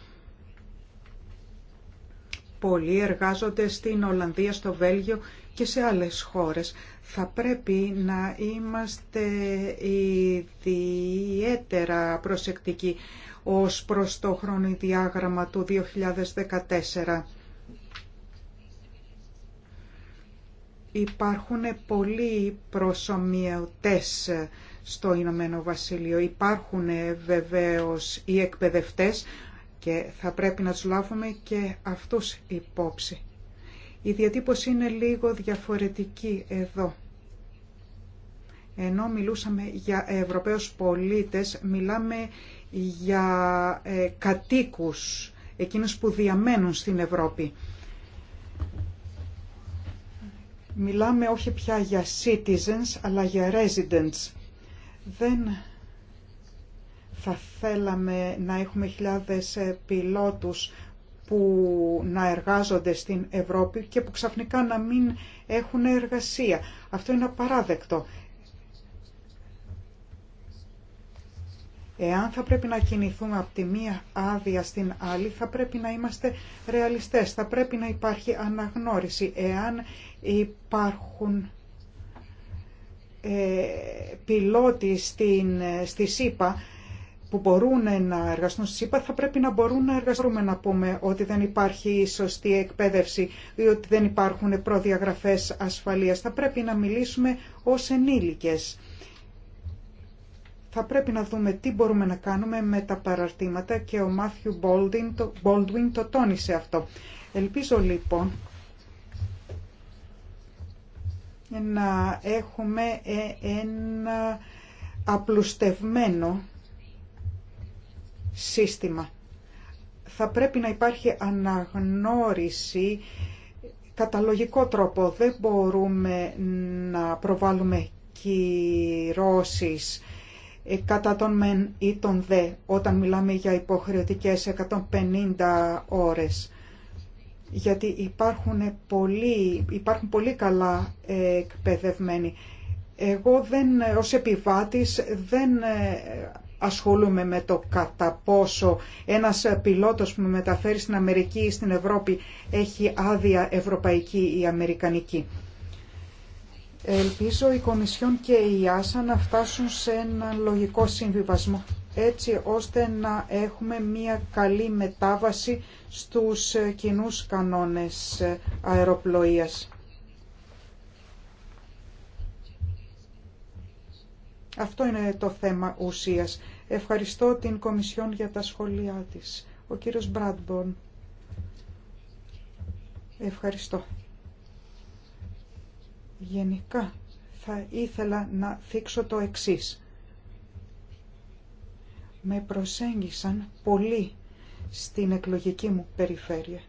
S2: Πολλοί εργάζονται στην Ολλανδία, στο Βέλγιο και σε άλλες χώρες. Θα πρέπει να είμαστε ιδιαίτερα προσεκτικοί ως προς το χρονοδιάγραμμα του 2014 Υπάρχουν πολλοί προσωμιωτές στο Ηνωμένο Βασίλειο. Υπάρχουν ε, βεβαίως οι εκπαιδευτές και θα πρέπει να τους λάβουμε και αυτούς υπόψη. Η διατύπωση είναι λίγο διαφορετική εδώ. Ενώ μιλούσαμε για Ευρωπαίους πολίτες, μιλάμε για ε, κατοίκους, εκείνους που διαμένουν στην Ευρώπη. Μιλάμε όχι πια για citizens, αλλά για residents. Δεν θα θέλαμε να έχουμε χιλιάδες ε, πιλότους που να εργάζονται στην Ευρώπη και που ξαφνικά να μην έχουν εργασία. Αυτό είναι απαράδεκτο. Εάν θα πρέπει να κινηθούμε από τη μία άδεια στην άλλη, θα πρέπει να είμαστε ρεαλιστές, θα πρέπει να υπάρχει αναγνώριση. Εάν Υπάρχουν ε, πιλότοι στην, στη ΣΥΠΑ που μπορούν να εργαστούν στη ΣΥΠΑ θα πρέπει να μπορούν να εργαστούν να πούμε ότι δεν υπάρχει σωστή εκπαίδευση ή ότι δεν υπάρχουν προδιαγραφές ασφαλείας. Θα πρέπει να μιλήσουμε ως ενήλικες. Θα πρέπει να δούμε τι μπορούμε να κάνουμε με τα παραρτήματα και ο Μάθιου Μπόλντουιν το, το τόνισε αυτό. Ελπίζω λοιπόν να έχουμε ε, ένα απλουστευμένο σύστημα. Θα πρέπει να υπάρχει αναγνώριση καταλογικό τρόπο. Δεν μπορούμε να προβάλλουμε κυρώσεις ε, κατά τον μεν ή τον δε όταν μιλάμε για υποχρεωτικές 150 ώρες γιατί υπάρχουν πολύ, υπάρχουν πολύ καλά εκπαιδευμένοι. Εγώ δεν, ως επιβάτης δεν ε, ασχολούμαι με το κατά πόσο ένας πιλότος που με μεταφέρει στην Αμερική ή στην Ευρώπη έχει άδεια ευρωπαϊκή ή αμερικανική. Ελπίζω η Κομισιόν και η Άσα να φτάσουν σε ένα λογικό συμβιβασμό έτσι ώστε να έχουμε μια καλή μετάβαση στους κοινούς κανόνες αεροπλοείας. Αυτό είναι το θέμα ουσίας. Ευχαριστώ την Κομισιόν για τα σχόλιά της. Ο κύριος Μπράντμπορν. Ευχαριστώ. Γενικά θα ήθελα να θίξω το εξής με προσέγγισαν πολύ στην εκλογική μου περιφέρεια.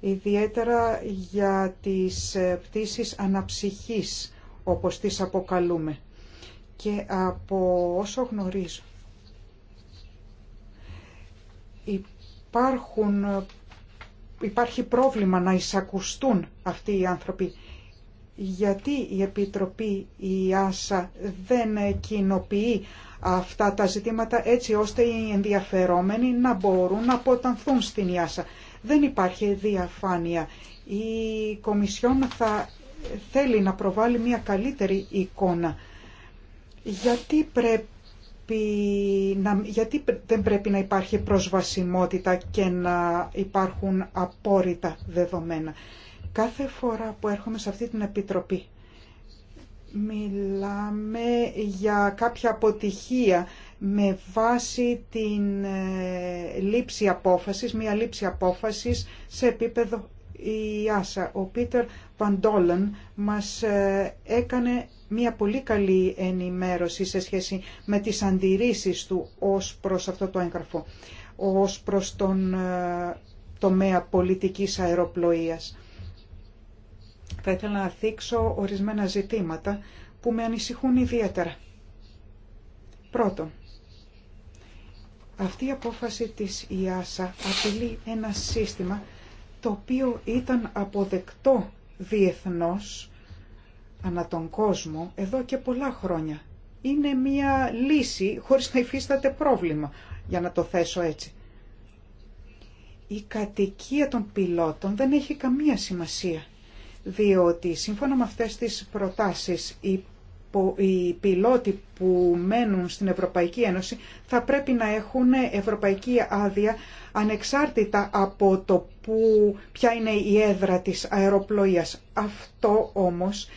S2: Ιδιαίτερα για τις ε, πτήσεις αναψυχής, όπως τις αποκαλούμε. Και από όσο γνωρίζω, υπάρχουν, ε, υπάρχει πρόβλημα να εισακουστούν αυτοί οι άνθρωποι γιατί η Επιτροπή η ΆΣΑ δεν κοινοποιεί αυτά τα ζητήματα έτσι ώστε οι ενδιαφερόμενοι να μπορούν να αποτανθούν στην ασα Δεν υπάρχει διαφάνεια. Η Κομισιόν θα θέλει να προβάλλει μια καλύτερη εικόνα. Γιατί, πρέπει γιατί δεν πρέπει να υπάρχει προσβασιμότητα και να υπάρχουν απόρριτα δεδομένα. Κάθε φορά που έρχομαι σε αυτή την επιτροπή μιλάμε για κάποια αποτυχία με βάση την ε, λήψη απόφασης, μια λήψη απόφασης σε επίπεδο η Ο Πίτερ Παντόλεν μας ε, έκανε μια πολύ καλή ενημέρωση σε σχέση με τις αντιρρήσεις του ως προς αυτό το έγγραφο, ως προς τον ε, τομέα πολιτικής αεροπλοείας. Θα ήθελα να θίξω ορισμένα ζητήματα που με ανησυχούν ιδιαίτερα. Πρώτον, αυτή η απόφαση της ΙΑΣΑ απειλεί ένα σύστημα το οποίο ήταν αποδεκτό διεθνώς ανά τον κόσμο εδώ και πολλά χρόνια. Είναι μία λύση χωρίς να υφίσταται πρόβλημα, για να το θέσω έτσι. Η κατοικία των πιλότων δεν έχει καμία σημασία διότι σύμφωνα με αυτές τις προτάσεις οι πιλότοι που μένουν στην Ευρωπαϊκή Ένωση θα πρέπει να έχουν ευρωπαϊκή άδεια ανεξάρτητα από το που, ποια είναι η έδρα της αεροπλοείας. Αυτό όμως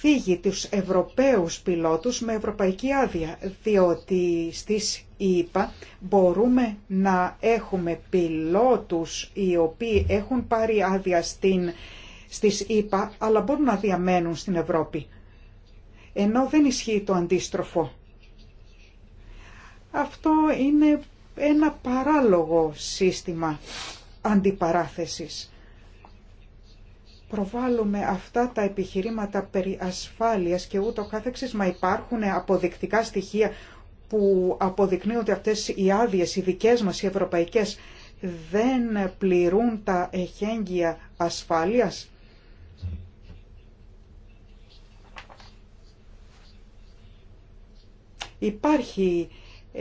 S2: θίγει τους Ευρωπαίους πιλότους με ευρωπαϊκή άδεια, διότι στις ΗΠΑ μπορούμε να έχουμε πιλότους οι οποίοι έχουν πάρει άδεια στην στις ΗΠΑ, αλλά μπορούν να διαμένουν στην Ευρώπη. Ενώ δεν ισχύει το αντίστροφο. Αυτό είναι ένα παράλογο σύστημα αντιπαράθεσης. Προβάλλουμε αυτά τα επιχειρήματα περί ασφάλειας και ούτω καθεξής, μα υπάρχουν αποδεικτικά στοιχεία που αποδεικνύουν ότι αυτές οι άδειες, οι δικές μας, οι ευρωπαϊκές, δεν πληρούν τα εχέγγυα ασφάλειας. Υπάρχει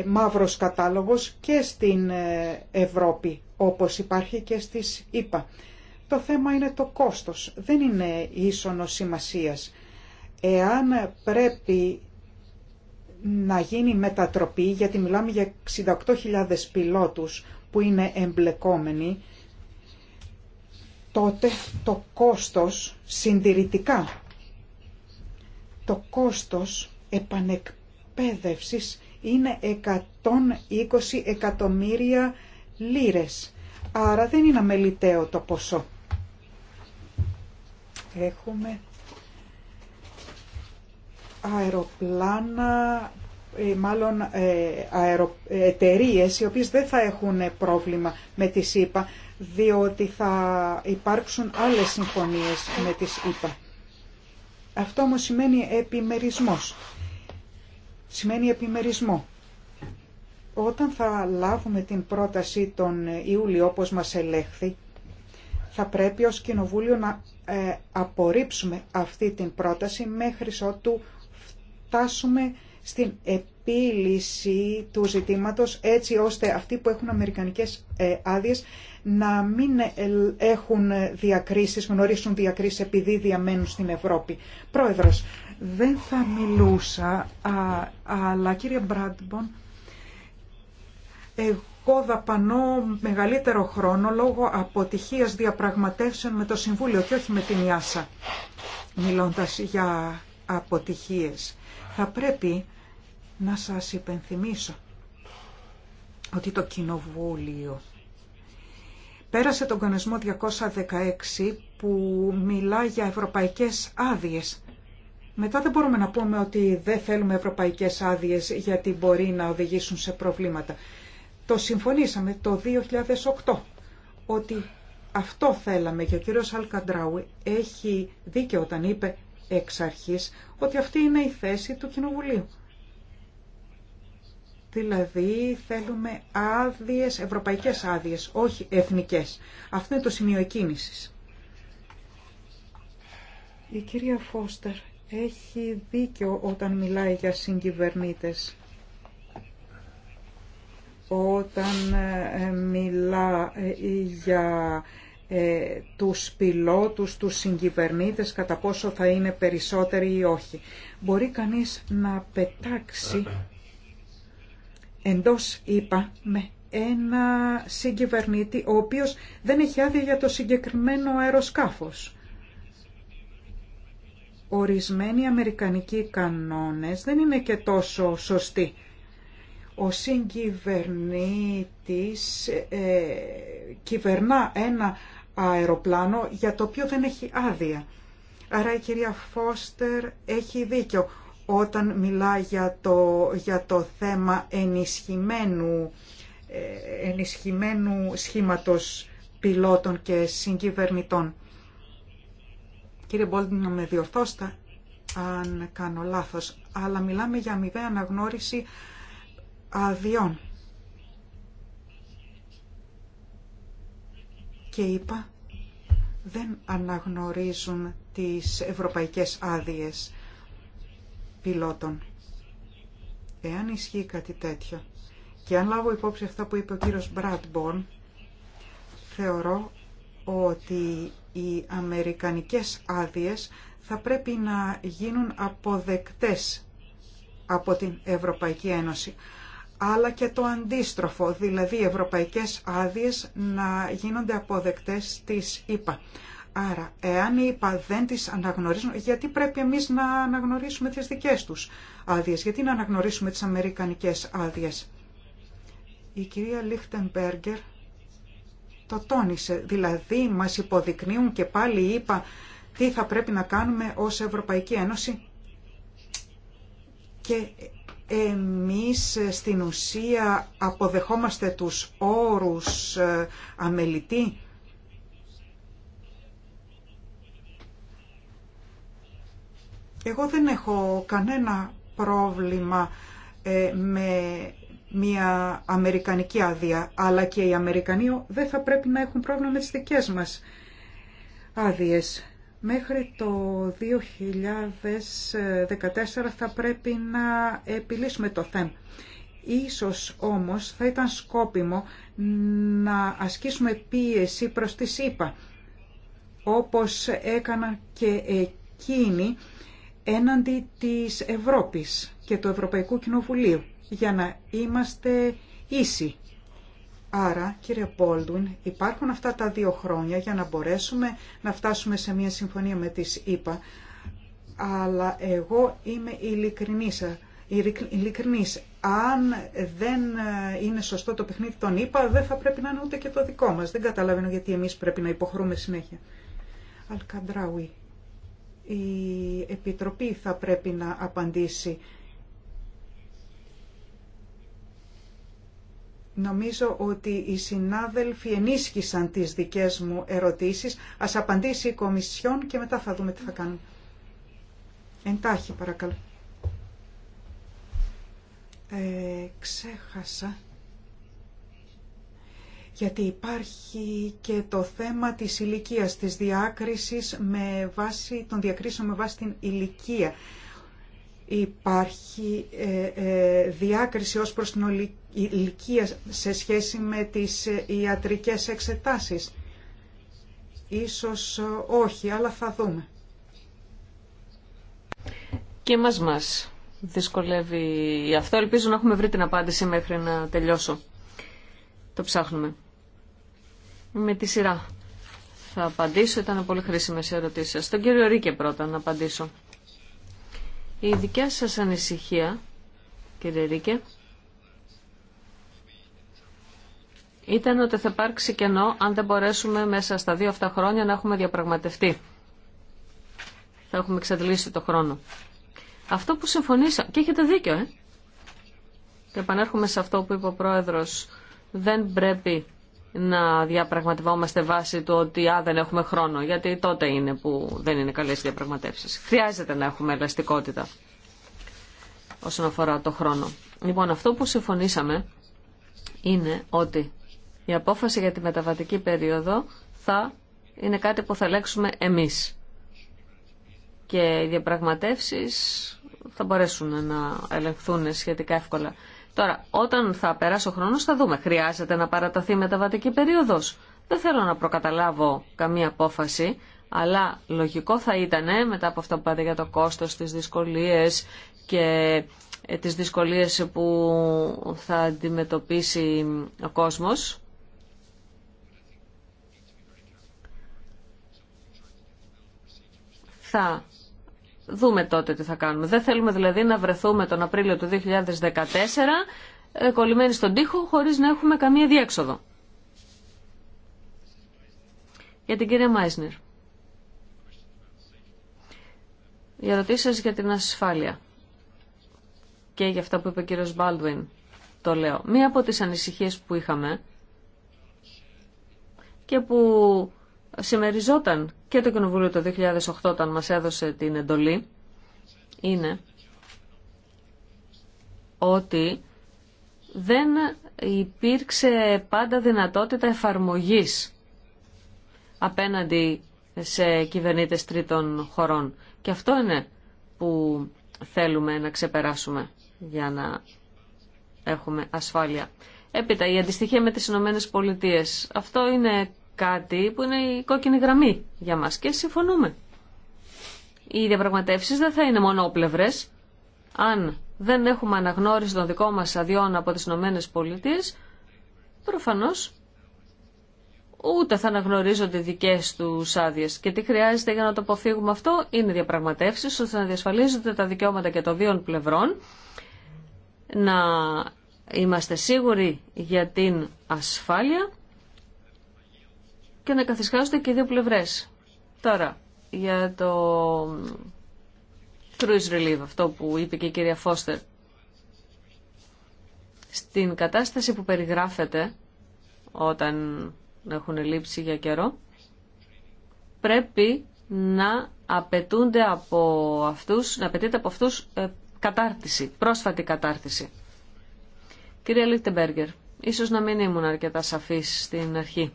S2: μαύρος κατάλογος και στην ε, Ευρώπη, όπως υπάρχει και στις ΗΠΑ. Το θέμα είναι το κόστος, δεν είναι ίσονος σημασίας. Εάν πρέπει να γίνει μετατροπή, γιατί μιλάμε για 68.000 πιλότους που είναι εμπλεκόμενοι, τότε το κόστος συντηρητικά, το κόστος επανεκπαίδευσης εκπαίδευσης είναι 120 εκατομμύρια λίρες. Άρα δεν είναι αμεληταίο το ποσό. Έχουμε αεροπλάνα, ε, μάλλον ε, αερο, εταιρείες οι οποίες δεν θα έχουν πρόβλημα με τη ΣΥΠΑ διότι θα υπάρξουν άλλες συμφωνίες με τη ΣΥΠΑ. Αυτό όμως σημαίνει επιμερισμός σημαίνει επιμερισμό. Όταν θα λάβουμε την πρόταση τον Ιούλιο, όπως μας ελέγχθη, θα πρέπει ως Κοινοβούλιο να ε, απορρίψουμε αυτή την πρόταση μέχρι ότου φτάσουμε στην επίλυση του ζητήματος έτσι ώστε αυτοί που έχουν αμερικανικές ε, άδειες να μην ε, έχουν διακρίσεις, γνωρίσουν διακρίσεις επειδή διαμένουν στην Ευρώπη. Πρόεδρος, δεν θα μιλούσα, α, αλλά κύριε Μπράντμπον, εγώ δαπανώ μεγαλύτερο χρόνο λόγω αποτυχίας διαπραγματεύσεων με το Συμβούλιο και όχι με την Ιάσα, μιλώντας για αποτυχίες. Θα πρέπει να σας υπενθυμίσω ότι το Κοινοβούλιο πέρασε τον κανονισμό 216 που μιλά για ευρωπαϊκές άδειες μετά δεν μπορούμε να πούμε ότι δεν θέλουμε ευρωπαϊκές άδειες γιατί μπορεί να οδηγήσουν σε προβλήματα. Το συμφωνήσαμε το 2008 ότι αυτό θέλαμε και ο κύριος Αλκαντράου έχει δίκιο όταν είπε εξ αρχής ότι αυτή είναι η θέση του Κοινοβουλίου. Δηλαδή θέλουμε άδειες, ευρωπαϊκές άδειες, όχι εθνικές. Αυτό είναι το σημείο εκκίνησης. Η κυρία Φώστερ έχει δίκιο όταν μιλάει για συγκυβερνήτες. Όταν ε, ε, μιλά ε, για ε, τους πιλότους, τους συγκυβερνήτες, κατά πόσο θα είναι περισσότεροι ή όχι. Μπορεί κανείς να πετάξει εντός είπα με ένα συγκυβερνήτη ο οποίος δεν έχει άδεια για το συγκεκριμένο αεροσκάφος ορισμένοι αμερικανικοί κανόνες δεν είναι και τόσο σωστοί. Ο συγκυβερνήτης ε, κυβερνά ένα αεροπλάνο για το οποίο δεν έχει άδεια. Άρα η κυρία Φώστερ έχει δίκιο όταν μιλά για το, θέμα ενισχυμένου, ε, ενισχυμένου σχήματος πιλότων και συγκυβερνητών. Κύριε Μπόλτιν, να με διορθώσετε αν κάνω λάθος, αλλά μιλάμε για αμοιβαία αναγνώριση αδειών. Και είπα, δεν αναγνωρίζουν τις ευρωπαϊκές άδειες πιλότων. Εάν ισχύει κάτι τέτοιο και αν λάβω υπόψη αυτά που είπε ο κύριος Μπράτμπορν, θεωρώ ότι οι αμερικανικές άδειες θα πρέπει να γίνουν αποδεκτές από την Ευρωπαϊκή Ένωση αλλά και το αντίστροφο, δηλαδή οι ευρωπαϊκές άδειες να γίνονται αποδεκτές της ΕΠΑ. Άρα, εάν οι ΕΠΑ δεν τις αναγνωρίζουν, γιατί πρέπει εμείς να αναγνωρίσουμε τις δικές τους άδειες, γιατί να αναγνωρίσουμε τις αμερικανικές άδειες. Η κυρία Λίχτεμπέργκερ το τόνισε. Δηλαδή μας υποδεικνύουν και πάλι είπα τι θα πρέπει να κάνουμε ως Ευρωπαϊκή Ένωση και εμείς ε, στην ουσία αποδεχόμαστε τους όρους ε, αμελητή. Εγώ δεν έχω κανένα πρόβλημα ε, με μια αμερικανική άδεια, αλλά και οι Αμερικανοί δεν θα πρέπει να έχουν πρόβλημα με τις δικές μας άδειες. Μέχρι το 2014 θα πρέπει να επιλύσουμε το θέμα. Ίσως όμως θα ήταν σκόπιμο να ασκήσουμε πίεση προς τη ΣΥΠΑ, όπως έκανα και εκείνη έναντι της Ευρώπης και του Ευρωπαϊκού Κοινοβουλίου για να είμαστε ίσοι. Άρα, κύριε Πόλτουιν, υπάρχουν αυτά τα δύο χρόνια για να μπορέσουμε να φτάσουμε σε μια συμφωνία με τις ΙΠΑ. αλλά εγώ είμαι ειλικρινής. Ειλικρινής, αν δεν ε, είναι σωστό το παιχνίδι των ΙΠΑ, δεν θα πρέπει να είναι ούτε και το δικό μας. Δεν καταλαβαίνω γιατί εμείς πρέπει να υποχρούμε συνέχεια. Αλκαντράουι, η Επιτροπή θα πρέπει να απαντήσει Νομίζω ότι οι συνάδελφοι ενίσχυσαν τις δικές μου ερωτήσεις. Ας απαντήσει η Κομισιόν και μετά θα δούμε τι θα κάνουν. Εντάχει παρακαλώ. Ε, ξέχασα. Γιατί υπάρχει και το θέμα της ηλικίας, της διάκρισης με βάση, των διακρίσεων με βάση την ηλικία υπάρχει ε, ε, διάκριση ως προς την ηλικία σε σχέση με τις ε, ιατρικές εξετάσεις. Ίσως όχι, αλλά θα δούμε.
S1: Και μας μας δυσκολεύει αυτό. Ελπίζω να έχουμε βρει την απάντηση μέχρι να τελειώσω. Το ψάχνουμε. Με τη σειρά θα απαντήσω. Ήταν πολύ χρήσιμες οι ερωτήσεις. Στον κύριο Ρίκε πρώτα να απαντήσω. Η δικιά σας ανησυχία, κύριε Ρίκε, ήταν ότι θα υπάρξει κενό αν δεν μπορέσουμε μέσα στα δύο αυτά χρόνια να έχουμε διαπραγματευτεί. Θα έχουμε εξαντλήσει το χρόνο. Αυτό που συμφωνήσαμε, και έχετε δίκιο, ε? και επανέρχομαι σε αυτό που είπε ο Πρόεδρος, δεν πρέπει να διαπραγματευόμαστε βάσει του ότι α, δεν έχουμε χρόνο, γιατί τότε είναι που δεν είναι καλές διαπραγματεύσεις. Χρειάζεται να έχουμε ελαστικότητα όσον αφορά το χρόνο. Λοιπόν, αυτό που συμφωνήσαμε είναι ότι η απόφαση για τη μεταβατική περίοδο θα είναι κάτι που θα ελέγξουμε εμείς. Και οι διαπραγματεύσεις θα μπορέσουν να ελεγχθούν σχετικά εύκολα. Τώρα, όταν θα περάσει ο χρόνο, θα δούμε. Χρειάζεται να παραταθεί μεταβατική περίοδος. Δεν θέλω να προκαταλάβω καμία απόφαση, αλλά λογικό θα ήταν ε, μετά από αυτά που είπατε για το κόστος, τις δυσκολίε και ε, τις δυσκολίε που θα αντιμετωπίσει ο κόσμος. Θα δούμε τότε τι θα κάνουμε. Δεν θέλουμε δηλαδή να βρεθούμε τον Απρίλιο του 2014 ε, κολλημένοι στον τοίχο χωρίς να έχουμε καμία διέξοδο. Για την κυρία Μάισνερ. Οι ερωτήσει για την ασφάλεια και για αυτά που είπε ο κύριος Μπάλτουιν το λέω. Μία από τις ανησυχίες που είχαμε και που συμμεριζόταν και το Κοινοβούλιο το 2008 όταν μας έδωσε την εντολή είναι ότι δεν υπήρξε πάντα δυνατότητα εφαρμογής απέναντι σε κυβερνήτες τρίτων χωρών. Και αυτό είναι που θέλουμε να ξεπεράσουμε για να έχουμε ασφάλεια. Έπειτα, η αντιστοιχεία με τις Ηνωμένε Πολιτείες. Αυτό είναι κάτι που είναι η κόκκινη γραμμή για μας και συμφωνούμε. Οι διαπραγματεύσεις δεν θα είναι μονόπλευρες. Αν δεν έχουμε αναγνώριση των δικών μας αδειών από τις Ηνωμένε πολιτείες, προφανώς ούτε θα αναγνωρίζονται δικές του άδειε. Και τι χρειάζεται για να το αποφύγουμε αυτό είναι διαπραγματεύσεις ώστε να διασφαλίζονται τα δικαιώματα και των δύο πλευρών, να είμαστε σίγουροι για την ασφάλεια και να καθισχάσονται και οι δύο πλευρές. Τώρα, για το cruise relief, αυτό που είπε και η κυρία Φώστερ, στην κατάσταση που περιγράφεται όταν έχουν λείψει για καιρό, πρέπει να απαιτούνται από αυτούς, να απαιτείται από αυτούς ε, κατάρτιση, πρόσφατη κατάρτιση. Κυρία Λίχτεμπέργκερ, ίσως να μην ήμουν αρκετά σαφής στην αρχή.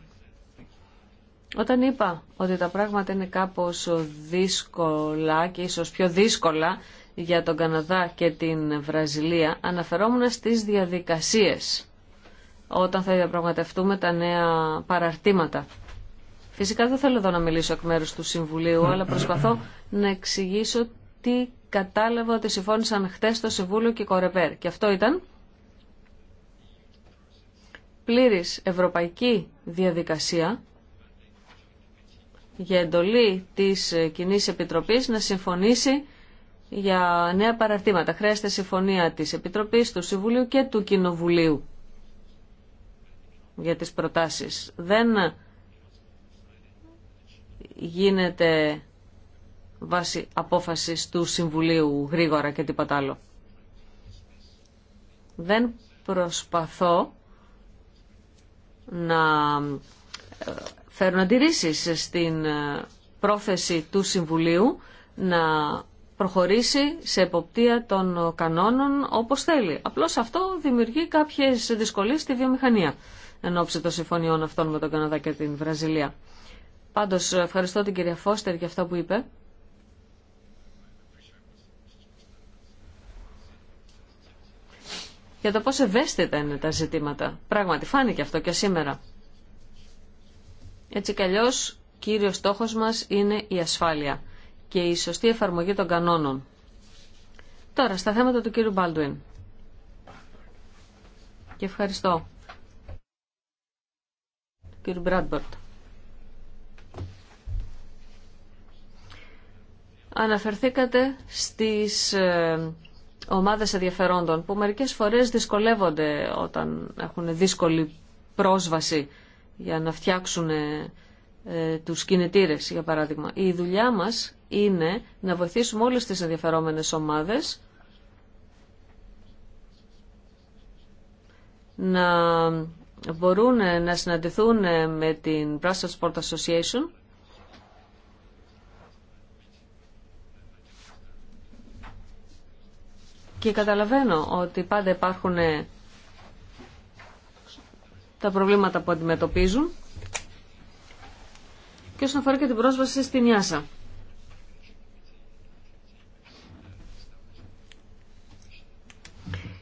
S1: Όταν είπα ότι τα πράγματα είναι κάπως δύσκολα και ίσως πιο δύσκολα για τον Καναδά και την Βραζιλία, αναφερόμουν στις διαδικασίες όταν θα διαπραγματευτούμε τα νέα παραρτήματα. Φυσικά δεν θέλω εδώ να μιλήσω εκ μέρους του Συμβουλίου, αλλά προσπαθώ να εξηγήσω τι κατάλαβα ότι συμφώνησαν χτες στο Συμβούλιο και Κορεπέρ. Και αυτό ήταν πλήρης ευρωπαϊκή διαδικασία για εντολή της ε, κοινή Επιτροπής να συμφωνήσει για νέα παραρτήματα. Χρειάζεται συμφωνία της Επιτροπής, του Συμβουλίου και του Κοινοβουλίου για τις προτάσεις. Δεν γίνεται βάση απόφασης του Συμβουλίου γρήγορα και τίποτα άλλο. Δεν προσπαθώ να ε, φέρουν αντιρρήσει στην ε, πρόθεση του Συμβουλίου να προχωρήσει σε εποπτεία των κανόνων όπως θέλει. Απλώς αυτό δημιουργεί κάποιες δυσκολίες στη βιομηχανία εν ώψη των συμφωνιών αυτών με τον Καναδά και την Βραζιλία. Πάντως ευχαριστώ την κυρία Φώστερ για αυτό που είπε. Για το πόσο ευαίσθητα είναι τα ζητήματα. Πράγματι φάνηκε αυτό και σήμερα. Έτσι κι αλλιώς, κύριος στόχος μας είναι η ασφάλεια και η σωστή εφαρμογή των κανόνων. Τώρα, στα θέματα του κύριου Μπάλτουιν. Και ευχαριστώ. Κύριο Μπράντμπορτ. Αναφερθήκατε στις ε, ομάδες ενδιαφερόντων που μερικές φορές δυσκολεύονται όταν έχουν δύσκολη πρόσβαση για να φτιάξουν ε, τους κινητήρες, για παράδειγμα. Η δουλειά μας είναι να βοηθήσουμε όλες τις ενδιαφερόμενες ομάδες να μπορούν να συναντηθούν με την Brussels Sport Association και καταλαβαίνω ότι πάντα υπάρχουν τα προβλήματα που αντιμετωπίζουν και όσον αφορά και την πρόσβαση στην Ιάσα.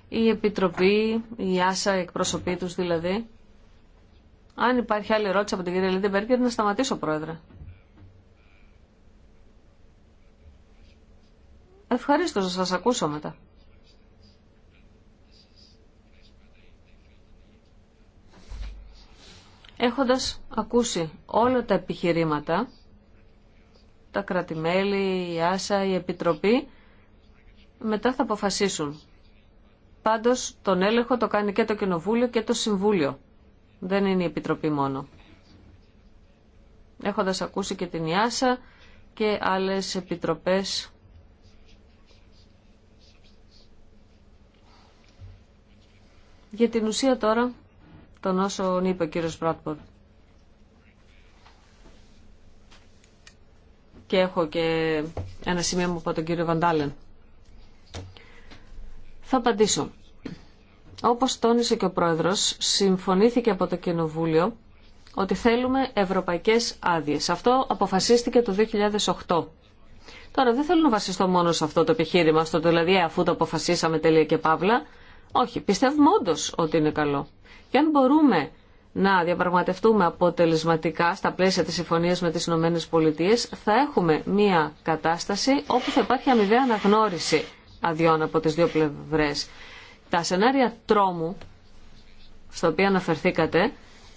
S1: Η Επιτροπή, η ΙΑΣΑ, οι εκπροσωπή δηλαδή. Αν υπάρχει άλλη ερώτηση από την κυρία Λίντεμπεργκερ, να σταματήσω, Πρόεδρε. Ευχαρίστω να σας ακούσω μετά. Έχοντας ακούσει όλα τα επιχειρήματα, τα κρατημέλη, η Άσα, η Επιτροπή, μετά θα αποφασίσουν. Πάντως τον έλεγχο το κάνει και το Κοινοβούλιο και το Συμβούλιο. Δεν είναι η Επιτροπή μόνο. Έχοντας ακούσει και την Ιάσα και άλλες επιτροπές Για την ουσία τώρα τον όσο είπε ο κύριος Πρότπορτ. Και έχω και ένα σημείο μου από τον κύριο Βαντάλεν. Θα απαντήσω. Όπως τόνισε και ο Πρόεδρος, συμφωνήθηκε από το Κοινοβούλιο ότι θέλουμε ευρωπαϊκές άδειες. Αυτό αποφασίστηκε το 2008. Τώρα δεν θέλω να βασιστώ μόνο σε αυτό το επιχείρημα, στο δηλαδή «Ε, αφού το αποφασίσαμε τελεία και παύλα. Όχι, πιστεύουμε όντω ότι είναι καλό. Και αν μπορούμε να διαπραγματευτούμε αποτελεσματικά στα πλαίσια της συμφωνίας με τις Ηνωμένες Πολιτείες, θα έχουμε μία κατάσταση όπου θα υπάρχει αμοιβαία αναγνώριση αδειών από τις δύο πλευρές. Τα σενάρια τρόμου, στα οποία αναφερθήκατε,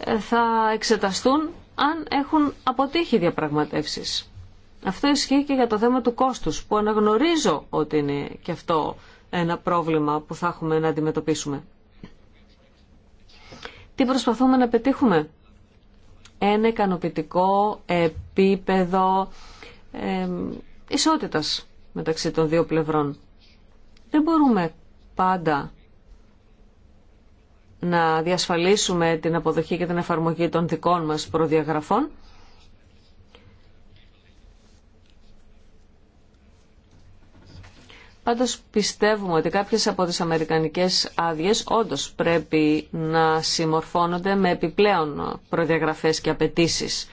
S1: ε, θα εξεταστούν αν έχουν αποτύχει διαπραγματεύσεις. Αυτό ισχύει και για το θέμα του κόστους, που αναγνωρίζω ότι είναι και αυτό ένα πρόβλημα που θα έχουμε να αντιμετωπίσουμε. Τι προσπαθούμε να πετύχουμε. Ένα ικανοποιητικό επίπεδο ε, ισότητας μεταξύ των δύο πλευρών. Δεν μπορούμε πάντα να διασφαλίσουμε την αποδοχή και την εφαρμογή των δικών μας προδιαγραφών, Πάντως πιστεύουμε ότι κάποιες από τις αμερικανικές άδειες όντως πρέπει να συμμορφώνονται με επιπλέον προδιαγραφές και απαιτήσει.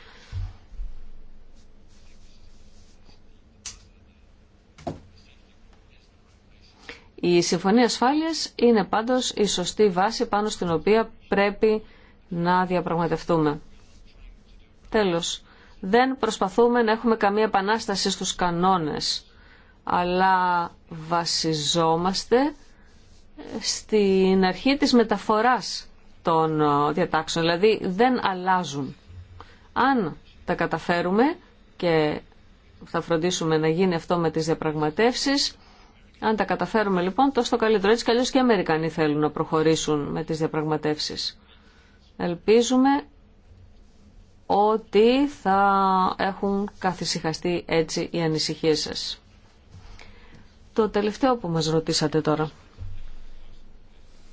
S1: Η Συμφωνία Ασφάλειας είναι πάντως η σωστή βάση πάνω στην οποία πρέπει να διαπραγματευτούμε. Τέλος, δεν προσπαθούμε να έχουμε καμία επανάσταση στους κανόνες, αλλά βασιζόμαστε στην αρχή της μεταφοράς των ε, διατάξεων, δηλαδή δεν αλλάζουν. Αν τα καταφέρουμε και θα φροντίσουμε να γίνει αυτό με τις διαπραγματεύσεις, αν τα καταφέρουμε λοιπόν τόσο το καλύτερο. Έτσι καλώς και οι Αμερικανοί θέλουν να προχωρήσουν με τις διαπραγματεύσεις. Ελπίζουμε ότι θα έχουν καθησυχαστεί έτσι οι ανησυχίες σας το τελευταίο που μας ρωτήσατε τώρα,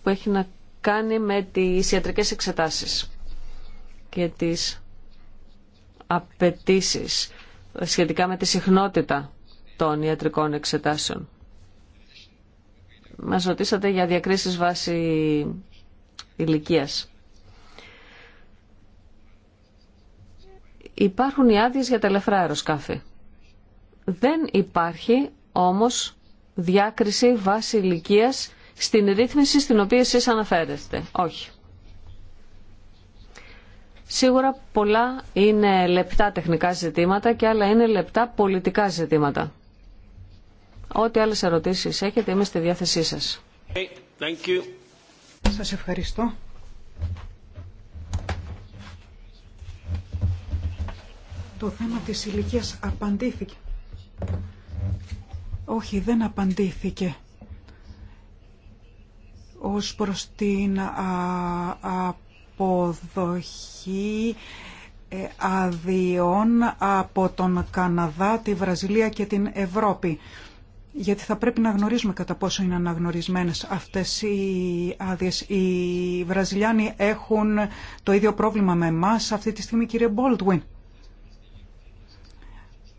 S1: που έχει να κάνει με τις ιατρικές εξετάσεις και τις απαιτήσει σχετικά με τη συχνότητα των ιατρικών εξετάσεων. Μας ρωτήσατε για διακρίσεις βάση ηλικίας. Υπάρχουν οι άδειες για τα καφέ αεροσκάφη. Δεν υπάρχει όμως διάκριση βάση ηλικία στην ρύθμιση στην οποία εσείς αναφέρεστε. Όχι. Σίγουρα πολλά είναι λεπτά τεχνικά ζητήματα και άλλα είναι λεπτά πολιτικά ζητήματα. Ό,τι άλλες ερωτήσεις έχετε είμαι στη
S2: διάθεσή σας. Σας ευχαριστώ. Το θέμα της ηλικίας απαντήθηκε. Όχι, δεν απαντήθηκε ως προς την αποδοχή ε, αδειών από τον Καναδά, τη Βραζιλία και την Ευρώπη. Γιατί θα πρέπει να γνωρίζουμε κατά πόσο είναι αναγνωρισμένες αυτές οι άδειες. Οι Βραζιλιάνοι έχουν το ίδιο πρόβλημα με εμάς αυτή τη στιγμή, κύριε Μπόλτουιν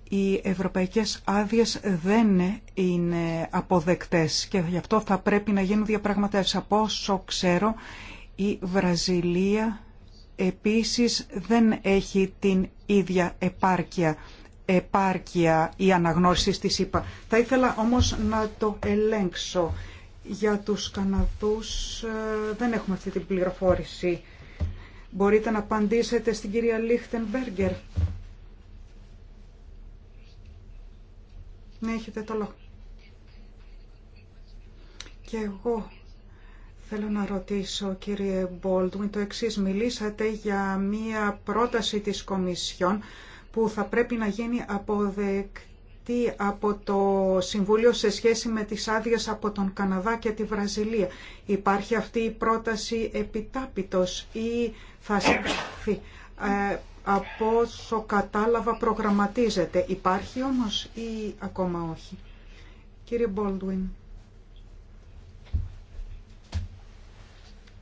S2: οι ευρωπαϊκές άδειες δεν είναι αποδεκτές και γι' αυτό θα πρέπει να γίνουν διαπραγματεύσεις. Από όσο ξέρω, η Βραζιλία επίσης δεν έχει την ίδια επάρκεια επάρκεια η αναγνώριση της ΕΠΑ. Θα ήθελα όμως να το ελέγξω. Για τους Καναδούς ε, δεν έχουμε αυτή την πληροφόρηση. Μπορείτε να απαντήσετε στην κυρία Λίχτενμπέργκερ Ναι, έχετε το λόγο. Και εγώ θέλω να ρωτήσω, κύριε Μπόλτουιν, το εξής. Μιλήσατε για μία πρόταση της Κομισιόν που θα πρέπει να γίνει αποδεκτή από το Συμβούλιο σε σχέση με τις άδειε από τον Καναδά και τη Βραζιλία. Υπάρχει αυτή η πρόταση επιτάπητος ή θα συμβεί από όσο κατάλαβα προγραμματίζεται. Υπάρχει όμως ή ακόμα όχι. Κύριε Μπόλτουιν.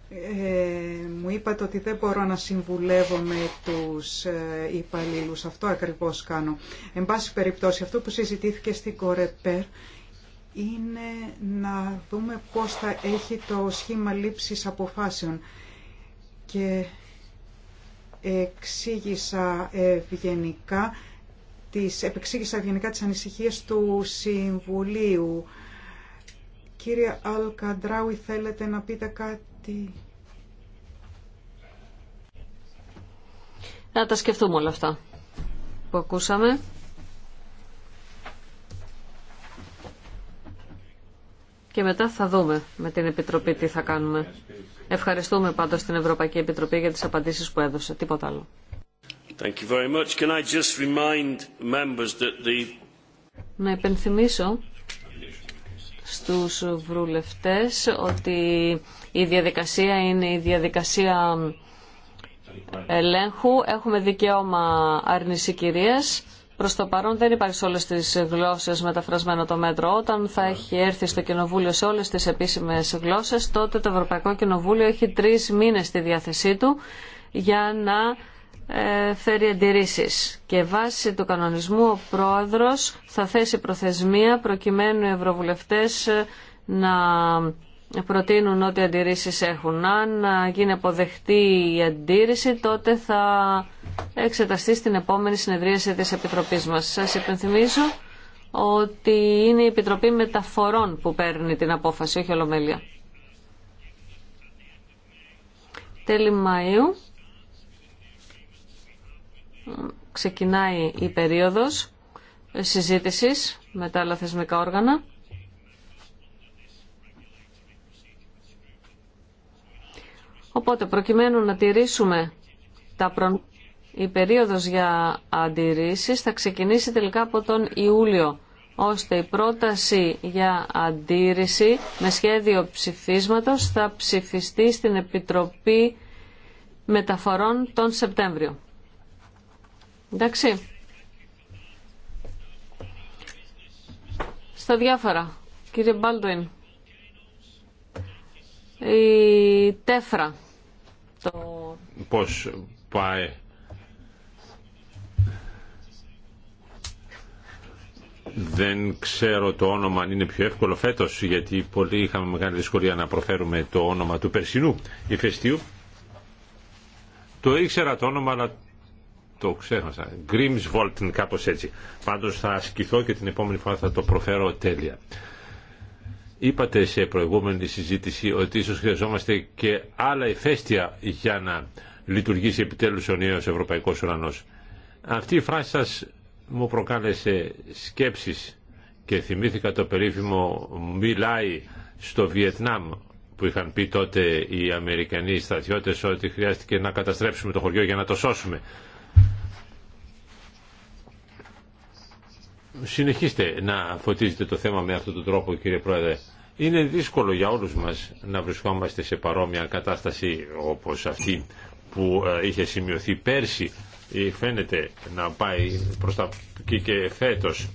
S2: Ε, μου είπατε ότι δεν μπορώ να συμβουλεύω με τους ε, υπαλλήλους. Αυτό ακριβώς κάνω. Εν πάση περιπτώσει, αυτό που συζητήθηκε στην Κορεπέρ είναι να δούμε πώς θα έχει το σχήμα λήψης αποφάσεων. Και εξήγησα ε, ευγενικά τις, επεξήγησα ευγενικά τις ανησυχίες του Συμβουλίου. Κύριε Αλκαντράουι, θέλετε να πείτε κάτι...
S1: Να τα σκεφτούμε όλα αυτά που ακούσαμε. Και μετά θα δούμε με την Επιτροπή τι θα κάνουμε. Ευχαριστούμε πάντως την Ευρωπαϊκή Επιτροπή για τις απαντήσεις που έδωσε. Τίποτα άλλο. Να υπενθυμίσω στους βρουλευτές ότι η διαδικασία είναι η διαδικασία ελέγχου. Έχουμε δικαίωμα άρνηση κυρίας. Προ το παρόν δεν υπάρχει σε όλε τι γλώσσε μεταφρασμένο το μέτρο. Όταν θα έχει έρθει στο Κοινοβούλιο σε όλε τι επίσημε γλώσσε, τότε το Ευρωπαϊκό Κοινοβούλιο έχει τρει μήνε στη διάθεσή του για να ε, φέρει αντιρρήσει. Και βάσει του κανονισμού, ο πρόεδρο θα θέσει προθεσμία προκειμένου οι ευρωβουλευτέ ε, να προτείνουν ότι αντιρρήσεις έχουν. Αν γίνει αποδεχτή η αντίρρηση, τότε θα εξεταστεί στην επόμενη συνεδρίαση της Επιτροπής μας. Σας υπενθυμίζω ότι είναι η Επιτροπή Μεταφορών που παίρνει την απόφαση, όχι ολομέλεια. Τέλη Μαΐου ξεκινάει η περίοδος συζήτησης με τα άλλα θεσμικά όργανα. Οπότε προκειμένου να τηρήσουμε τα η περίοδος για αντιρρήσεις θα ξεκινήσει τελικά από τον Ιούλιο ώστε η πρόταση για αντίρρηση με σχέδιο ψηφίσματος θα ψηφιστεί στην Επιτροπή Μεταφορών τον Σεπτέμβριο. Εντάξει. Στα διάφορα. Κύριε Μπάλτουιν, η τέφρα το...
S3: Πώς πάει... Δεν ξέρω το όνομα αν είναι πιο εύκολο φέτος, γιατί πολλοί είχαμε μεγάλη δυσκολία να προφέρουμε το όνομα του περσινού ηφαιστείου. Το ήξερα το όνομα, αλλά το ξέχασα. Grimms κάπως έτσι. Πάντως θα ασκηθώ και την επόμενη φορά θα το προφέρω τέλεια. Είπατε σε προηγούμενη συζήτηση ότι ίσως χρειαζόμαστε και άλλα ηφαίστεια για να λειτουργήσει επιτέλους ο νέος Ευρωπαϊκός Ουρανός. Αυτή η φράση σας μου προκάλεσε σκέψεις και θυμήθηκα το περίφημο «Μιλάει στο Βιετνάμ» που είχαν πει τότε οι Αμερικανοί στρατιώτες ότι χρειάστηκε να καταστρέψουμε το χωριό για να το σώσουμε. Συνεχίστε να φωτίζετε το θέμα με αυτόν τον τρόπο κύριε Πρόεδρε. Είναι δύσκολο για όλους μας να βρισκόμαστε σε παρόμοια κατάσταση όπως αυτή που ε, είχε σημειωθεί πέρσι ή ε, φαίνεται να πάει προς τα και φέτος.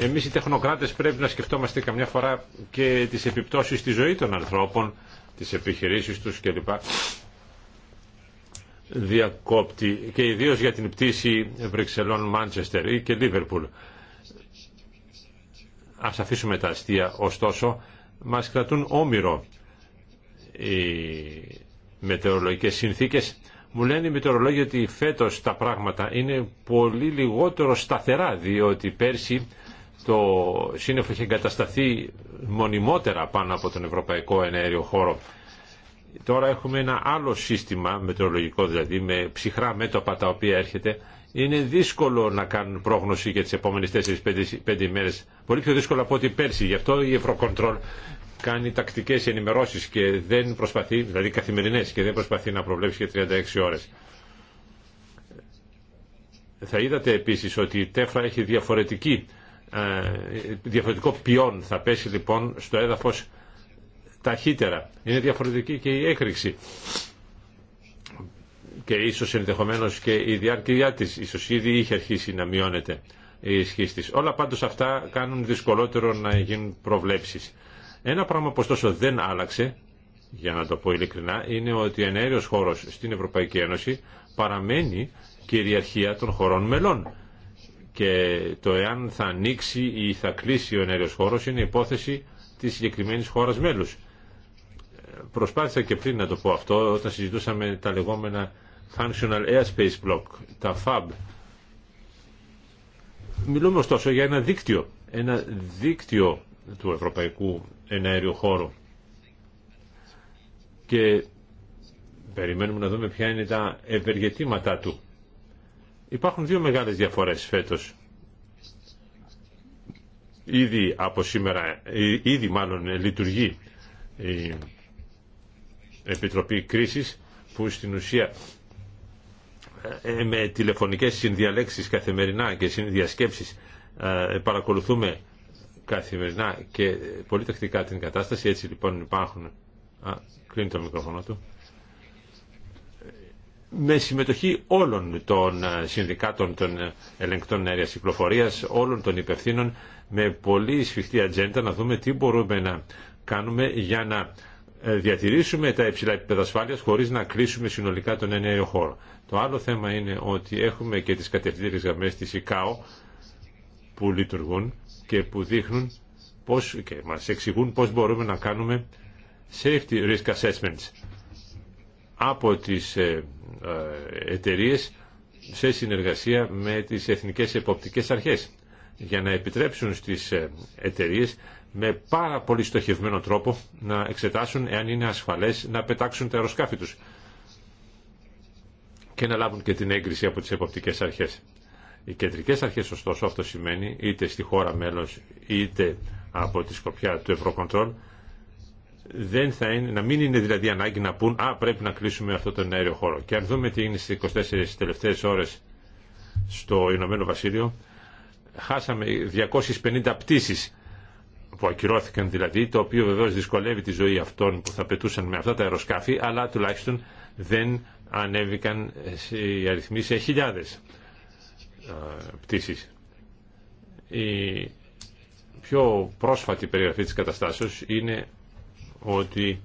S3: Εμείς οι τεχνοκράτες πρέπει να σκεφτόμαστε καμιά φορά και τις επιπτώσεις στη ζωή των ανθρώπων, τις επιχειρήσεις τους κλπ. Διακόπτη και ιδίως για την πτήση Βρυξελών-Μάντσεστερ ή και Λίβερπουλ. Ας αφήσουμε τα αστεία ωστόσο μας κρατούν όμοιρο οι μετεωρολογικές συνθήκες. Μου λένε οι μετεωρολόγοι ότι φέτος τα πράγματα είναι πολύ λιγότερο σταθερά, διότι πέρσι το σύννεφο είχε εγκατασταθεί μονιμότερα πάνω από τον ευρωπαϊκό Ενέριο χώρο. Τώρα έχουμε ένα άλλο σύστημα μετεωρολογικό, δηλαδή με ψυχρά μέτωπα τα οποία έρχεται είναι δύσκολο να κάνουν πρόγνωση για τις επόμενες 4-5 ημέρες. Πολύ πιο δύσκολο από ό,τι πέρσι. Γι' αυτό η Ευρωκοντρόλ κάνει τακτικές ενημερώσεις και δεν προσπαθεί, δηλαδή καθημερινές, και δεν προσπαθεί να προβλέψει για 36 ώρες. Θα είδατε επίσης ότι η τέφρα έχει διαφορετική, ε, διαφορετικό ποιόν. Θα πέσει λοιπόν στο έδαφο ταχύτερα. Είναι διαφορετική και η έκρηξη και ίσως ενδεχομένως και η διάρκεια της ίσως ήδη είχε αρχίσει να μειώνεται η ισχύ της. Όλα πάντως αυτά κάνουν δυσκολότερο να γίνουν προβλέψεις. Ένα πράγμα που ωστόσο δεν άλλαξε, για να το πω ειλικρινά, είναι ότι ο ενέργειος χώρος στην Ευρωπαϊκή Ένωση παραμένει κυριαρχία των χωρών μελών. Και το εάν θα ανοίξει ή θα κλείσει ο ενέργειος χώρος είναι υπόθεση της συγκεκριμένης χώρας μέλους. Ε, προσπάθησα και πριν να το πω αυτό όταν συζητούσαμε τα λεγόμενα Functional Airspace Block, τα FAB. Μιλούμε ωστόσο για ένα δίκτυο, ένα δίκτυο του Ευρωπαϊκού Εναέριου Χώρου. Και περιμένουμε να δούμε ποια είναι τα ευεργετήματά του. Υπάρχουν δύο μεγάλες διαφορές φέτος. Ήδη από σήμερα, ήδη μάλλον λειτουργεί η Επιτροπή Κρίσης που στην ουσία ε, με τηλεφωνικές συνδιαλέξεις καθημερινά και συνδιασκέψεις ε, παρακολουθούμε καθημερινά και πολύ τακτικά την κατάσταση. Έτσι λοιπόν υπάρχουν... Α, κλείνει το μικρόφωνο του. Με συμμετοχή όλων των ε, συνδικάτων των ελεγκτών αέρια κυκλοφορίας, όλων των υπευθύνων, με πολύ σφιχτή ατζέντα να δούμε τι μπορούμε να κάνουμε για να ε, διατηρήσουμε τα υψηλά επίπεδα ασφάλεια χωρίς να κλείσουμε συνολικά τον ενιαίο χώρο. Το άλλο θέμα είναι ότι έχουμε και τις κατευθύνσεις γραμμέ τη ΙΚΑΟ που λειτουργούν και που δείχνουν πώς, και μας εξηγούν πώ μπορούμε να κάνουμε safety risk assessments από τις ε, ε, εταιρείε σε συνεργασία με τις εθνικές εποπτικές αρχές για να επιτρέψουν στις εταιρείε με πάρα πολύ στοχευμένο τρόπο να εξετάσουν εάν είναι ασφαλές να πετάξουν τα αεροσκάφη τους και να λάβουν και την έγκριση από τις εποπτικές αρχές. Οι κεντρικές αρχές, ωστόσο, αυτό σημαίνει είτε στη χώρα μέλος είτε από τη σκοπιά του Ευρωκοντρόλ δεν θα είναι, να μην είναι δηλαδή ανάγκη να πούν «Α, πρέπει να κλείσουμε αυτό τον αέριο χώρο». Και αν δούμε τι είναι στις 24 τελευταίες ώρες στο Ηνωμένο Βασίλειο, χάσαμε 250 πτήσεις που ακυρώθηκαν δηλαδή, το οποίο βεβαίως δυσκολεύει τη ζωή αυτών που θα πετούσαν με αυτά τα αεροσκάφη, αλλά τουλάχιστον δεν ανέβηκαν ε, οι αριθμοί σε χιλιάδες ε, πτήσεις. Η πιο πρόσφατη περιγραφή της καταστάσεως είναι ότι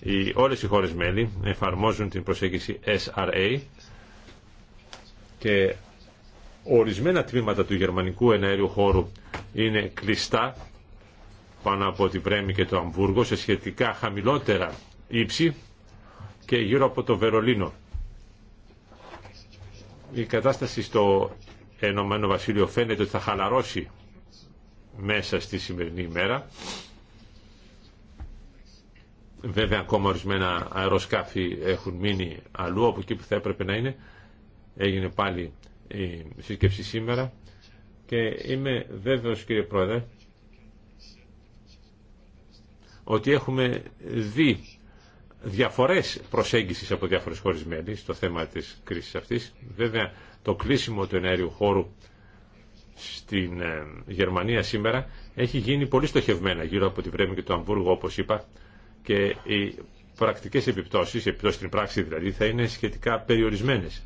S3: οι, όλες οι χώρες μέλη εφαρμόζουν την προσέγγιση SRA και ορισμένα τμήματα του γερμανικού εναέριου χώρου είναι κλειστά πάνω από την Πρέμη και το Αμβούργο σε σχετικά χαμηλότερα ύψη και γύρω από το Βερολίνο. Η κατάσταση στο Ενωμένο Βασίλειο φαίνεται ότι θα χαλαρώσει μέσα στη σημερινή ημέρα. Βέβαια ακόμα ορισμένα αεροσκάφη έχουν μείνει αλλού από εκεί που θα έπρεπε να είναι. Έγινε πάλι η σύσκεψη σήμερα και είμαι βέβαιος κύριε Πρόεδρε ότι έχουμε δει διαφορές προσέγγισης από διάφορες χώρες μέλη στο θέμα της κρίσης αυτής. Βέβαια το κλείσιμο του ενέργειου χώρου στην ε, Γερμανία σήμερα έχει γίνει πολύ στοχευμένα γύρω από τη Βρέμη και το Αμβούργο όπως είπα και οι πρακτικές επιπτώσεις, οι επιπτώσεις στην πράξη δηλαδή, θα είναι σχετικά περιορισμένες.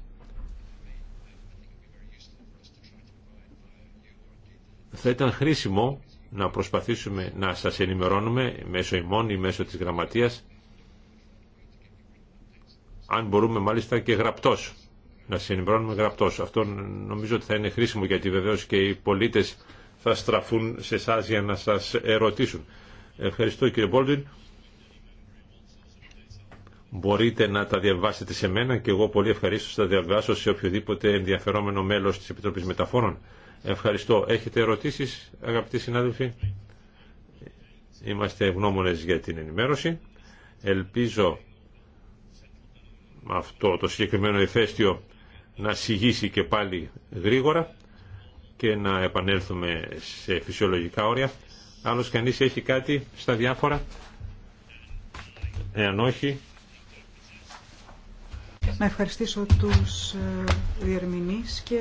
S3: Θα ήταν χρήσιμο να προσπαθήσουμε να σας ενημερώνουμε μέσω ημών ή μέσω της γραμματείας αν μπορούμε μάλιστα και γραπτός να σας ενημερώνουμε γραπτός αυτό νομίζω ότι θα είναι χρήσιμο γιατί βεβαίω και οι πολίτες θα στραφούν σε εσά για να σας ερωτήσουν ευχαριστώ κύριε Μπόλτιν μπορείτε να τα διαβάσετε σε μένα και εγώ πολύ ευχαρίστω θα τα διαβάσω σε οποιοδήποτε ενδιαφερόμενο μέλος της Επιτροπής Μεταφόρων Ευχαριστώ. Έχετε ερωτήσεις αγαπητοί συνάδελφοι. Είμαστε ευγνώμονες για την ενημέρωση. Ελπίζω αυτό το συγκεκριμένο εφέστιο να σιγήσει και πάλι γρήγορα και να επανέλθουμε σε φυσιολογικά όρια. Άλλος κανείς έχει κάτι στα διάφορα. Εάν όχι...
S2: Να ευχαριστήσω τους ε, διερμηνείς και